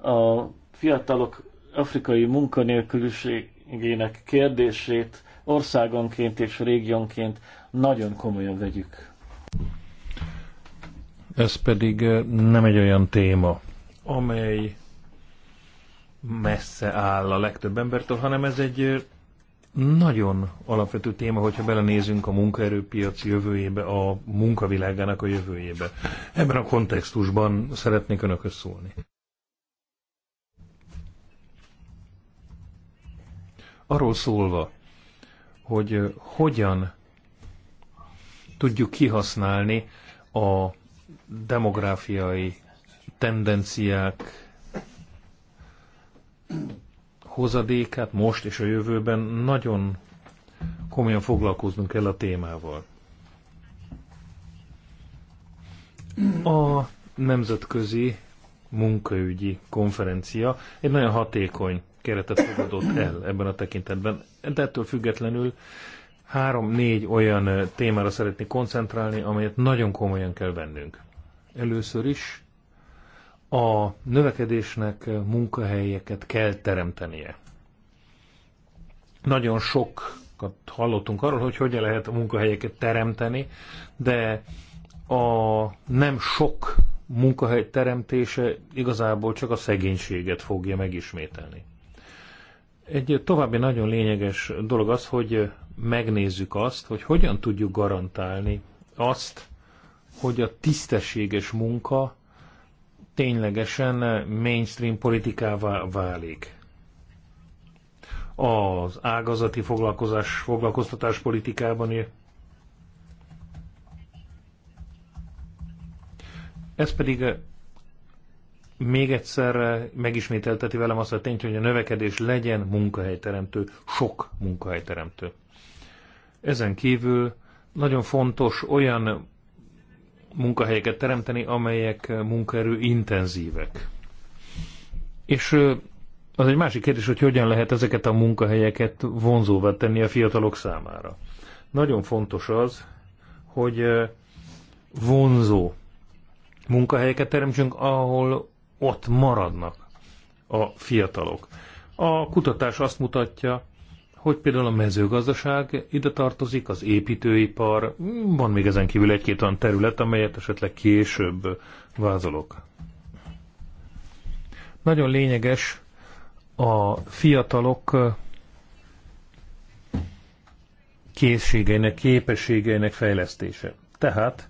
a fiatalok afrikai munkanélküliségének kérdését országonként és régionként nagyon komolyan vegyük. Ez pedig eh, nem egy olyan téma, amely messze áll a legtöbb embertől, hanem ez egy eh, nagyon alapvető téma, hogyha belenézünk a munkaerőpiac jövőjébe, a munkavilágának a jövőjébe. Ebben a kontextusban szeretnék Önökhöz szólni. Arról szólva, hogy eh, hogyan tudjuk kihasználni a demográfiai tendenciák hozadékát most és a jövőben nagyon komolyan foglalkoznunk kell a témával. A nemzetközi munkaügyi konferencia egy nagyon hatékony keretet fogadott el ebben a tekintetben, de ettől függetlenül három-négy olyan témára szeretnék koncentrálni, amelyet nagyon komolyan kell vennünk. Először is a növekedésnek munkahelyeket kell teremtenie. Nagyon sokat hallottunk arról, hogy hogyan lehet a munkahelyeket teremteni, de a nem sok munkahely teremtése igazából csak a szegénységet fogja megismételni. Egy további nagyon lényeges dolog az, hogy megnézzük azt, hogy hogyan tudjuk garantálni azt, hogy a tisztességes munka ténylegesen mainstream politikává válik. Az ágazati foglalkozás, foglalkoztatás politikában Ez pedig eh, még egyszer eh, megismételteti velem azt a tényt, hogy a növekedés legyen munkahelyteremtő, sok munkahelyteremtő. Ezen kívül nagyon fontos olyan munkahelyeket teremteni, amelyek munkaerő intenzívek. És az egy másik kérdés, hogy hogyan lehet ezeket a munkahelyeket vonzóvá tenni a fiatalok számára. Nagyon fontos az, hogy vonzó munkahelyeket teremtsünk, ahol ott maradnak a fiatalok. A kutatás azt mutatja, hogy például a mezőgazdaság ide tartozik, az építőipar, van még ezen kívül egy-két olyan terület, amelyet esetleg később vázolok. Nagyon lényeges a fiatalok készségeinek, képességeinek fejlesztése. Tehát,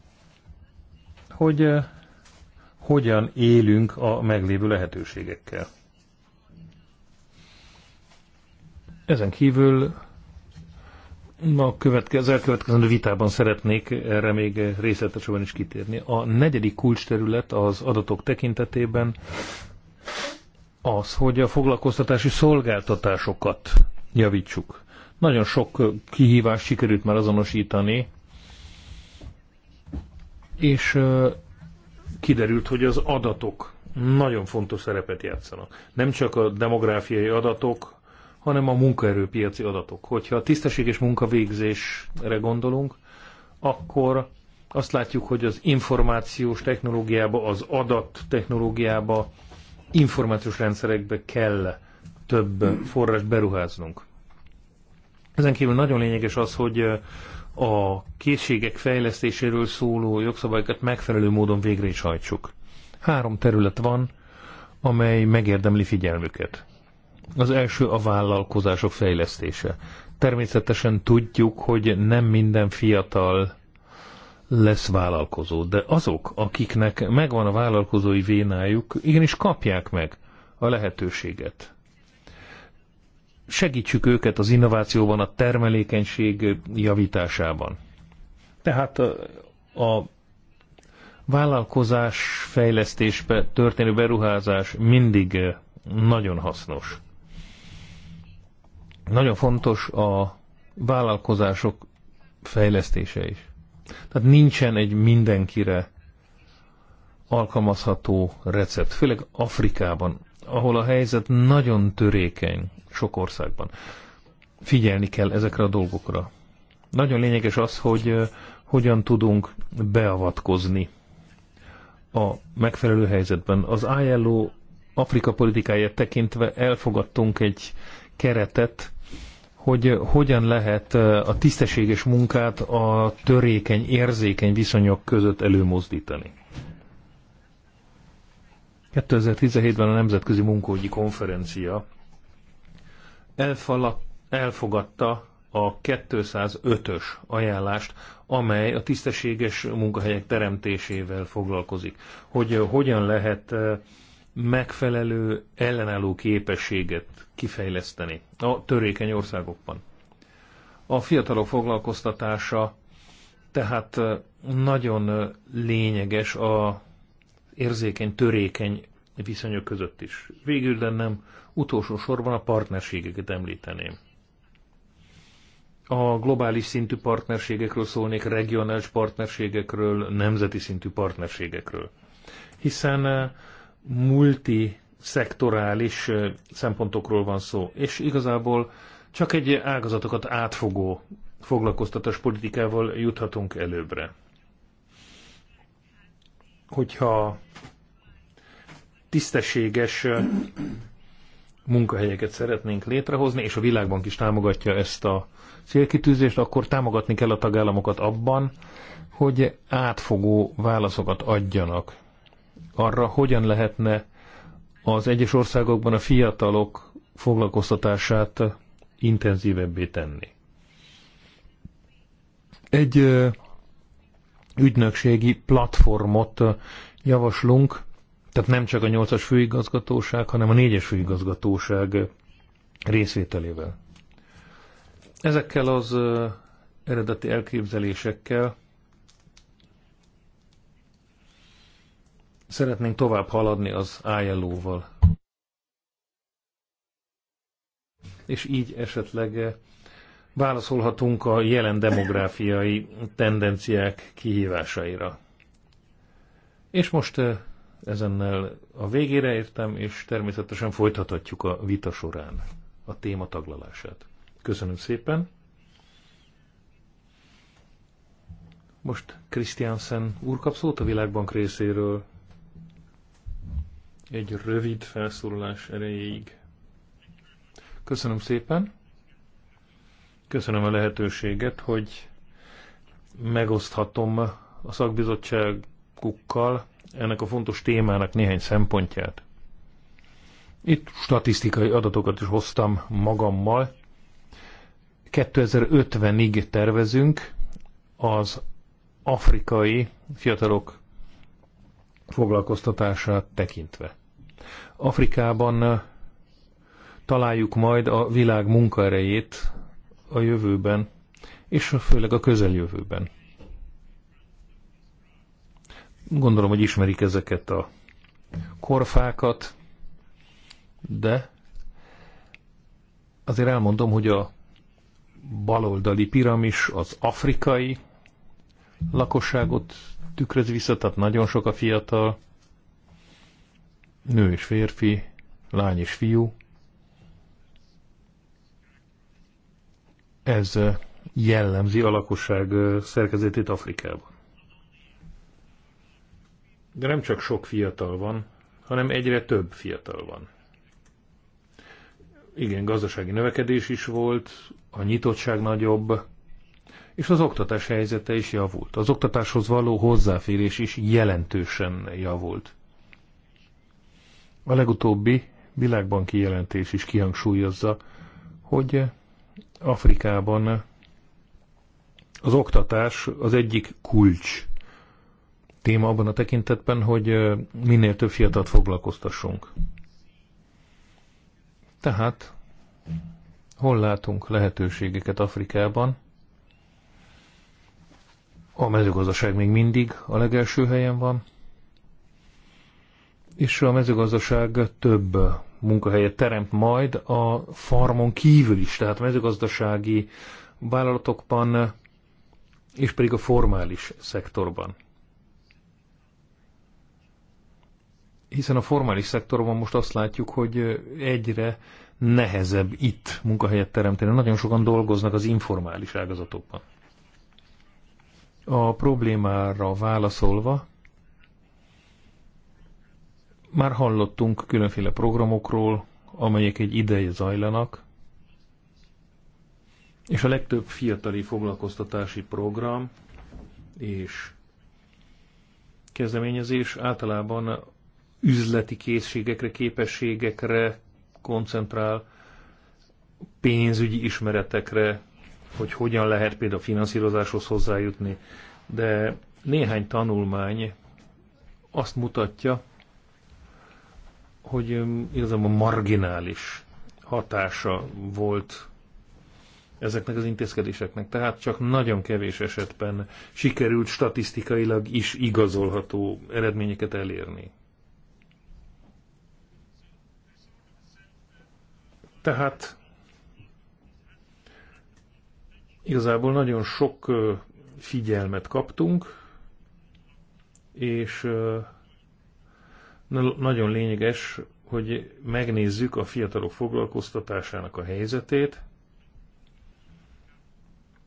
hogy eh, hogyan élünk a meglévő lehetőségekkel. Ezen kívül a következő, az elkövetkező vitában szeretnék erre még részletesebben is kitérni. A negyedik kulcsterület az adatok tekintetében az, hogy a foglalkoztatási szolgáltatásokat javítsuk. Nagyon sok kihívást sikerült már azonosítani, és kiderült, hogy az adatok nagyon fontos szerepet játszanak. Nem csak a demográfiai adatok, hanem a munkaerőpiaci adatok. Hogyha a és munkavégzésre gondolunk, akkor azt látjuk, hogy az információs technológiába, az adat technológiába, információs rendszerekbe kell több forrás beruháznunk. Ezen kívül nagyon lényeges az, hogy a készségek fejlesztéséről szóló jogszabályokat megfelelő módon végre is hajtsuk. Három terület van, amely megérdemli figyelmüket. Az első a vállalkozások fejlesztése. Természetesen tudjuk, hogy nem minden fiatal lesz vállalkozó, de azok, akiknek megvan a vállalkozói vénájuk, igenis kapják meg a lehetőséget. Segítsük őket az innovációban, a termelékenység javításában. Tehát a, a vállalkozás fejlesztésbe történő beruházás mindig nagyon hasznos. Nagyon fontos a vállalkozások fejlesztése is. Tehát nincsen egy mindenkire alkalmazható recept, főleg Afrikában, ahol a helyzet nagyon törékeny sok országban. Figyelni kell ezekre a dolgokra. Nagyon lényeges az, hogy hogyan tudunk beavatkozni a megfelelő helyzetben. Az ILO Afrika politikáját tekintve elfogadtunk egy keretet, hogy eh, hogyan lehet eh, a tisztességes munkát a törékeny, érzékeny viszonyok között előmozdítani. 2017-ben a Nemzetközi Munkógyi Konferencia elfogadta a 205-ös ajánlást, amely a tisztességes munkahelyek teremtésével foglalkozik. Hogy eh, hogyan lehet megfelelő ellenálló képességet kifejleszteni a törékeny országokban. A fiatalok foglalkoztatása tehát nagyon lényeges a érzékeny, törékeny viszonyok között is. Végül, de nem utolsó sorban a partnerségeket említeném. A globális szintű partnerségekről szólnék, regionális partnerségekről, nemzeti szintű partnerségekről. Hiszen multi szektorális szempontokról van szó, és igazából csak egy ágazatokat átfogó foglalkoztatás politikával juthatunk előbbre. Hogyha tisztességes munkahelyeket szeretnénk létrehozni, és a világbank is támogatja ezt a célkitűzést, akkor támogatni kell a tagállamokat abban, hogy átfogó válaszokat adjanak arra, hogyan lehetne az egyes országokban a fiatalok foglalkoztatását intenzívebbé tenni. Egy ügynökségi platformot javaslunk, tehát nem csak a 8-as főigazgatóság, hanem a 4-es főigazgatóság részvételével. Ezekkel az eredeti elképzelésekkel szeretnénk tovább haladni az ILO-val. És így esetleg eh, válaszolhatunk a jelen demográfiai tendenciák kihívásaira. És most eh, ezennel a végére értem, és természetesen folytathatjuk a vita során a téma taglalását. Köszönöm szépen! Most Christiansen úr kap szót a Világbank részéről egy rövid felszólalás erejéig. Köszönöm szépen. Köszönöm a lehetőséget, hogy megoszthatom a szakbizottságukkal ennek a fontos témának néhány szempontját. Itt statisztikai adatokat is hoztam magammal. 2050-ig tervezünk az afrikai fiatalok foglalkoztatását tekintve. Afrikában eh, találjuk majd a világ munkaerejét a jövőben, és főleg a közeljövőben. Gondolom, hogy ismerik ezeket a korfákat, de azért elmondom, hogy a baloldali piramis az afrikai lakosságot tükröz vissza, tehát nagyon sok a fiatal, nő és férfi, lány és fiú. Ez jellemzi a lakosság szerkezetét Afrikában. De nem csak sok fiatal van, hanem egyre több fiatal van. Igen, gazdasági növekedés is volt, a nyitottság nagyobb, és az oktatás helyzete is javult. Az oktatáshoz való hozzáférés is jelentősen javult. A legutóbbi világbanki jelentés is kihangsúlyozza, hogy Afrikában az oktatás az egyik kulcs téma abban a tekintetben, hogy minél több fiatalt foglalkoztassunk. Tehát hol látunk lehetőségeket Afrikában? A mezőgazdaság még mindig a legelső helyen van, és a mezőgazdaság több munkahelyet teremt majd a farmon kívül is, tehát mezőgazdasági vállalatokban és pedig a formális szektorban. Hiszen a formális szektorban most azt látjuk, hogy egyre nehezebb itt munkahelyet teremteni. Nagyon sokan dolgoznak az informális ágazatokban. A problémára válaszolva, már hallottunk különféle programokról, amelyek egy ideje zajlanak, és a legtöbb fiatali foglalkoztatási program és kezdeményezés általában üzleti készségekre, képességekre koncentrál, pénzügyi ismeretekre, hogy hogyan lehet például finanszírozáshoz hozzájutni, de néhány tanulmány azt mutatja, hogy igazából marginális hatása volt ezeknek az intézkedéseknek. Tehát csak nagyon kevés esetben sikerült statisztikailag is igazolható eredményeket elérni. Tehát igazából nagyon sok figyelmet kaptunk, és nagyon lényeges, hogy megnézzük a fiatalok foglalkoztatásának a helyzetét,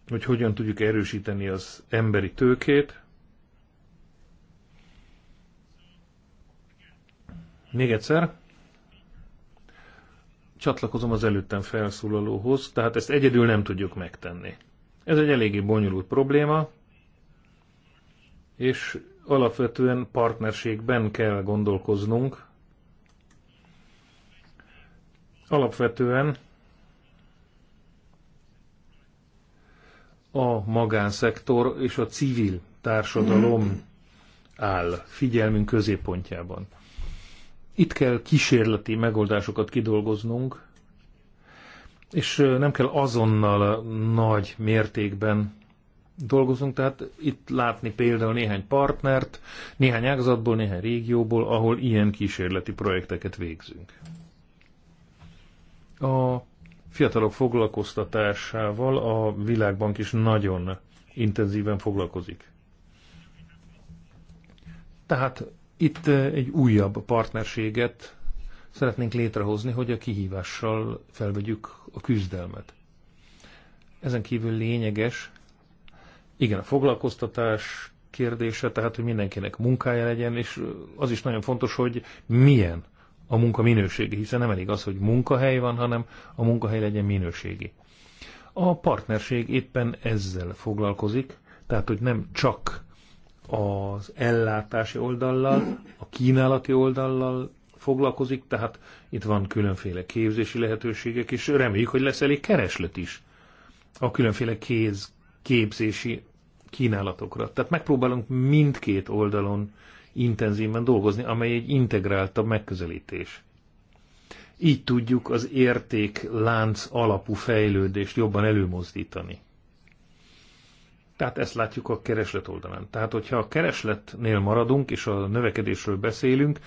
hogy hogyan tudjuk erősíteni az emberi tőkét. Még egyszer, csatlakozom az előttem felszólalóhoz, tehát ezt egyedül nem tudjuk megtenni. Ez egy eléggé bonyolult probléma, és alapvetően partnerségben kell gondolkoznunk. Alapvetően a magánszektor és a civil társadalom áll figyelmünk középpontjában. Itt kell kísérleti megoldásokat kidolgoznunk, és nem kell azonnal nagy mértékben dolgozunk, tehát itt látni például néhány partnert, néhány ágazatból, néhány régióból, ahol ilyen kísérleti projekteket végzünk. A fiatalok foglalkoztatásával a Világbank is nagyon intenzíven foglalkozik. Tehát itt eh, egy újabb partnerséget szeretnénk létrehozni, hogy a kihívással felvegyük a küzdelmet. Ezen kívül lényeges, igen, a foglalkoztatás kérdése, tehát hogy mindenkinek munkája legyen, és az is nagyon fontos, hogy milyen a munka minőségi, hiszen nem elég az, hogy munkahely van, hanem a munkahely legyen minőségi. A partnerség éppen ezzel foglalkozik, tehát hogy nem csak az ellátási oldallal, a kínálati oldallal foglalkozik, tehát itt van különféle képzési lehetőségek, és reméljük, hogy lesz elég kereslet is a különféle kéz képzési kínálatokra. Tehát megpróbálunk mindkét oldalon intenzíven dolgozni, amely egy integráltabb megközelítés. Így tudjuk az érték lánc alapú fejlődést jobban előmozdítani. Tehát ezt látjuk a kereslet oldalán. Tehát, hogyha a keresletnél maradunk, és a növekedésről beszélünk,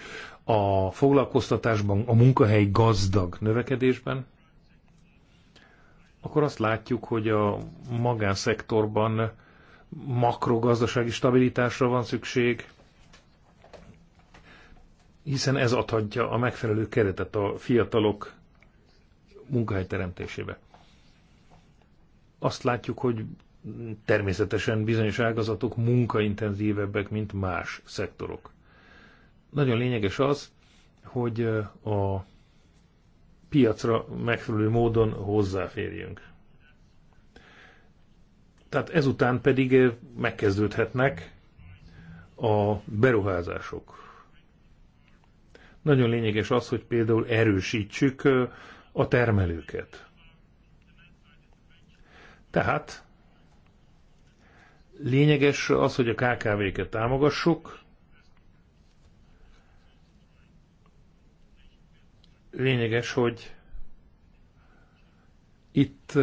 a foglalkoztatásban, a munkahely gazdag növekedésben, akkor azt látjuk, hogy a magánszektorban makrogazdasági stabilitásra van szükség, hiszen ez adhatja a megfelelő keretet a fiatalok munkahelyteremtésébe. Azt látjuk, hogy természetesen bizonyos ágazatok munkaintenzívebbek, mint más szektorok. Nagyon lényeges az, hogy a piacra megfelelő módon hozzáférjünk. Tehát ezután pedig eh, megkezdődhetnek a beruházások. Nagyon lényeges az, hogy például erősítsük eh, a termelőket. Tehát lényeges az, hogy a KKV-ket támogassuk, lényeges, hogy itt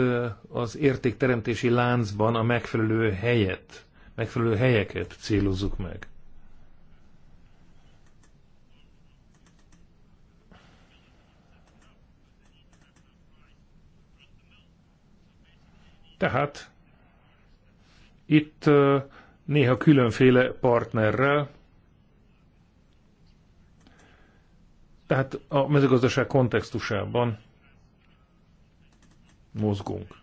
az értékteremtési láncban a megfelelő helyet, megfelelő helyeket célozzuk meg. Tehát itt néha különféle partnerrel, tehát a mezőgazdaság kontextusában mozgunk.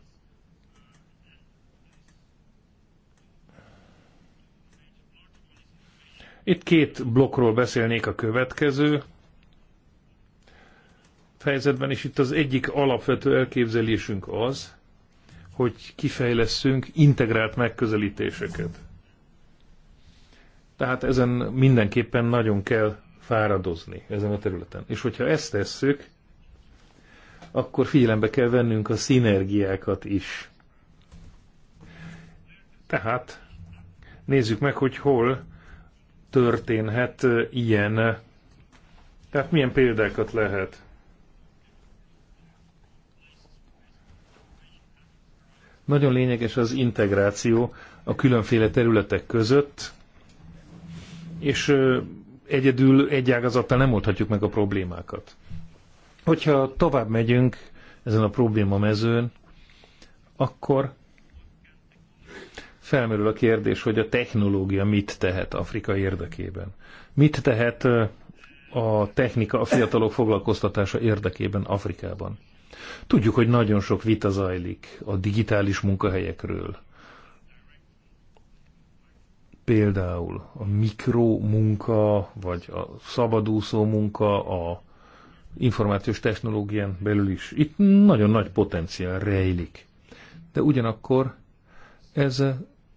Itt két blokkról beszélnék a következő fejezetben, és itt az egyik alapvető elképzelésünk az, hogy kifejleszünk integrált megközelítéseket. Tehát ezen mindenképpen nagyon kell fáradozni ezen a területen. És hogyha ezt tesszük, akkor figyelembe kell vennünk a szinergiákat is. Tehát nézzük meg, hogy hol történhet ilyen. Tehát milyen példákat lehet. Nagyon lényeges az integráció a különféle területek között, és egyedül egy ágazattal nem oldhatjuk meg a problémákat. Hogyha tovább megyünk ezen a probléma mezőn, akkor felmerül a kérdés, hogy a technológia mit tehet Afrika érdekében. Mit tehet a technika a fiatalok foglalkoztatása érdekében Afrikában? Tudjuk, hogy nagyon sok vita zajlik a digitális munkahelyekről. Például a mikromunka, vagy a szabadúszó munka, a információs technológián belül is. Itt nagyon nagy potenciál rejlik. De ugyanakkor ez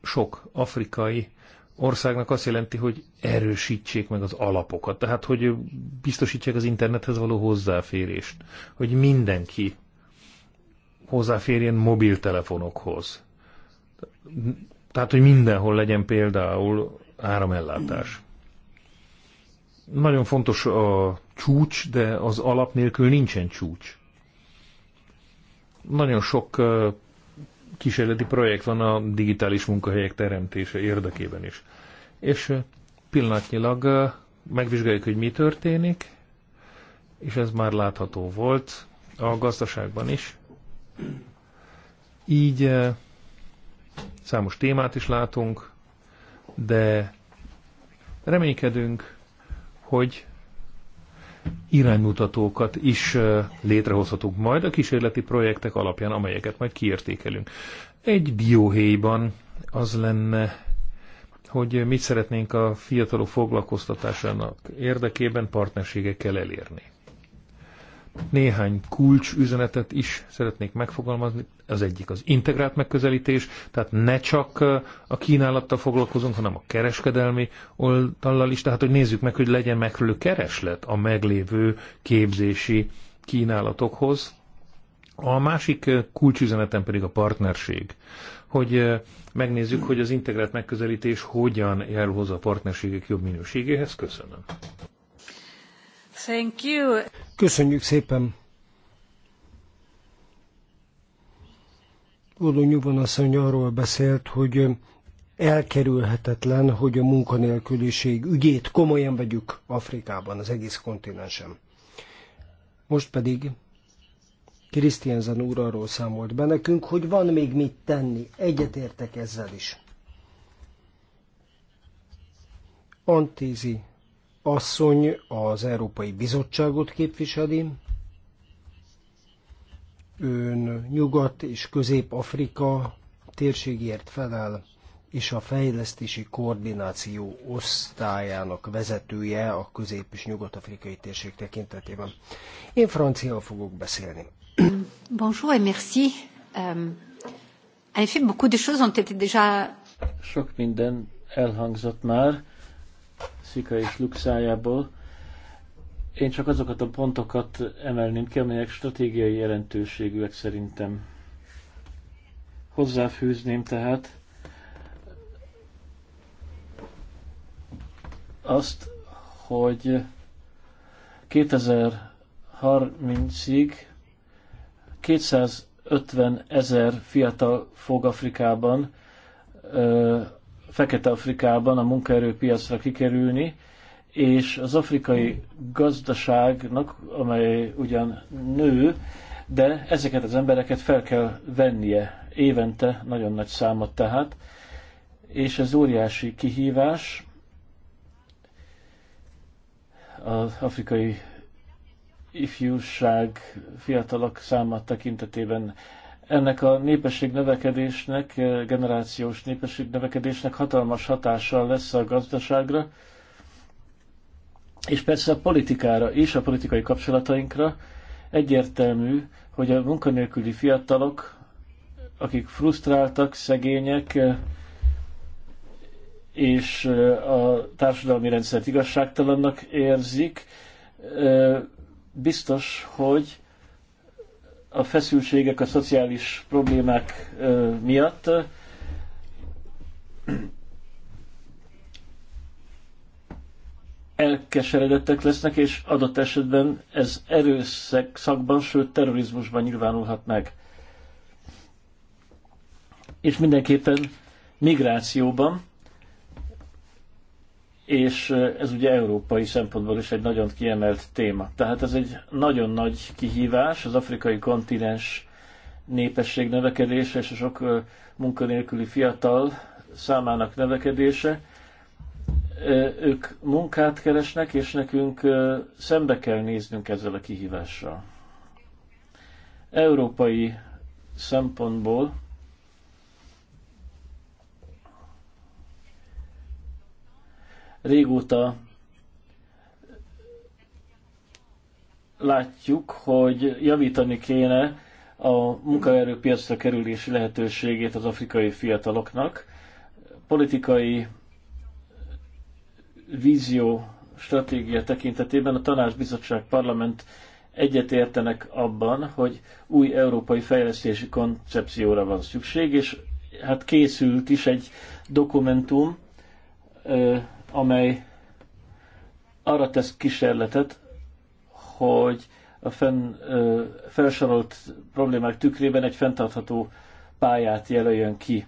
sok afrikai országnak azt jelenti, hogy erősítsék meg az alapokat, tehát hogy biztosítsák az internethez való hozzáférést, hogy mindenki hozzáférjen mobiltelefonokhoz. Tehát, hogy mindenhol legyen például áramellátás. Nagyon fontos a csúcs, de az alap nélkül nincsen csúcs. Nagyon sok kísérleti projekt van a digitális munkahelyek teremtése érdekében is. És pillanatnyilag megvizsgáljuk, hogy mi történik, és ez már látható volt a gazdaságban is. Így számos témát is látunk, de reménykedünk, hogy iránymutatókat is létrehozhatunk majd a kísérleti projektek alapján, amelyeket majd kiértékelünk. Egy dióhéjban az lenne, hogy mit szeretnénk a fiatalok foglalkoztatásának érdekében partnerségekkel elérni. Néhány kulcs üzenetet is szeretnék megfogalmazni. Az egyik az integrált megközelítés, tehát ne csak a kínálattal foglalkozunk, hanem a kereskedelmi oldallal is, tehát hogy nézzük meg, hogy legyen megfelelő kereslet a meglévő képzési kínálatokhoz. A másik kulcsüzenetem pedig a partnerség, hogy megnézzük, hogy az integrált megközelítés hogyan járul hozzá a partnerségek jobb minőségéhez. Köszönöm. Thank you. Köszönjük szépen! Odo Nyuban asszony arról beszélt, hogy elkerülhetetlen, hogy a munkanélküliség ügyét komolyan vegyük Afrikában, az egész kontinensen. Most pedig Krisztiánzen úr arról számolt be nekünk, hogy van még mit tenni. Egyetértek ezzel is. Antézi asszony az Európai Bizottságot képviseli. Ön Nyugat és Közép-Afrika térségért felel, és a fejlesztési koordináció osztályának vezetője a közép- és nyugat-afrikai térség tekintetében. Én franciául fogok beszélni. Bonjour et merci. Um, en effet, beaucoup de choses ont été déjà... Sok minden elhangzott már Szika és Luxájából. Én csak azokat a pontokat emelném ki, amelyek stratégiai jelentőségűek szerintem. Hozzáfűzném tehát azt, hogy 2030-ig 250 ezer fiatal fog Afrikában Fekete-Afrikában a munkaerőpiacra kikerülni, és az afrikai gazdaságnak, amely ugyan nő, de ezeket az embereket fel kell vennie évente, nagyon nagy számot tehát, és ez óriási kihívás az afrikai ifjúság fiatalok száma tekintetében ennek a népesség növekedésnek, eh, generációs népesség növekedésnek hatalmas hatással lesz a gazdaságra, és persze a politikára és a politikai kapcsolatainkra egyértelmű, hogy a munkanélküli fiatalok, akik frusztráltak, szegények, eh, és eh, a társadalmi rendszert igazságtalannak érzik, biztos, hogy a feszültségek, a szociális problémák miatt. elkeseredettek lesznek, és adott esetben ez erőszak szakban, sőt terrorizmusban nyilvánulhat meg. És mindenképpen migrációban, és ez ugye európai szempontból is egy nagyon kiemelt téma. Tehát ez egy nagyon nagy kihívás az afrikai kontinens népesség növekedése és a sok munkanélküli fiatal számának növekedése. Ők munkát keresnek, és nekünk szembe kell néznünk ezzel a kihívással. Európai szempontból régóta látjuk, hogy javítani kéne a munkaerőpiacra kerülési lehetőségét az afrikai fiataloknak. Politikai vízió, stratégia tekintetében a Tanács Bizottság Parlament egyet értenek abban, hogy új európai fejlesztési koncepcióra van szükség, és hát készült is egy dokumentum amely arra tesz kísérletet, hogy a fenn, ö, felsorolt problémák tükrében egy fenntartható pályát jelöljön ki.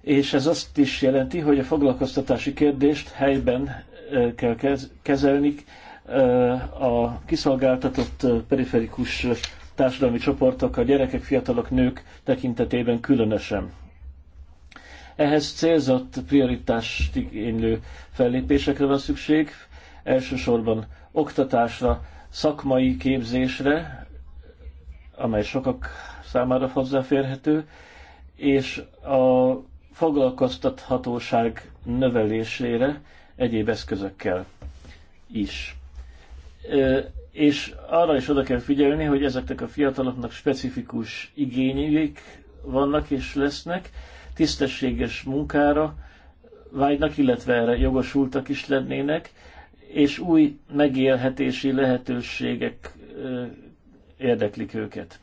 És ez azt is jelenti, hogy a foglalkoztatási kérdést helyben ö, kell kezelni, ö, a kiszolgáltatott periferikus társadalmi csoportok, a gyerekek, fiatalok, nők tekintetében különösen. Ehhez célzott prioritást igénylő fellépésekre van szükség, elsősorban oktatásra, szakmai képzésre, amely sokak számára hozzáférhető, és a foglalkoztathatóság növelésére egyéb eszközökkel is. És arra is oda kell figyelni, hogy ezeknek a fiataloknak specifikus igényeik vannak és lesznek, tisztességes munkára vágynak, illetve erre jogosultak is lennének, és új megélhetési lehetőségek érdeklik őket.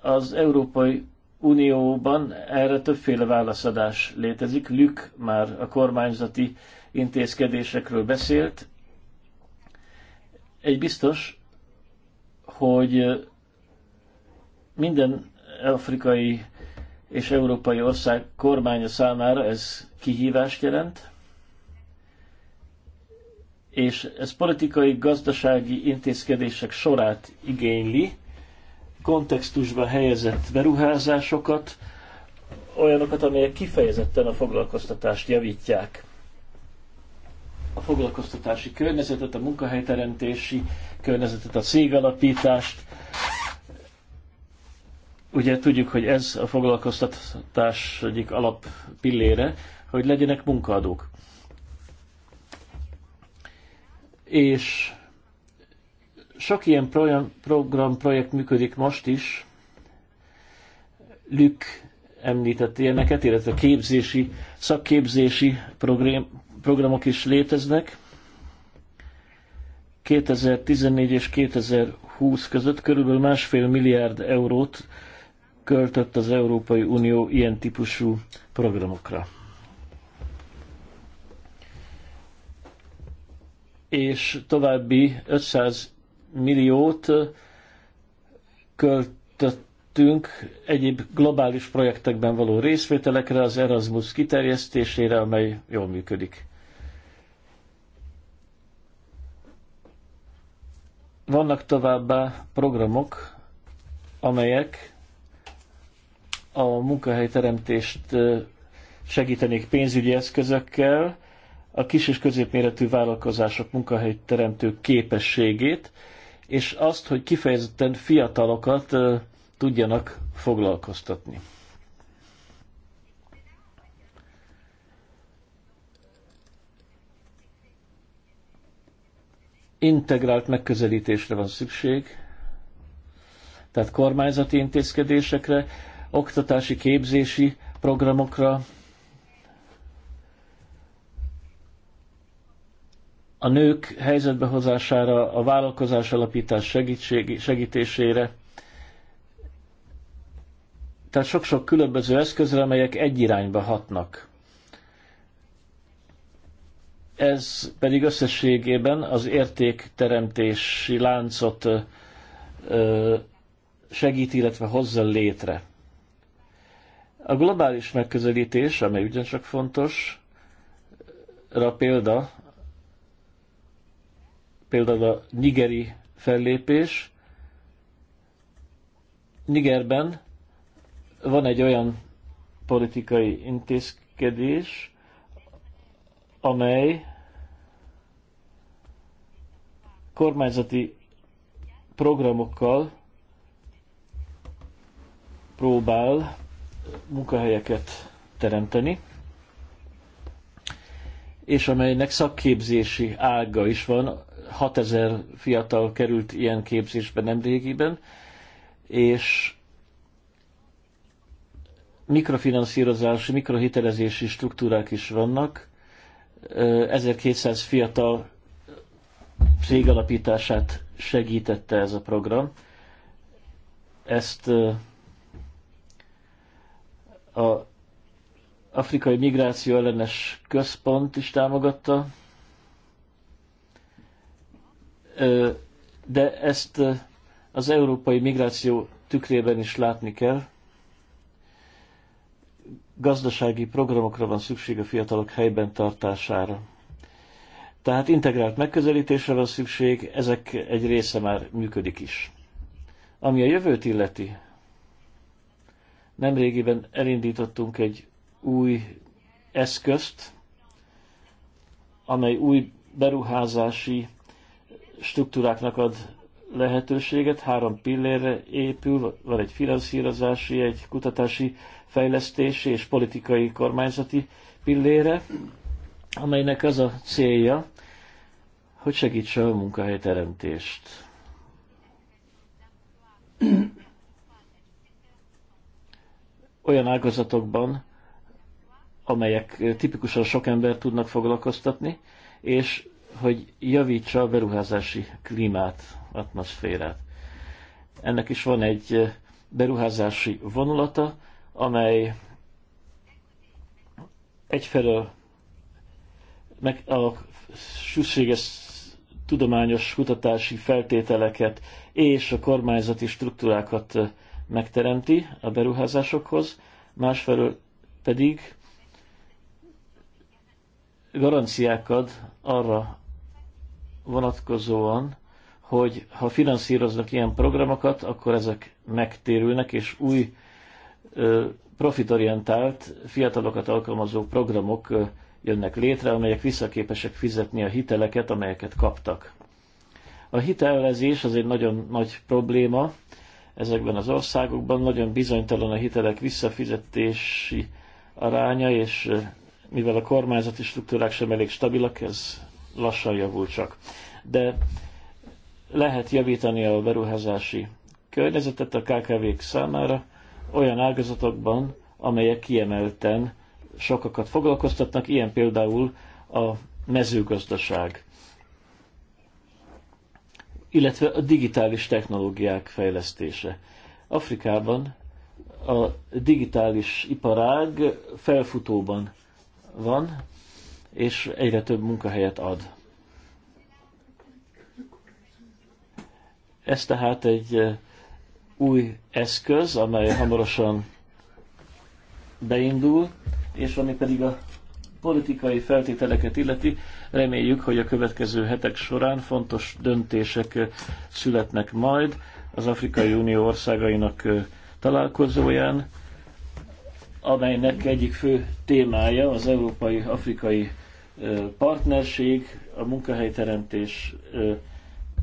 Az Európai Unióban erre többféle válaszadás létezik. Lük már a kormányzati intézkedésekről beszélt. Egy biztos, hogy minden afrikai és európai ország kormánya számára ez kihívást jelent, és ez politikai, gazdasági intézkedések sorát igényli, kontextusba helyezett beruházásokat, olyanokat, amelyek kifejezetten a foglalkoztatást javítják. A foglalkoztatási környezetet, a munkahelyteremtési környezetet, a cégalapítást, ugye tudjuk, hogy ez a foglalkoztatás egyik alap pillére, hogy legyenek munkaadók. És sok ilyen program, program projekt működik most is, Lük említett ilyeneket, illetve képzési, szakképzési program, programok is léteznek. 2014 és 2020 között körülbelül másfél milliárd eurót költött az Európai Unió ilyen típusú programokra. És további 500 milliót költöttünk egyéb globális projektekben való részvételekre, az Erasmus kiterjesztésére, amely jól működik. Vannak továbbá programok, amelyek a munkahelyteremtést segítenék pénzügyi eszközökkel, a kis és középméretű vállalkozások munkahelyteremtő képességét, és azt, hogy kifejezetten fiatalokat tudjanak foglalkoztatni. Integrált megközelítésre van szükség, tehát kormányzati intézkedésekre, oktatási, képzési programokra, a nők helyzetbe hozására, a vállalkozás alapítás segítség, segítésére. Tehát sok-sok különböző eszközre, amelyek egy irányba hatnak. Ez pedig összességében az értékteremtési láncot segít, illetve hozza létre. A globális megközelítés, amely ugyancsak fontos, ra példa, például a nigeri fellépés. Nigerben van egy olyan politikai intézkedés, amely kormányzati programokkal próbál munkahelyeket teremteni, és amelynek szakképzési ága is van. 6000 fiatal került ilyen képzésbe nemrégiben, és mikrofinanszírozási, mikrohitelezési struktúrák is vannak. 1200 fiatal cég alapítását segítette ez a program. Ezt a Afrikai Migráció Ellenes Központ is támogatta, de ezt az európai migráció tükrében is látni kell. Gazdasági programokra van szükség a fiatalok helyben tartására. Tehát integrált megközelítésre van szükség, ezek egy része már működik is. Ami a jövőt illeti, Nemrégiben elindítottunk egy új eszközt, amely új beruházási struktúráknak ad lehetőséget, három pillérre épül, van egy finanszírozási, egy kutatási, fejlesztési és politikai kormányzati pillére, amelynek az a célja, hogy segítse a munkahelyteremtést olyan ágazatokban, amelyek tipikusan sok ember tudnak foglalkoztatni, és hogy javítsa a beruházási klímát, atmoszférát. Ennek is van egy beruházási vonulata, amely egyfelől meg a szükséges tudományos kutatási feltételeket és a kormányzati struktúrákat megteremti a beruházásokhoz, másfelől pedig garanciák ad arra vonatkozóan, hogy ha finanszíroznak ilyen programokat, akkor ezek megtérülnek, és új profitorientált, fiatalokat alkalmazó programok jönnek létre, amelyek visszaképesek fizetni a hiteleket, amelyeket kaptak. A hitelezés az egy nagyon nagy probléma, ezekben az országokban. Nagyon bizonytalan a hitelek visszafizetési aránya, és mivel a kormányzati struktúrák sem elég stabilak, ez lassan javul csak. De lehet javítani a beruházási környezetet a KKV-k számára olyan ágazatokban, amelyek kiemelten sokakat foglalkoztatnak, ilyen például a mezőgazdaság illetve a digitális technológiák fejlesztése. Afrikában a digitális iparág felfutóban van, és egyre több munkahelyet ad. Ez tehát egy eh, új eszköz, amely hamarosan beindul, és ami pedig a politikai feltételeket illeti, Reméljük, hogy a következő hetek során fontos döntések születnek majd az Afrikai Unió országainak találkozóján, amelynek egyik fő témája az európai-afrikai partnerség, a munkahelyteremtés,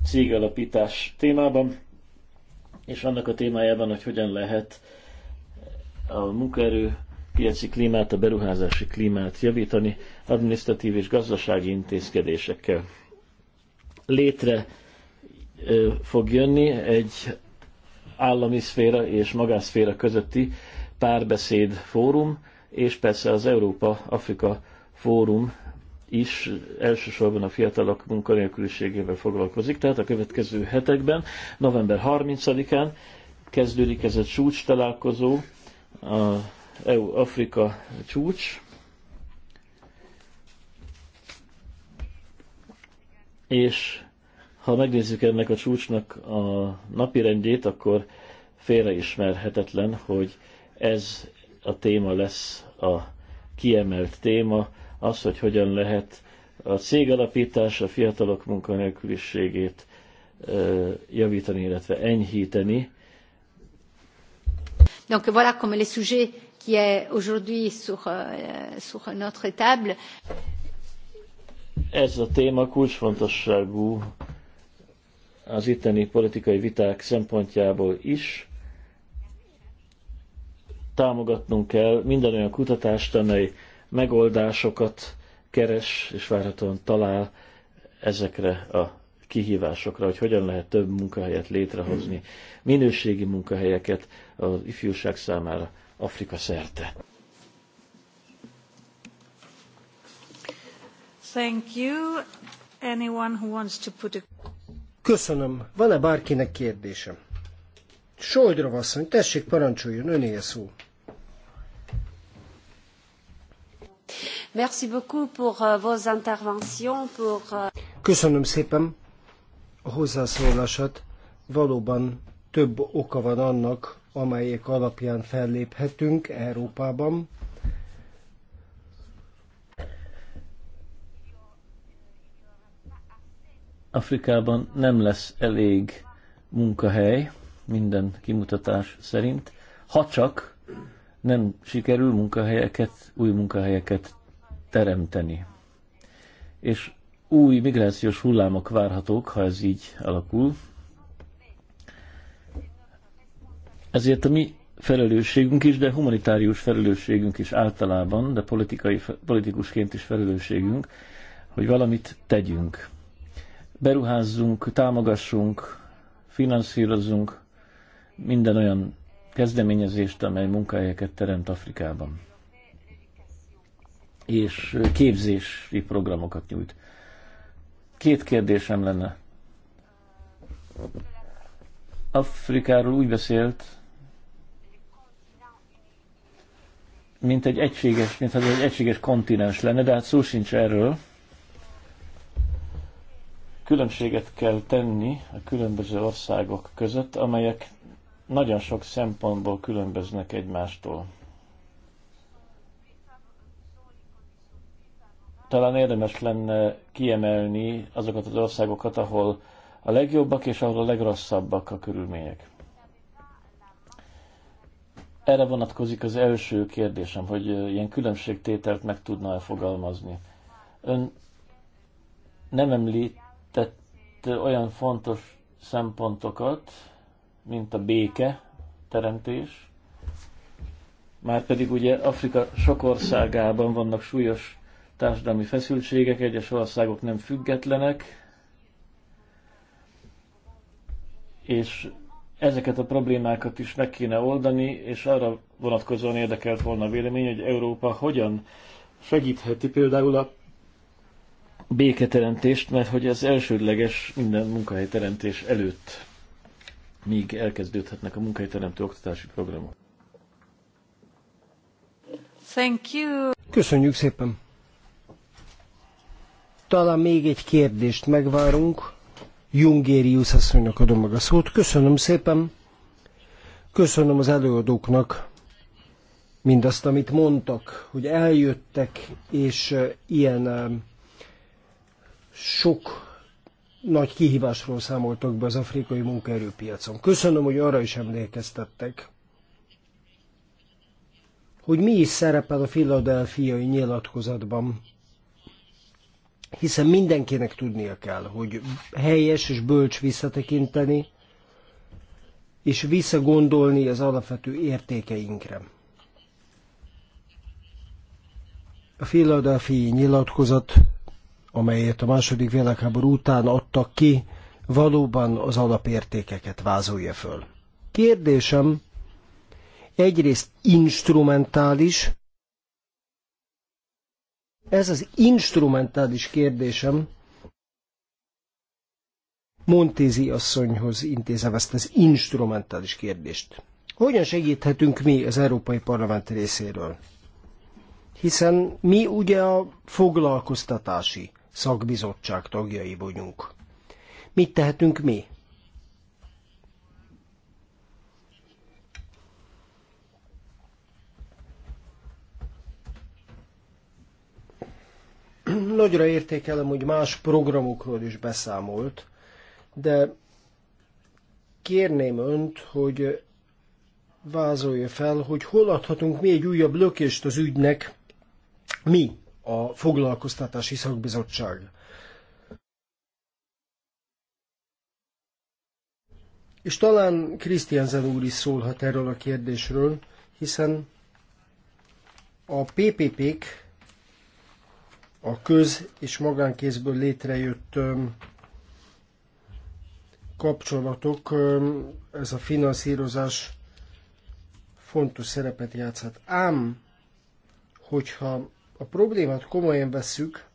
cégalapítás témában, és annak a témájában, hogy hogyan lehet a munkaerő piaci klímát, a beruházási klímát javítani adminisztratív és gazdasági intézkedésekkel. Létre fog jönni egy állami szféra és magászféra közötti párbeszéd fórum, és persze az Európa-Afrika fórum is elsősorban a fiatalok munkanélküliségével foglalkozik, tehát a következő hetekben, november 30-án kezdődik ez a csúcs találkozó, a EU-Afrika csúcs, és ha megnézzük ennek a csúcsnak a napi rendjét, akkor félreismerhetetlen, hogy ez a téma lesz a kiemelt téma, az, hogy hogyan lehet a cégalapítás, a fiatalok munkanélküliségét javítani, illetve enyhíteni. Donc voilà comme les sujets qui est aujourd'hui sur, euh, sur notre table. Ez a téma kulcsfontosságú az itteni politikai viták szempontjából is. Támogatnunk kell minden olyan kutatást, amely megoldásokat keres és várhatóan talál ezekre a kihívásokra, hogy hogyan lehet több munkahelyet létrehozni, minőségi munkahelyeket az ifjúság számára Afrika szerte. Thank you. Anyone who wants to put a... Köszönöm. Van-e bárkinek kérdése? Sojdrov asszony, tessék, parancsoljon, öné a szó. Merci beaucoup pour euh, vos interventions, pour... Euh- Köszönöm szépen a hozzászólását. Valóban több oka van annak, amelyek alapján felléphetünk Európában. Afrikában nem lesz elég munkahely minden kimutatás szerint, ha csak nem sikerül munkahelyeket, új munkahelyeket teremteni. És új migrációs hullámok várhatók, ha ez így alakul, Ezért a mi felelősségünk is, de humanitárius felelősségünk is általában, de politikai, politikusként is felelősségünk, hogy valamit tegyünk. Beruházzunk, támogassunk, finanszírozzunk minden olyan kezdeményezést, amely munkahelyeket teremt Afrikában. És képzési programokat nyújt. Két kérdésem lenne. Afrikáról úgy beszélt, mint egy egységes, mint az egy egységes kontinens lenne, de hát szó sincs erről. Különbséget kell tenni a különböző országok között, amelyek nagyon sok szempontból különböznek egymástól. Talán érdemes lenne kiemelni azokat az országokat, ahol a legjobbak és ahol a legrosszabbak a körülmények. Erre vonatkozik az első kérdésem, hogy ilyen különbségtételt meg tudna-e fogalmazni. Ön nem említett olyan fontos szempontokat, mint a béke, teremtés, pedig ugye Afrika sok országában vannak súlyos társadalmi feszültségek, egyes országok nem függetlenek, és ezeket a problémákat is meg kéne oldani, és arra vonatkozóan érdekelt volna a vélemény, hogy Európa hogyan segítheti például a béketeremtést, mert hogy ez elsődleges minden munkahelyteremtés előtt, míg elkezdődhetnek a munkahelyteremtő oktatási programok. Thank you. Köszönjük szépen! Talán még egy kérdést megvárunk. Jungérius asszonynak adom meg a szót. Köszönöm szépen. Köszönöm az előadóknak mindazt, amit mondtak, hogy eljöttek, és ilyen sok nagy kihívásról számoltak be az afrikai munkaerőpiacon. Köszönöm, hogy arra is emlékeztettek, hogy mi is szerepel a filadelfiai nyilatkozatban, hiszen mindenkinek tudnia kell, hogy helyes és bölcs visszatekinteni, és visszagondolni az alapvető értékeinkre. A Philadelphia nyilatkozat, amelyet a második világháború után adtak ki, valóban az alapértékeket vázolja föl. Kérdésem egyrészt instrumentális, ez az instrumentális kérdésem Montézi asszonyhoz intézem ezt az instrumentális kérdést. Hogyan segíthetünk mi az Európai Parlament részéről? Hiszen mi ugye a foglalkoztatási szakbizottság tagjai vagyunk. Mit tehetünk mi? Nagyra értékelem, hogy más programokról is beszámolt, de kérném önt, hogy vázolja fel, hogy hol adhatunk mi egy újabb lökést az ügynek, mi a foglalkoztatási szakbizottság. És talán Krisztiánzen úr is szólhat erről a kérdésről, hiszen a PPP-k a köz és magánkézből létrejött kapcsolatok, ez a finanszírozás fontos szerepet játszhat. Ám, hogyha a problémát komolyan vesszük,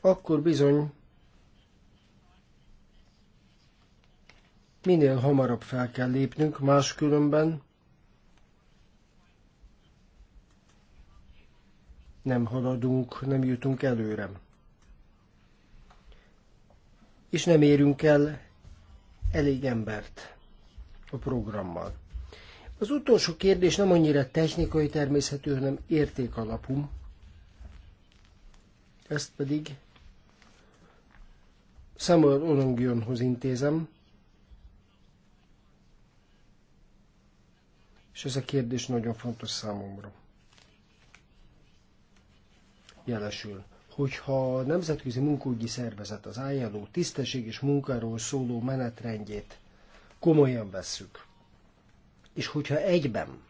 akkor bizony minél hamarabb fel kell lépnünk, máskülönben nem haladunk, nem jutunk előre. És nem érünk el elég embert a programmal. Az utolsó kérdés nem annyira technikai természetű, hanem értékalapú. Ezt pedig Samuel Olongionhoz intézem. És ez a kérdés nagyon fontos számomra jelesül. Hogyha a Nemzetközi Munkaügyi Szervezet, az ILO tisztesség és munkáról szóló menetrendjét komolyan vesszük, és hogyha egyben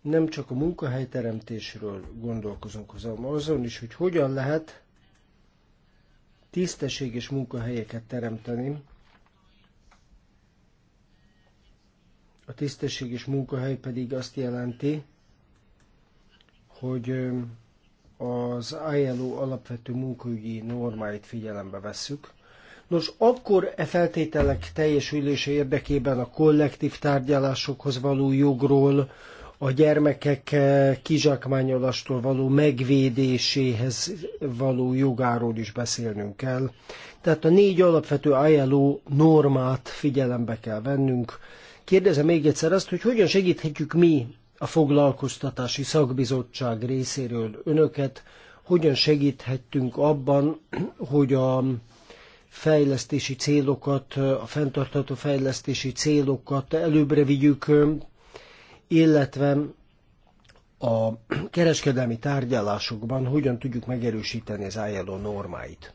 nem csak a munkahelyteremtésről gondolkozunk, hanem azon is, hogy hogyan lehet tisztességes munkahelyeket teremteni, A tisztességes munkahely pedig azt jelenti, hogy az ILO alapvető munkaügyi normáit figyelembe vesszük. Nos, akkor e feltételek teljesülése érdekében a kollektív tárgyalásokhoz való jogról, a gyermekek e, kizsákmányolástól való megvédéséhez való jogáról is beszélnünk kell. Tehát a négy alapvető ILO normát figyelembe kell vennünk, Kérdezem még egyszer azt, hogy hogyan segíthetjük mi a foglalkoztatási szakbizottság részéről önöket, hogyan segíthettünk abban, hogy a fejlesztési célokat, a fenntartható fejlesztési célokat előbbre vigyük, illetve a kereskedelmi tárgyalásokban hogyan tudjuk megerősíteni az ILO normáit.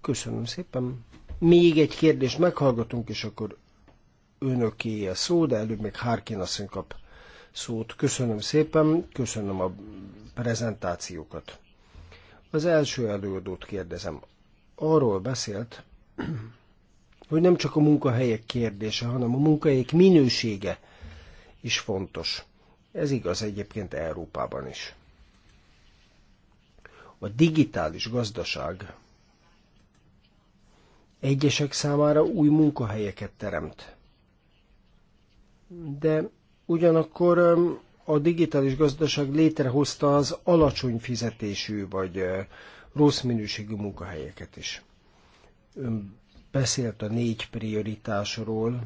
Köszönöm szépen. Még egy kérdést meghallgatunk, és akkor önöké a szó, de előbb még Harkin asszony kap szót. Köszönöm szépen, köszönöm a prezentációkat. Az első előadót kérdezem. Arról beszélt, hogy nem csak a munkahelyek kérdése, hanem a munkahelyek minősége is fontos. Ez igaz egyébként Európában is. A digitális gazdaság egyesek számára új munkahelyeket teremt de ugyanakkor a digitális gazdaság létrehozta az alacsony fizetésű vagy eh, rossz minőségű munkahelyeket is. Ön beszélt a négy prioritásról.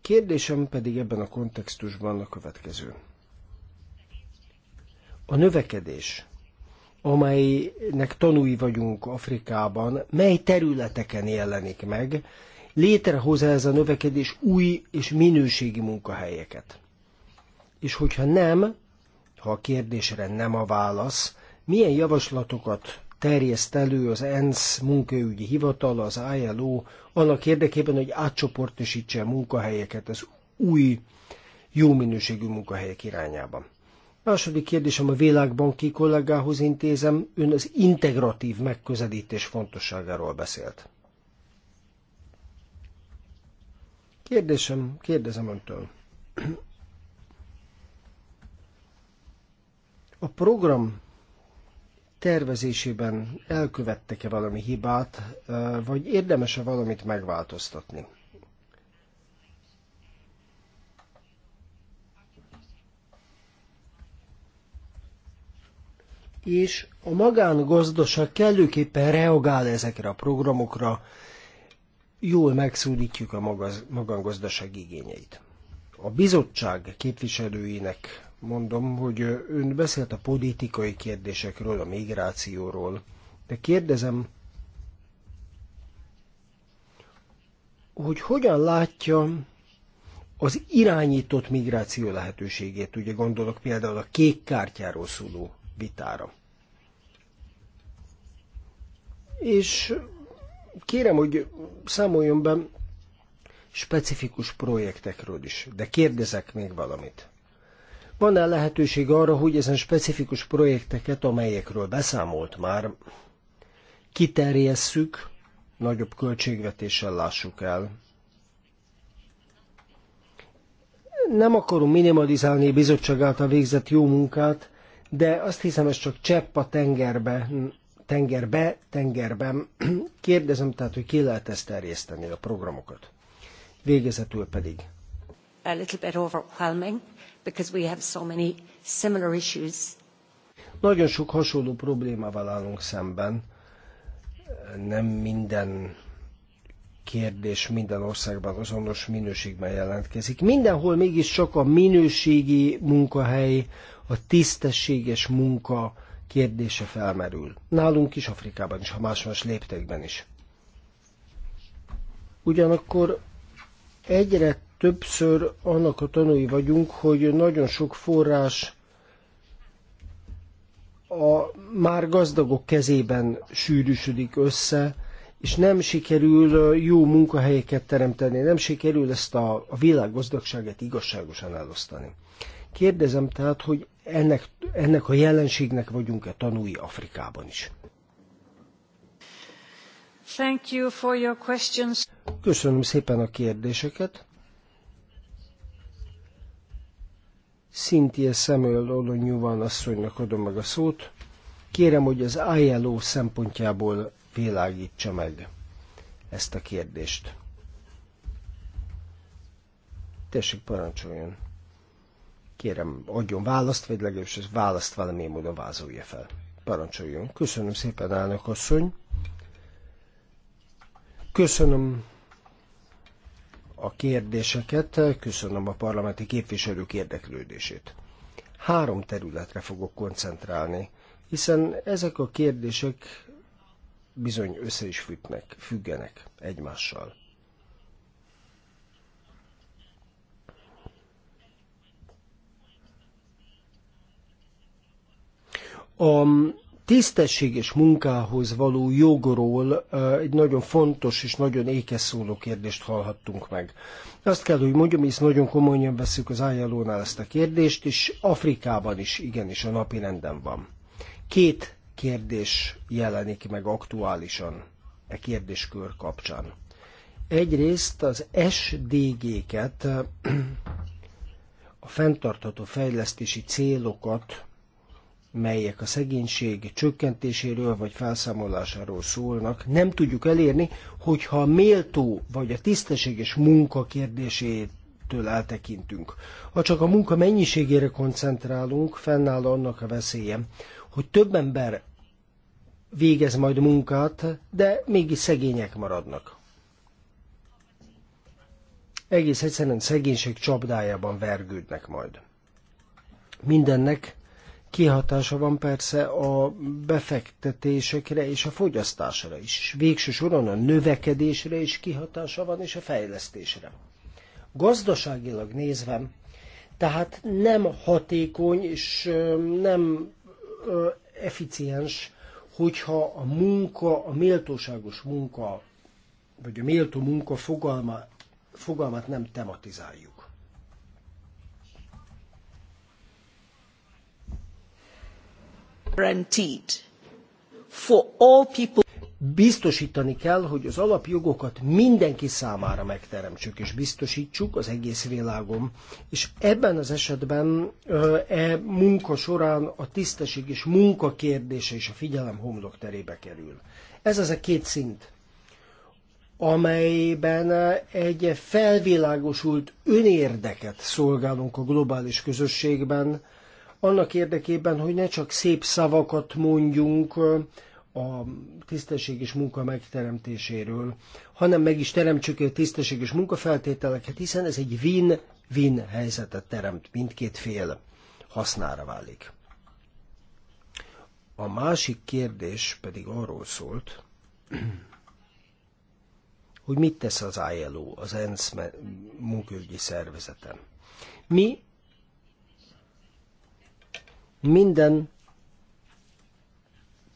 Kérdésem pedig ebben a kontextusban a következő. A növekedés amelynek tanúi vagyunk Afrikában, mely területeken jelenik meg, létrehoz ez a növekedés új és minőségi munkahelyeket. És hogyha nem, ha a kérdésre nem a válasz, milyen javaslatokat terjeszt elő az ENSZ munkaügyi hivatala, az ILO, annak érdekében, hogy átcsoportosítsa a munkahelyeket az új, jó minőségű munkahelyek irányában. Második kérdésem a világbanki kollégához intézem. Ön az integratív megközelítés fontosságáról beszélt. Kérdésem, kérdezem öntől. A program tervezésében elkövettek-e valami hibát, vagy érdemes-e valamit megváltoztatni? és a magángazdaság kellőképpen reagál ezekre a programokra, jól megszólítjuk a magángazdaság igényeit. A bizottság képviselőinek mondom, hogy ön beszélt a politikai kérdésekről, a migrációról, de kérdezem, hogy hogyan látja az irányított migráció lehetőségét, ugye gondolok például a kék kártyáról szóló vitára. És kérem, hogy számoljon be specifikus projektekről is, de kérdezek még valamit. Van-e lehetőség arra, hogy ezen specifikus projekteket, amelyekről beszámolt már, kiterjesszük, nagyobb költségvetéssel lássuk el? Nem akarom minimalizálni a bizottság által végzett jó munkát, de azt hiszem, ez csak csepp a tengerbe, tengerbe, tengerben. Kérdezem tehát, hogy ki lehet ezt terjeszteni a programokat. Végezetül pedig. A little bit overwhelming, because we have so many similar issues. Nagyon sok hasonló problémával állunk szemben. Nem minden kérdés minden országban azonos minőségben jelentkezik. Mindenhol mégiscsak a minőségi munkahely a tisztességes munka kérdése felmerül. Nálunk is, Afrikában is, ha más-más léptékben is. Ugyanakkor egyre többször annak a tanúi vagyunk, hogy nagyon sok forrás a már gazdagok kezében sűrűsödik össze, és nem sikerül jó munkahelyeket teremteni, nem sikerül ezt a, a világ gazdagságát igazságosan elosztani. Kérdezem tehát, hogy ennek, ennek a jelenségnek vagyunk-e tanúi Afrikában is. Thank you for your questions. Köszönöm szépen a kérdéseket. Cynthia Samuel Olonyúvan asszonynak adom meg a szót. Kérem, hogy az ILO szempontjából világítsa meg ezt a kérdést. Tessék, parancsoljon! Kérem, adjon választ, vagy legalábbis választ valamilyen módon vázolja fel. Parancsoljon. Köszönöm szépen, elnök asszony. Köszönöm a kérdéseket, köszönöm a parlamenti képviselők érdeklődését. Három területre fogok koncentrálni, hiszen ezek a kérdések bizony össze is függnek, függenek egymással. A tisztességes munkához való jogról egy nagyon fontos és nagyon ékes szóló kérdést hallhattunk meg. Azt kell, hogy mondjam, hisz nagyon komolyan veszük az ilo ezt a kérdést, és Afrikában is igenis a napi renden van. Két kérdés jelenik meg aktuálisan e kérdéskör kapcsán. Egyrészt az SDG-ket, a fenntartható fejlesztési célokat melyek a szegénység csökkentéséről vagy felszámolásáról szólnak, nem tudjuk elérni, hogyha a méltó vagy a tisztességes munka kérdésétől eltekintünk. Ha csak a munka mennyiségére koncentrálunk, fennáll annak a veszélye, hogy több ember végez majd munkát, de mégis szegények maradnak. Egész egyszerűen szegénység csapdájában vergődnek majd. Mindennek kihatása van persze a befektetésekre és a fogyasztásra is. És végső soron a növekedésre is kihatása van, és a fejlesztésre. Gazdaságilag nézve, tehát nem hatékony és nem eficiens, hogyha a munka, a méltóságos munka, vagy a méltó munka fogalma, fogalmát nem tematizáljuk. Biztosítani kell, hogy az alapjogokat mindenki számára megteremtsük és biztosítsuk az egész világon. És ebben az esetben e munka során a tisztesség és munka kérdése és a figyelem homlok terébe kerül. Ez az a két szint amelyben egy felvilágosult önérdeket szolgálunk a globális közösségben, annak érdekében, hogy ne csak szép szavakat mondjunk a tisztességes munka megteremtéséről, hanem meg is teremtsük a tisztességes munkafeltételeket, hiszen ez egy win-win helyzetet teremt, mindkét fél hasznára válik. A másik kérdés pedig arról szólt, hogy mit tesz az ILO, az ENSZ munkaügyi szervezeten. Mi minden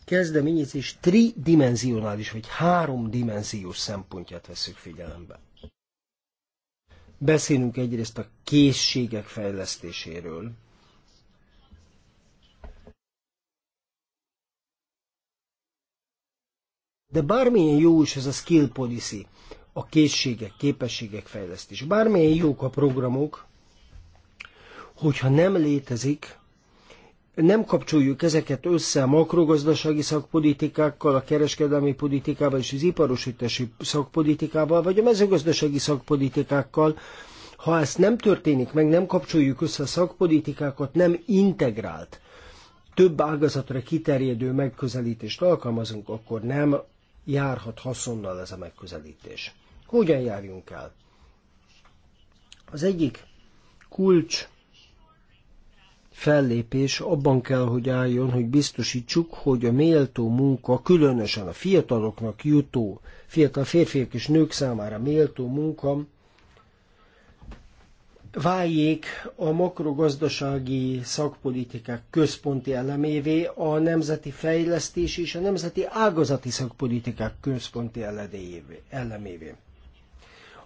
kezdeményezés tridimenzionális vagy háromdimenziós szempontját veszük figyelembe. Beszélünk egyrészt a készségek fejlesztéséről, De bármilyen jó is ez a skill policy, a készségek, képességek fejlesztés, bármilyen jók a programok, hogyha nem létezik nem kapcsoljuk ezeket össze a makrogazdasági szakpolitikákkal, a kereskedelmi politikával és az iparosítási szakpolitikával, vagy a mezőgazdasági szakpolitikákkal, ha ezt nem történik meg, nem kapcsoljuk össze a szakpolitikákat, nem integrált, több ágazatra kiterjedő megközelítést alkalmazunk, akkor nem járhat haszonnal ez a megközelítés. Hogyan járjunk el? Az egyik kulcs fellépés abban kell, hogy álljon, hogy biztosítsuk, hogy a méltó munka, különösen a fiataloknak jutó, fiatal férfiak és nők számára méltó munka, váljék a makrogazdasági szakpolitikák központi elemévé, a nemzeti fejlesztés és a nemzeti ágazati szakpolitikák központi elemévé.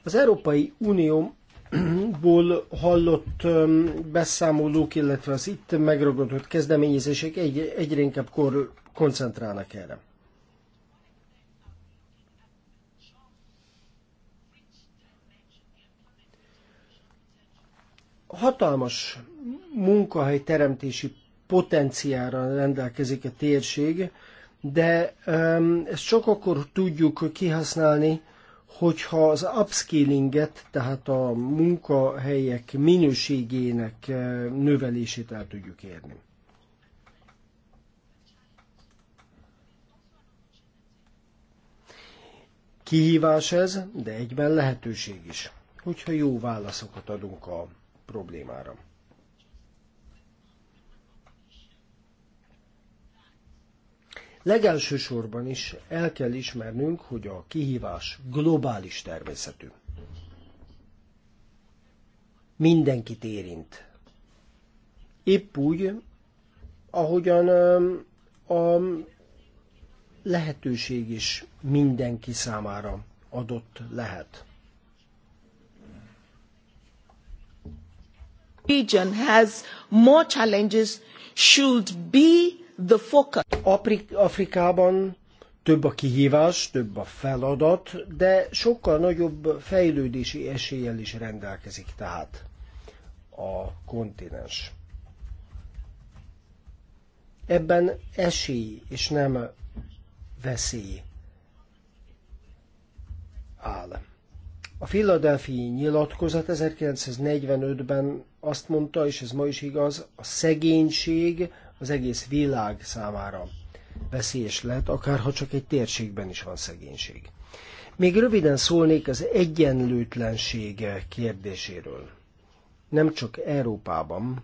Az Európai Unió ból hallott beszámolók, illetve az itt megragadott kezdeményezések egy, egyre inkább kor, koncentrálnak erre. Hatalmas munkahely teremtési potenciára rendelkezik a térség, de ezt csak akkor tudjuk kihasználni, hogyha az upskillinget, tehát a munkahelyek minőségének eh, növelését el tudjuk érni. Kihívás ez, de egyben lehetőség is, hogyha jó válaszokat adunk a problémára. Legelső sorban is el kell ismernünk, hogy a kihívás globális természetű. Mindenkit érint. Épp úgy, ahogyan um, a lehetőség is mindenki számára adott lehet. Pigeon has more challenges should be Afrikában több a kihívás, több a feladat, de sokkal nagyobb fejlődési eséllyel is rendelkezik tehát a kontinens. Ebben esély és nem veszély áll. A Philadelphia nyilatkozat 1945-ben azt mondta, és ez ma is igaz, a szegénység az egész világ számára veszélyes lehet, akár ha csak egy térségben is van szegénység. Még röviden szólnék az egyenlőtlenség kérdéséről. Nem csak Európában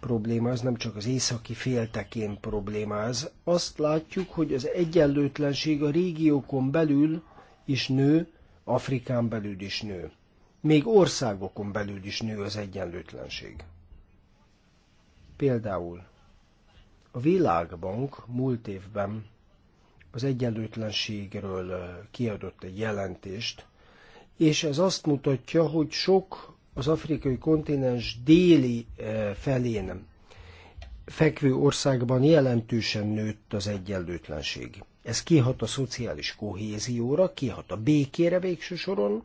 probléma ez, nem csak az északi féltekén probléma ez. Azt látjuk, hogy az egyenlőtlenség a régiókon belül is nő, Afrikán belül is nő. Még országokon belül is nő az egyenlőtlenség. Például a Világbank múlt évben az egyenlőtlenségről kiadott egy jelentést, és ez azt mutatja, hogy sok az afrikai kontinens déli felén fekvő országban jelentősen nőtt az egyenlőtlenség. Ez kihat a szociális kohézióra, kihat a békére végső soron,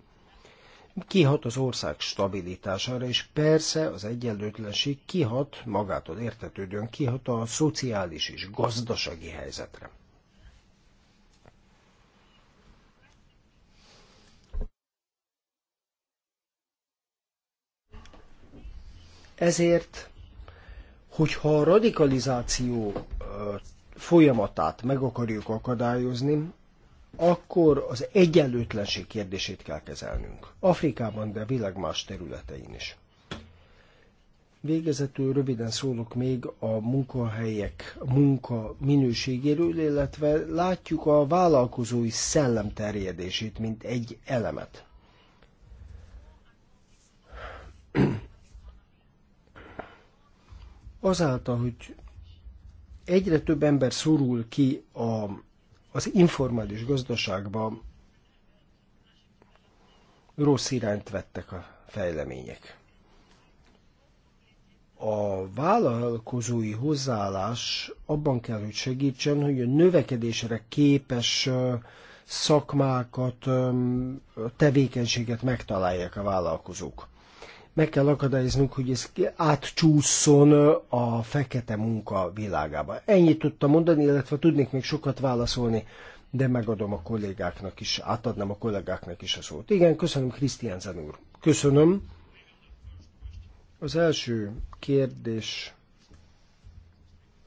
kihat az ország stabilitására, és persze az egyenlőtlenség kihat, magától értetődően kihat a szociális és gazdasági helyzetre. Ezért, hogyha a radikalizáció folyamatát meg akarjuk akadályozni, akkor az egyenlőtlenség kérdését kell kezelnünk. Afrikában, de a világ más területein is. Végezetül röviden szólok még a munkahelyek munka minőségéről, illetve látjuk a vállalkozói szellem terjedését, mint egy elemet. Azáltal, hogy egyre több ember szorul ki a az informális gazdaságban rossz irányt vettek a fejlemények. A vállalkozói hozzáállás abban kell, hogy segítsen, hogy a növekedésre képes szakmákat, tevékenységet megtalálják a vállalkozók. Meg kell akadályoznunk, hogy ez átcsúszson a fekete munka világába. Ennyit tudtam mondani, illetve tudnék még sokat válaszolni, de megadom a kollégáknak is, átadnám a kollégáknak is a szót. Igen, köszönöm, Krisztián úr. Köszönöm. Az első kérdés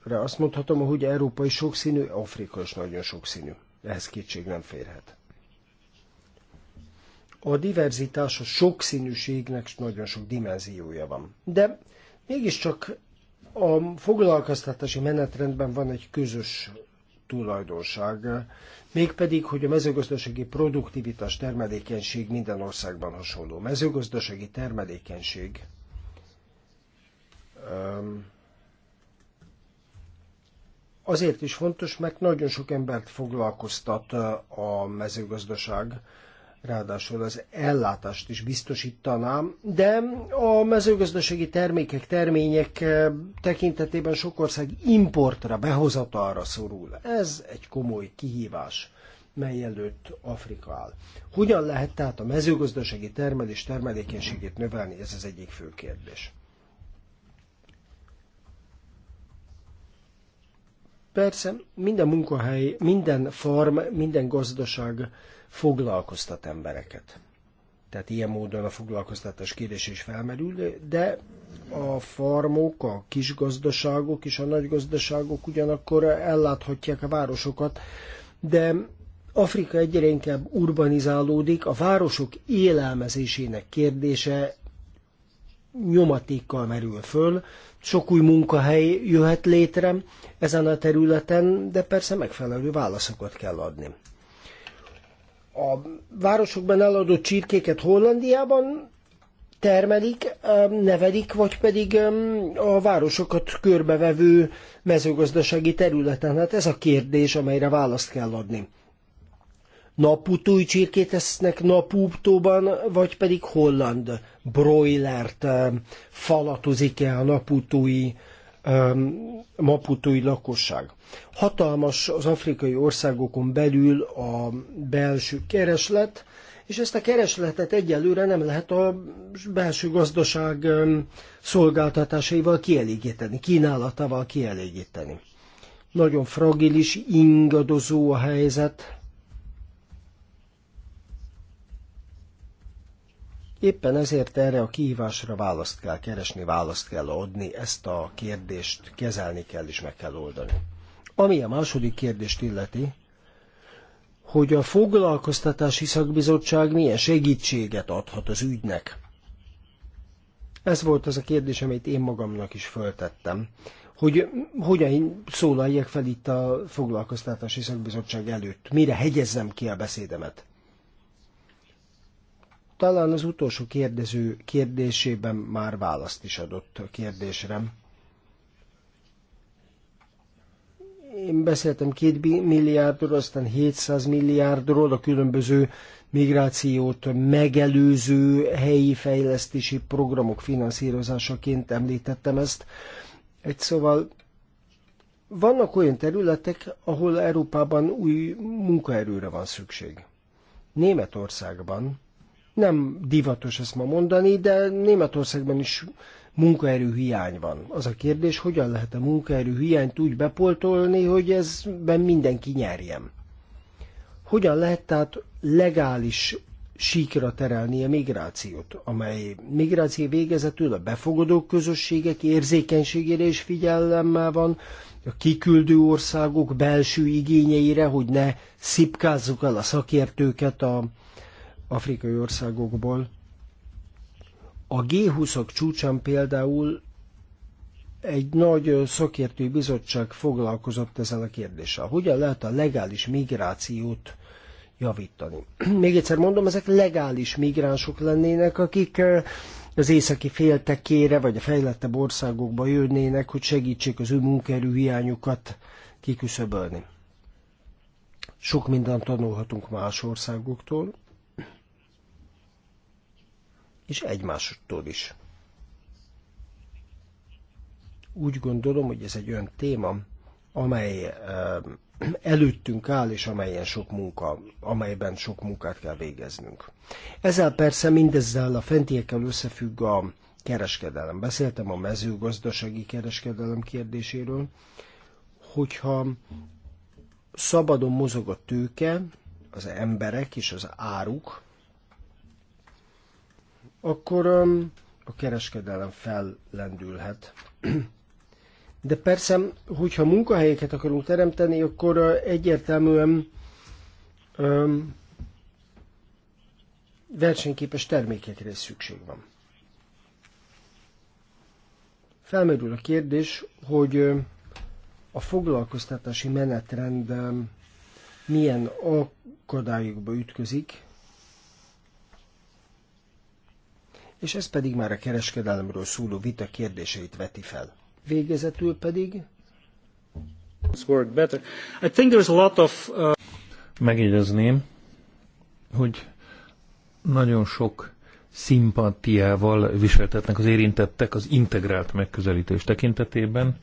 azt mondhatom, hogy európai sokszínű, Afrika is nagyon sokszínű. Ehhez kétség nem férhet. A diverzitás, a sokszínűségnek nagyon sok dimenziója van. De mégiscsak a foglalkoztatási menetrendben van egy közös tulajdonság, mégpedig, hogy a mezőgazdasági produktivitás termelékenység minden országban hasonló. Mezőgazdasági termelékenység azért is fontos, mert nagyon sok embert foglalkoztat a mezőgazdaság, ráadásul az ellátást is biztosítanám, de a mezőgazdasági termékek, termények eh, tekintetében sok ország importra, behozatalra szorul. Ez egy komoly kihívás mely előtt Afrika áll. Hogyan lehet tehát a mezőgazdasági termelés termelékenységét növelni? Ez az egyik fő kérdés. Persze minden munkahely, minden farm, minden gazdaság foglalkoztat embereket. Tehát ilyen módon a foglalkoztatás kérdés is felmerül, de a farmok, a kis gazdaságok és a nagy gazdaságok ugyanakkor elláthatják a városokat, de Afrika egyre inkább urbanizálódik, a városok élelmezésének kérdése nyomatékkal merül föl, sok új munkahely jöhet létre ezen a területen, de persze megfelelő válaszokat kell adni a városokban eladó csirkéket Hollandiában termelik, nevelik, vagy pedig a városokat körbevevő mezőgazdasági területen. Hát ez a kérdés, amelyre választ kell adni. Naputói csirkét esznek napúptóban, vagy pedig holland broilert falatozik-e a naputói maputói lakosság. Hatalmas az afrikai országokon belül a belső kereslet, és ezt a keresletet egyelőre nem lehet a belső gazdaság szolgáltatásaival kielégíteni, kínálatával kielégíteni. Nagyon fragilis, ingadozó a helyzet, Éppen ezért erre a kihívásra választ kell keresni, választ kell adni, ezt a kérdést kezelni kell és meg kell oldani. Ami a második kérdést illeti, hogy a foglalkoztatási szakbizottság milyen segítséget adhat az ügynek. Ez volt az a kérdés, amit én magamnak is föltettem, hogy hogyan szólaljak fel itt a foglalkoztatási szakbizottság előtt, mire hegyezzem ki a beszédemet talán az utolsó kérdező kérdésében már választ is adott a kérdésre. Én beszéltem két milliárdról, aztán 700 milliárdról a különböző migrációt megelőző helyi fejlesztési programok finanszírozásaként említettem ezt. Egy szóval vannak olyan területek, ahol Európában új munkaerőre van szükség. Németországban nem divatos ezt ma mondani, de Németországban is munkaerő hiány van. Az a kérdés, hogyan lehet a munkaerő hiányt úgy bepoltolni, hogy ezben mindenki nyerjem. Hogyan lehet tehát legális síkra terelni a migrációt, amely migráció végezetül a befogadó közösségek érzékenységére is figyelemmel van, a kiküldő országok belső igényeire, hogy ne szipkázzuk el a szakértőket a afrikai országokból. A g 20 csúcsán például egy nagy szakértői bizottság foglalkozott ezzel a kérdéssel. Hogyan lehet a legális migrációt javítani? Még egyszer mondom, ezek legális migránsok lennének, akik az északi féltekére vagy a fejlettebb országokba jönnének, hogy segítsék az ő munkaerő hiányukat kiküszöbölni. Sok mindent tanulhatunk más országoktól, és egymástól is. Úgy gondolom, hogy ez egy olyan téma, amely eh, előttünk áll, és amelyen sok munka, amelyben sok munkát kell végeznünk. Ezzel persze mindezzel a fentiekkel összefügg a kereskedelem. Beszéltem a mezőgazdasági kereskedelem kérdéséről, hogyha szabadon mozog a tőke, az emberek és az áruk, akkor a kereskedelem fellendülhet. De persze, hogyha munkahelyeket akarunk teremteni, akkor egyértelműen um, versenyképes termékekre is szükség van. Felmerül a kérdés, hogy a foglalkoztatási menetrend milyen akadályokba ütközik, és ez pedig már a kereskedelemről szóló vita kérdéseit veti fel. Végezetül pedig... I think there's a lot of, uh, Megjegyezném, hogy nagyon sok szimpatiával viseltetnek az érintettek az integrált megközelítés tekintetében,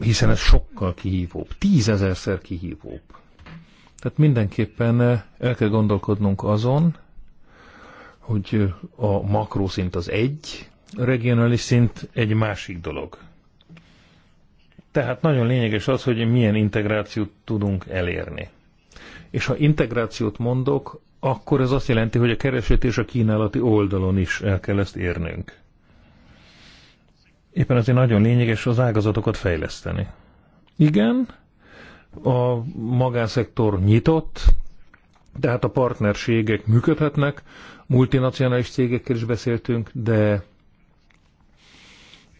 hiszen ez sokkal kihívóbb, tízezerszer kihívóbb. Tehát mindenképpen el kell gondolkodnunk azon, hogy a makrószint az egy, a regionális szint egy másik dolog. Tehát nagyon lényeges az, hogy milyen integrációt tudunk elérni. És ha integrációt mondok, akkor ez azt jelenti, hogy a kereslet és a kínálati oldalon is el kell ezt érnünk. Éppen azért nagyon lényeges az ágazatokat fejleszteni. Igen, a magánszektor nyitott, tehát a partnerségek működhetnek, multinacionális cégekkel is beszéltünk, de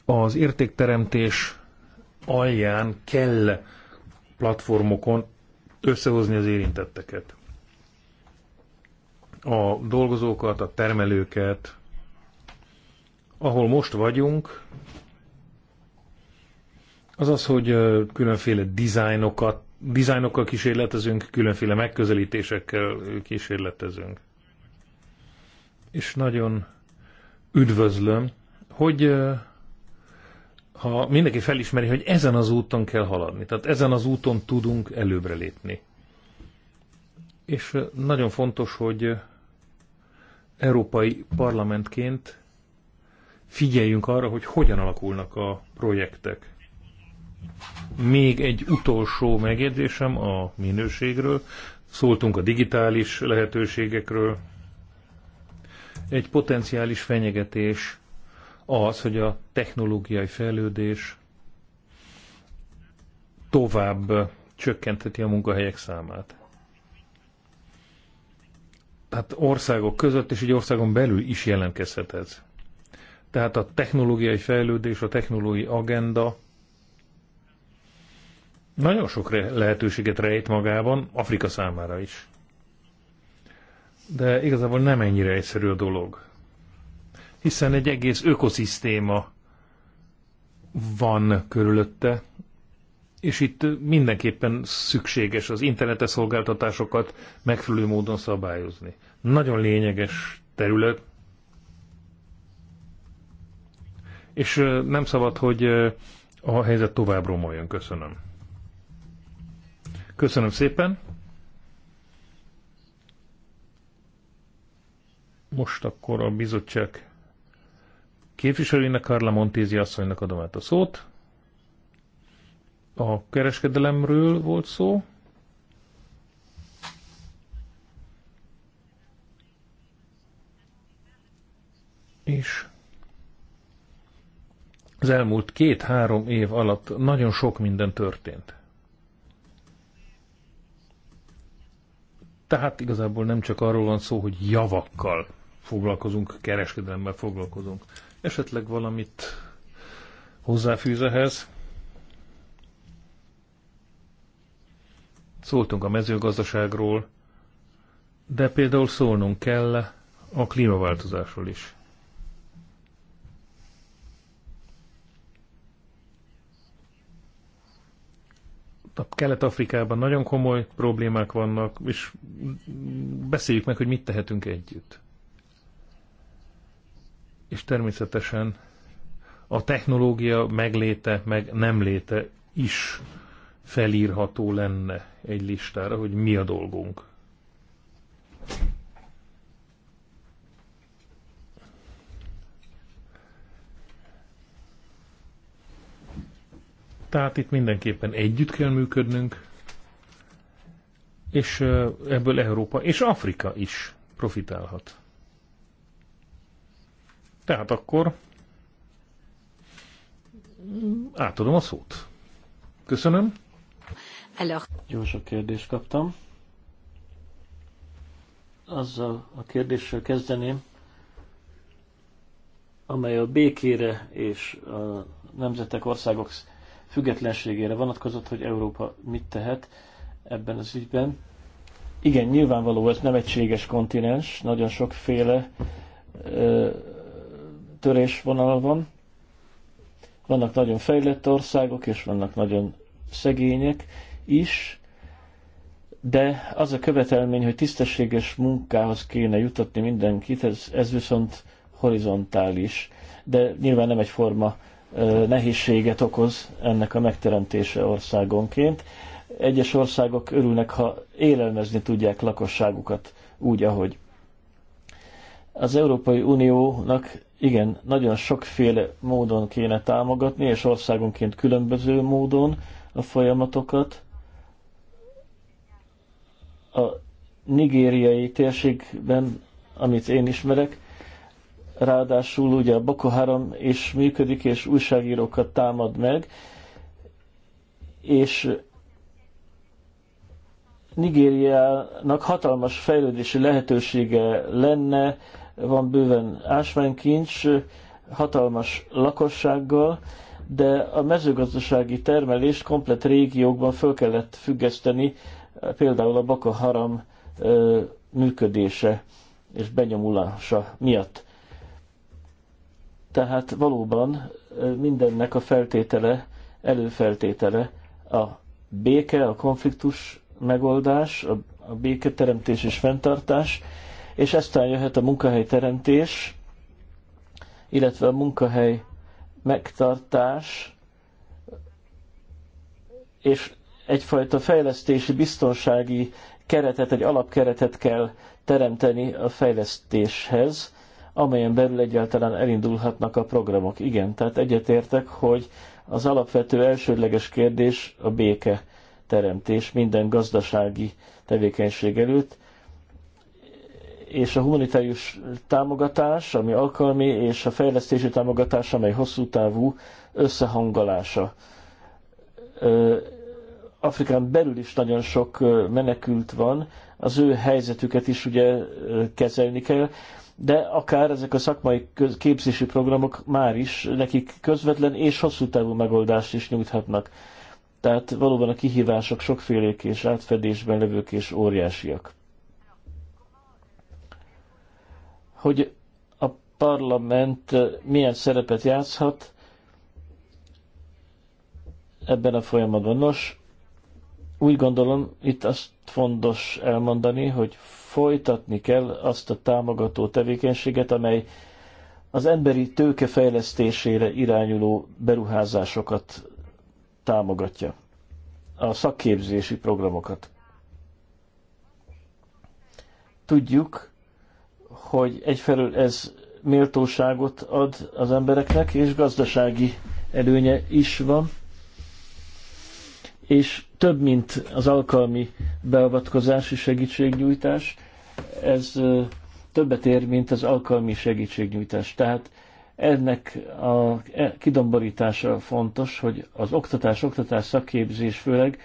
az értékteremtés alján kell platformokon összehozni az érintetteket. A dolgozókat, a termelőket, ahol most vagyunk, az az, hogy különféle dizájnokat, dizájnokkal kísérletezünk, különféle megközelítésekkel kísérletezünk és nagyon üdvözlöm, hogy ha mindenki felismeri, hogy ezen az úton kell haladni, tehát ezen az úton tudunk előbbre lépni. És nagyon fontos, hogy európai parlamentként figyeljünk arra, hogy hogyan alakulnak a projektek. Még egy utolsó megjegyzésem a minőségről. Szóltunk a digitális lehetőségekről, egy potenciális fenyegetés az, hogy a technológiai fejlődés tovább csökkenteti a munkahelyek számát. Tehát országok között és egy országon belül is jelentkezhet ez. Tehát a technológiai fejlődés, a technológiai agenda nagyon sok lehetőséget rejt magában, Afrika számára is. De igazából nem ennyire egyszerű a dolog. Hiszen egy egész ökoszisztéma van körülötte, és itt mindenképpen szükséges az internetes szolgáltatásokat megfelelő módon szabályozni. Nagyon lényeges terület, és nem szabad, hogy a helyzet tovább romoljon. Köszönöm. Köszönöm szépen. Most akkor a bizottság képviselőjének, Carla Montézi asszonynak adom át a szót. A kereskedelemről volt szó. És az elmúlt két-három év alatt nagyon sok minden történt. Tehát igazából nem csak arról van szó, hogy javakkal foglalkozunk, kereskedelemmel foglalkozunk. Esetleg valamit hozzáfűz ehhez? Szóltunk a mezőgazdaságról, de például szólnunk kell a klímaváltozásról is. a Kelet-Afrikában nagyon komoly problémák vannak, és beszéljük meg, hogy mit tehetünk együtt és természetesen a technológia megléte, meg nem léte is felírható lenne egy listára, hogy mi a dolgunk. Tehát itt mindenképpen együtt kell működnünk, és ebből Európa és Afrika is profitálhat. Tehát akkor átadom a szót. Köszönöm. Jó sok kérdést kaptam. Azzal a kérdéssel kezdeném, amely a békére és a nemzetek, országok függetlenségére vonatkozott, hogy Európa mit tehet ebben az ügyben. Igen, nyilvánvaló, ez nem egységes kontinens, nagyon sokféle törésvonal van. Vannak nagyon fejlett országok, és vannak nagyon szegények is, de az a követelmény, hogy tisztességes munkához kéne jutatni mindenkit, ez, ez viszont horizontális, de nyilván nem egyforma nehézséget okoz ennek a megteremtése országonként. Egyes országok örülnek, ha élelmezni tudják lakosságukat úgy, ahogy az Európai Uniónak igen, nagyon sokféle módon kéne támogatni, és országonként különböző módon a folyamatokat. A nigériai térségben, amit én ismerek, ráadásul ugye a Boko Haram is működik, és újságírókat támad meg, és Nigériának hatalmas fejlődési lehetősége lenne, van bőven ásványkincs, hatalmas lakossággal, de a mezőgazdasági termelést komplet régiókban föl kellett függeszteni, például a Boko Haram működése és benyomulása miatt. Tehát valóban mindennek a feltétele, előfeltétele a béke, a konfliktus megoldás, a béketeremtés és fenntartás, és eztán jöhet a teremtés, illetve a munkahely megtartás, és egyfajta fejlesztési, biztonsági keretet, egy alapkeretet kell teremteni a fejlesztéshez, amelyen belül egyáltalán elindulhatnak a programok. Igen, tehát egyetértek, hogy az alapvető elsődleges kérdés a béke teremtés minden gazdasági tevékenység előtt, és a humanitárius támogatás, ami alkalmi, és a fejlesztési támogatás, amely hosszú távú összehangolása. Afrikán belül is nagyon sok menekült van, az ő helyzetüket is ugye kezelni kell, de akár ezek a szakmai képzési programok már is nekik közvetlen és hosszú távú megoldást is nyújthatnak. Tehát valóban a kihívások sokfélék és átfedésben levők és óriásiak. hogy a parlament milyen szerepet játszhat ebben a folyamatban. Nos, úgy gondolom, itt azt fontos elmondani, hogy folytatni kell azt a támogató tevékenységet, amely az emberi tőke fejlesztésére irányuló beruházásokat támogatja, a szakképzési programokat. Tudjuk, hogy egyfelől ez méltóságot ad az embereknek, és gazdasági előnye is van, és több, mint az alkalmi beavatkozási segítségnyújtás, ez többet ér, mint az alkalmi segítségnyújtás. Tehát ennek a e, kidomborítása fontos, hogy az oktatás, oktatás szakképzés főleg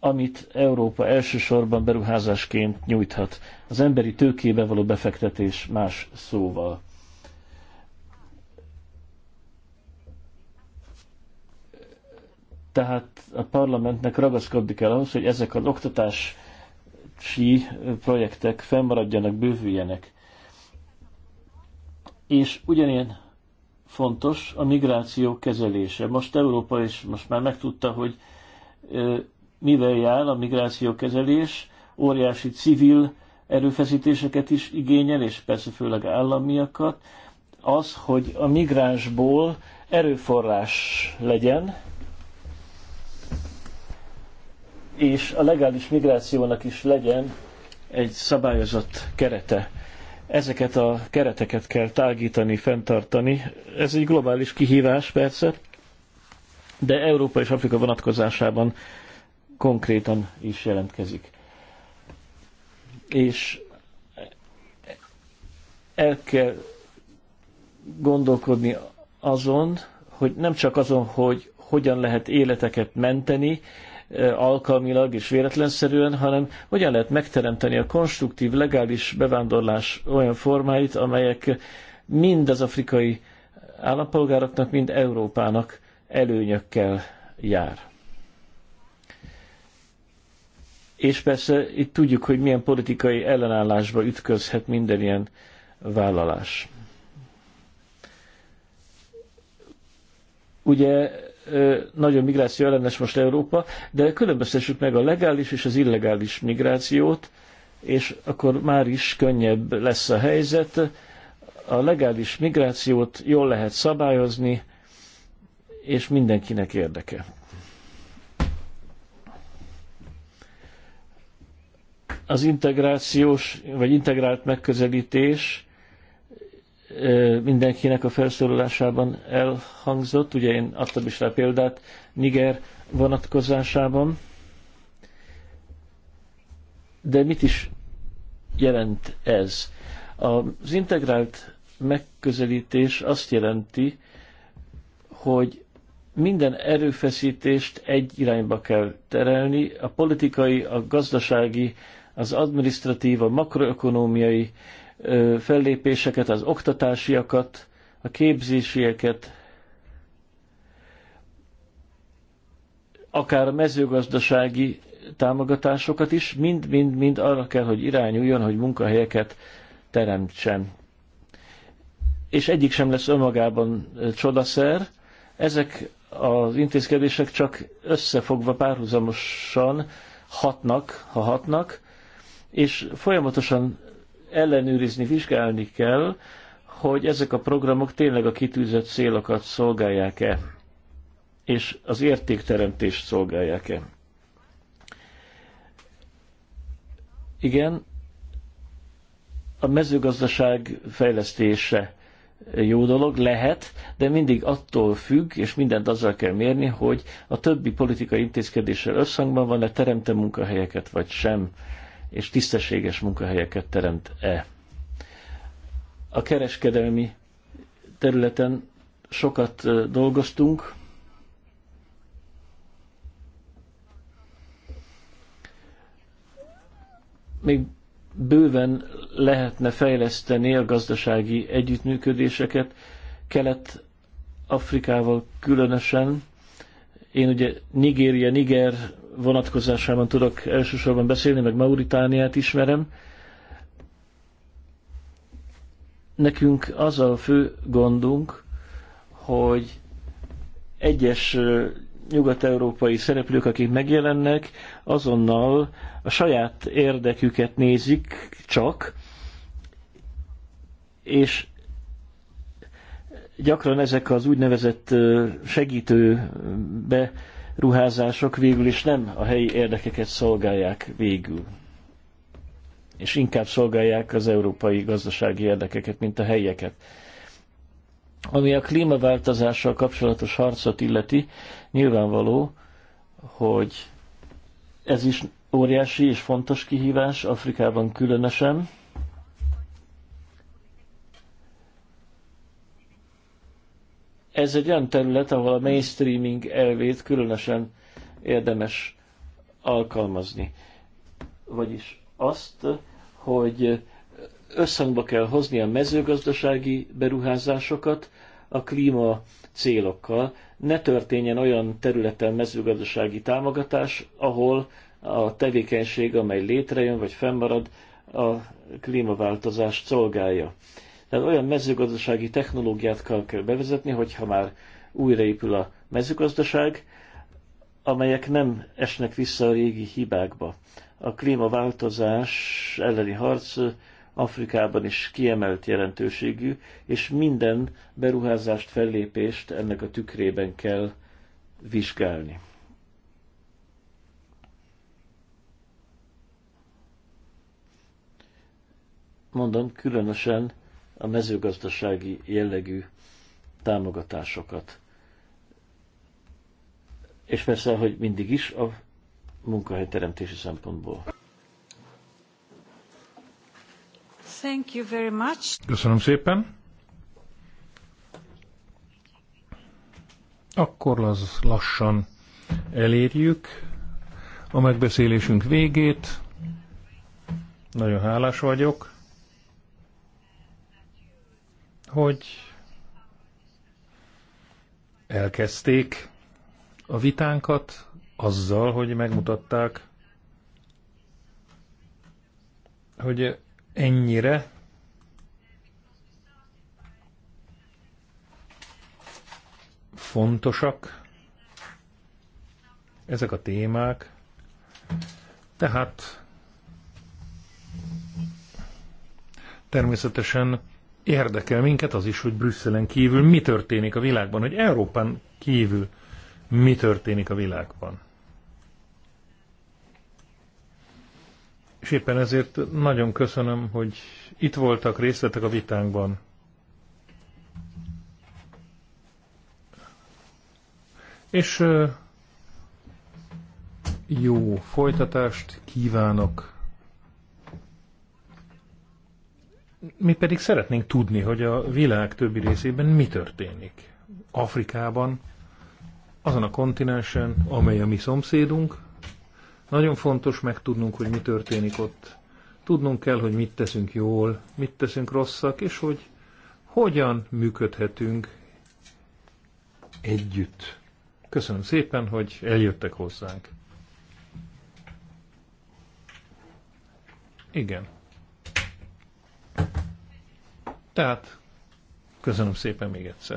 amit Európa elsősorban beruházásként nyújthat. Az emberi tőkébe való befektetés más szóval. Tehát a parlamentnek ragaszkodni kell ahhoz, hogy ezek az oktatási projektek fennmaradjanak, bővüljenek. És ugyanilyen fontos a migráció kezelése. Most Európa is most már megtudta, hogy mivel jár a migráció kezelés, óriási civil erőfeszítéseket is igényel, és persze főleg államiakat, az, hogy a migránsból erőforrás legyen, és a legális migrációnak is legyen egy szabályozott kerete. Ezeket a kereteket kell tágítani, fenntartani. Ez egy globális kihívás persze, de Európa és Afrika vonatkozásában konkrétan is jelentkezik. És el kell gondolkodni azon, hogy nem csak azon, hogy hogyan lehet életeket menteni, e, alkalmilag és véletlenszerűen, hanem hogyan lehet megteremteni a konstruktív, legális bevándorlás olyan formáit, amelyek mind az afrikai állampolgároknak, mind Európának előnyökkel jár. és persze itt tudjuk, hogy milyen politikai ellenállásba ütközhet minden ilyen vállalás. Ugye nagyon migráció ellenes most Európa, de különböztessük meg a legális és az illegális migrációt, és akkor már is könnyebb lesz a helyzet. A legális migrációt jól lehet szabályozni, és mindenkinek érdeke. az integrációs vagy integrált megközelítés mindenkinek a felszólalásában elhangzott, ugye én adtam is rá példát Niger vonatkozásában, de mit is jelent ez? Az integrált megközelítés azt jelenti, hogy minden erőfeszítést egy irányba kell terelni, a politikai, a gazdasági, az administratív, a makroökonómiai fellépéseket, az oktatásiakat, a képzésieket, akár a mezőgazdasági támogatásokat is, mind-mind-mind arra kell, hogy irányuljon, hogy munkahelyeket teremtsen. És egyik sem lesz önmagában csodaszer, ezek az intézkedések csak összefogva párhuzamosan hatnak, ha hatnak, és folyamatosan ellenőrizni, vizsgálni kell, hogy ezek a programok tényleg a kitűzött célokat szolgálják-e, és az értékteremtést szolgálják-e. Igen, a mezőgazdaság fejlesztése jó dolog, lehet, de mindig attól függ, és mindent azzal kell mérni, hogy a többi politikai intézkedéssel összhangban van-e teremte munkahelyeket, vagy sem és tisztességes munkahelyeket teremt-e. A kereskedelmi területen sokat dolgoztunk, még bőven lehetne fejleszteni a gazdasági együttműködéseket, Kelet-Afrikával különösen. Én ugye Nigéria, Niger vonatkozásában tudok elsősorban beszélni, meg Mauritániát ismerem. Nekünk az a fő gondunk, hogy egyes nyugat-európai szereplők, akik megjelennek, azonnal a saját érdeküket nézik csak, és gyakran ezek az úgynevezett segítő be ruházások végül is nem a helyi érdekeket szolgálják végül, és inkább szolgálják az európai gazdasági érdekeket, mint a helyieket. Ami a klímaváltozással kapcsolatos harcot illeti, nyilvánvaló, hogy ez is óriási és fontos kihívás, Afrikában különösen, ez egy olyan terület, ahol a mainstreaming elvét különösen érdemes alkalmazni. Vagyis azt, hogy összhangba kell hozni a mezőgazdasági beruházásokat a klíma célokkal. Ne történjen olyan területen mezőgazdasági támogatás, ahol a tevékenység, amely létrejön vagy fennmarad, a klímaváltozást szolgálja. Tehát olyan mezőgazdasági technológiát kell bevezetni, hogyha már újraépül a mezőgazdaság, amelyek nem esnek vissza a régi hibákba. A klímaváltozás elleni harc Afrikában is kiemelt jelentőségű, és minden beruházást, fellépést ennek a tükrében kell vizsgálni. Mondom, különösen a mezőgazdasági jellegű támogatásokat. És persze, hogy mindig is a munkahelyteremtési szempontból. Thank you very much. Köszönöm szépen. Akkor az lassan elérjük a megbeszélésünk végét. Nagyon hálás vagyok hogy elkezdték a vitánkat azzal, hogy megmutatták, hogy ennyire fontosak ezek a témák, tehát természetesen Érdekel minket az is, hogy Brüsszelen kívül mi történik a világban, hogy Európán kívül mi történik a világban. És éppen ezért nagyon köszönöm, hogy itt voltak, részletek a vitánkban. És jó folytatást kívánok Mi pedig szeretnénk tudni, hogy a világ többi részében mi történik. Afrikában, azon a kontinensen, amely a mi szomszédunk. Nagyon fontos megtudnunk, hogy mi történik ott. Tudnunk kell, hogy mit teszünk jól, mit teszünk rosszak, és hogy hogyan működhetünk együtt. Köszönöm szépen, hogy eljöttek hozzánk. Igen. Tehát köszönöm szépen még egyszer.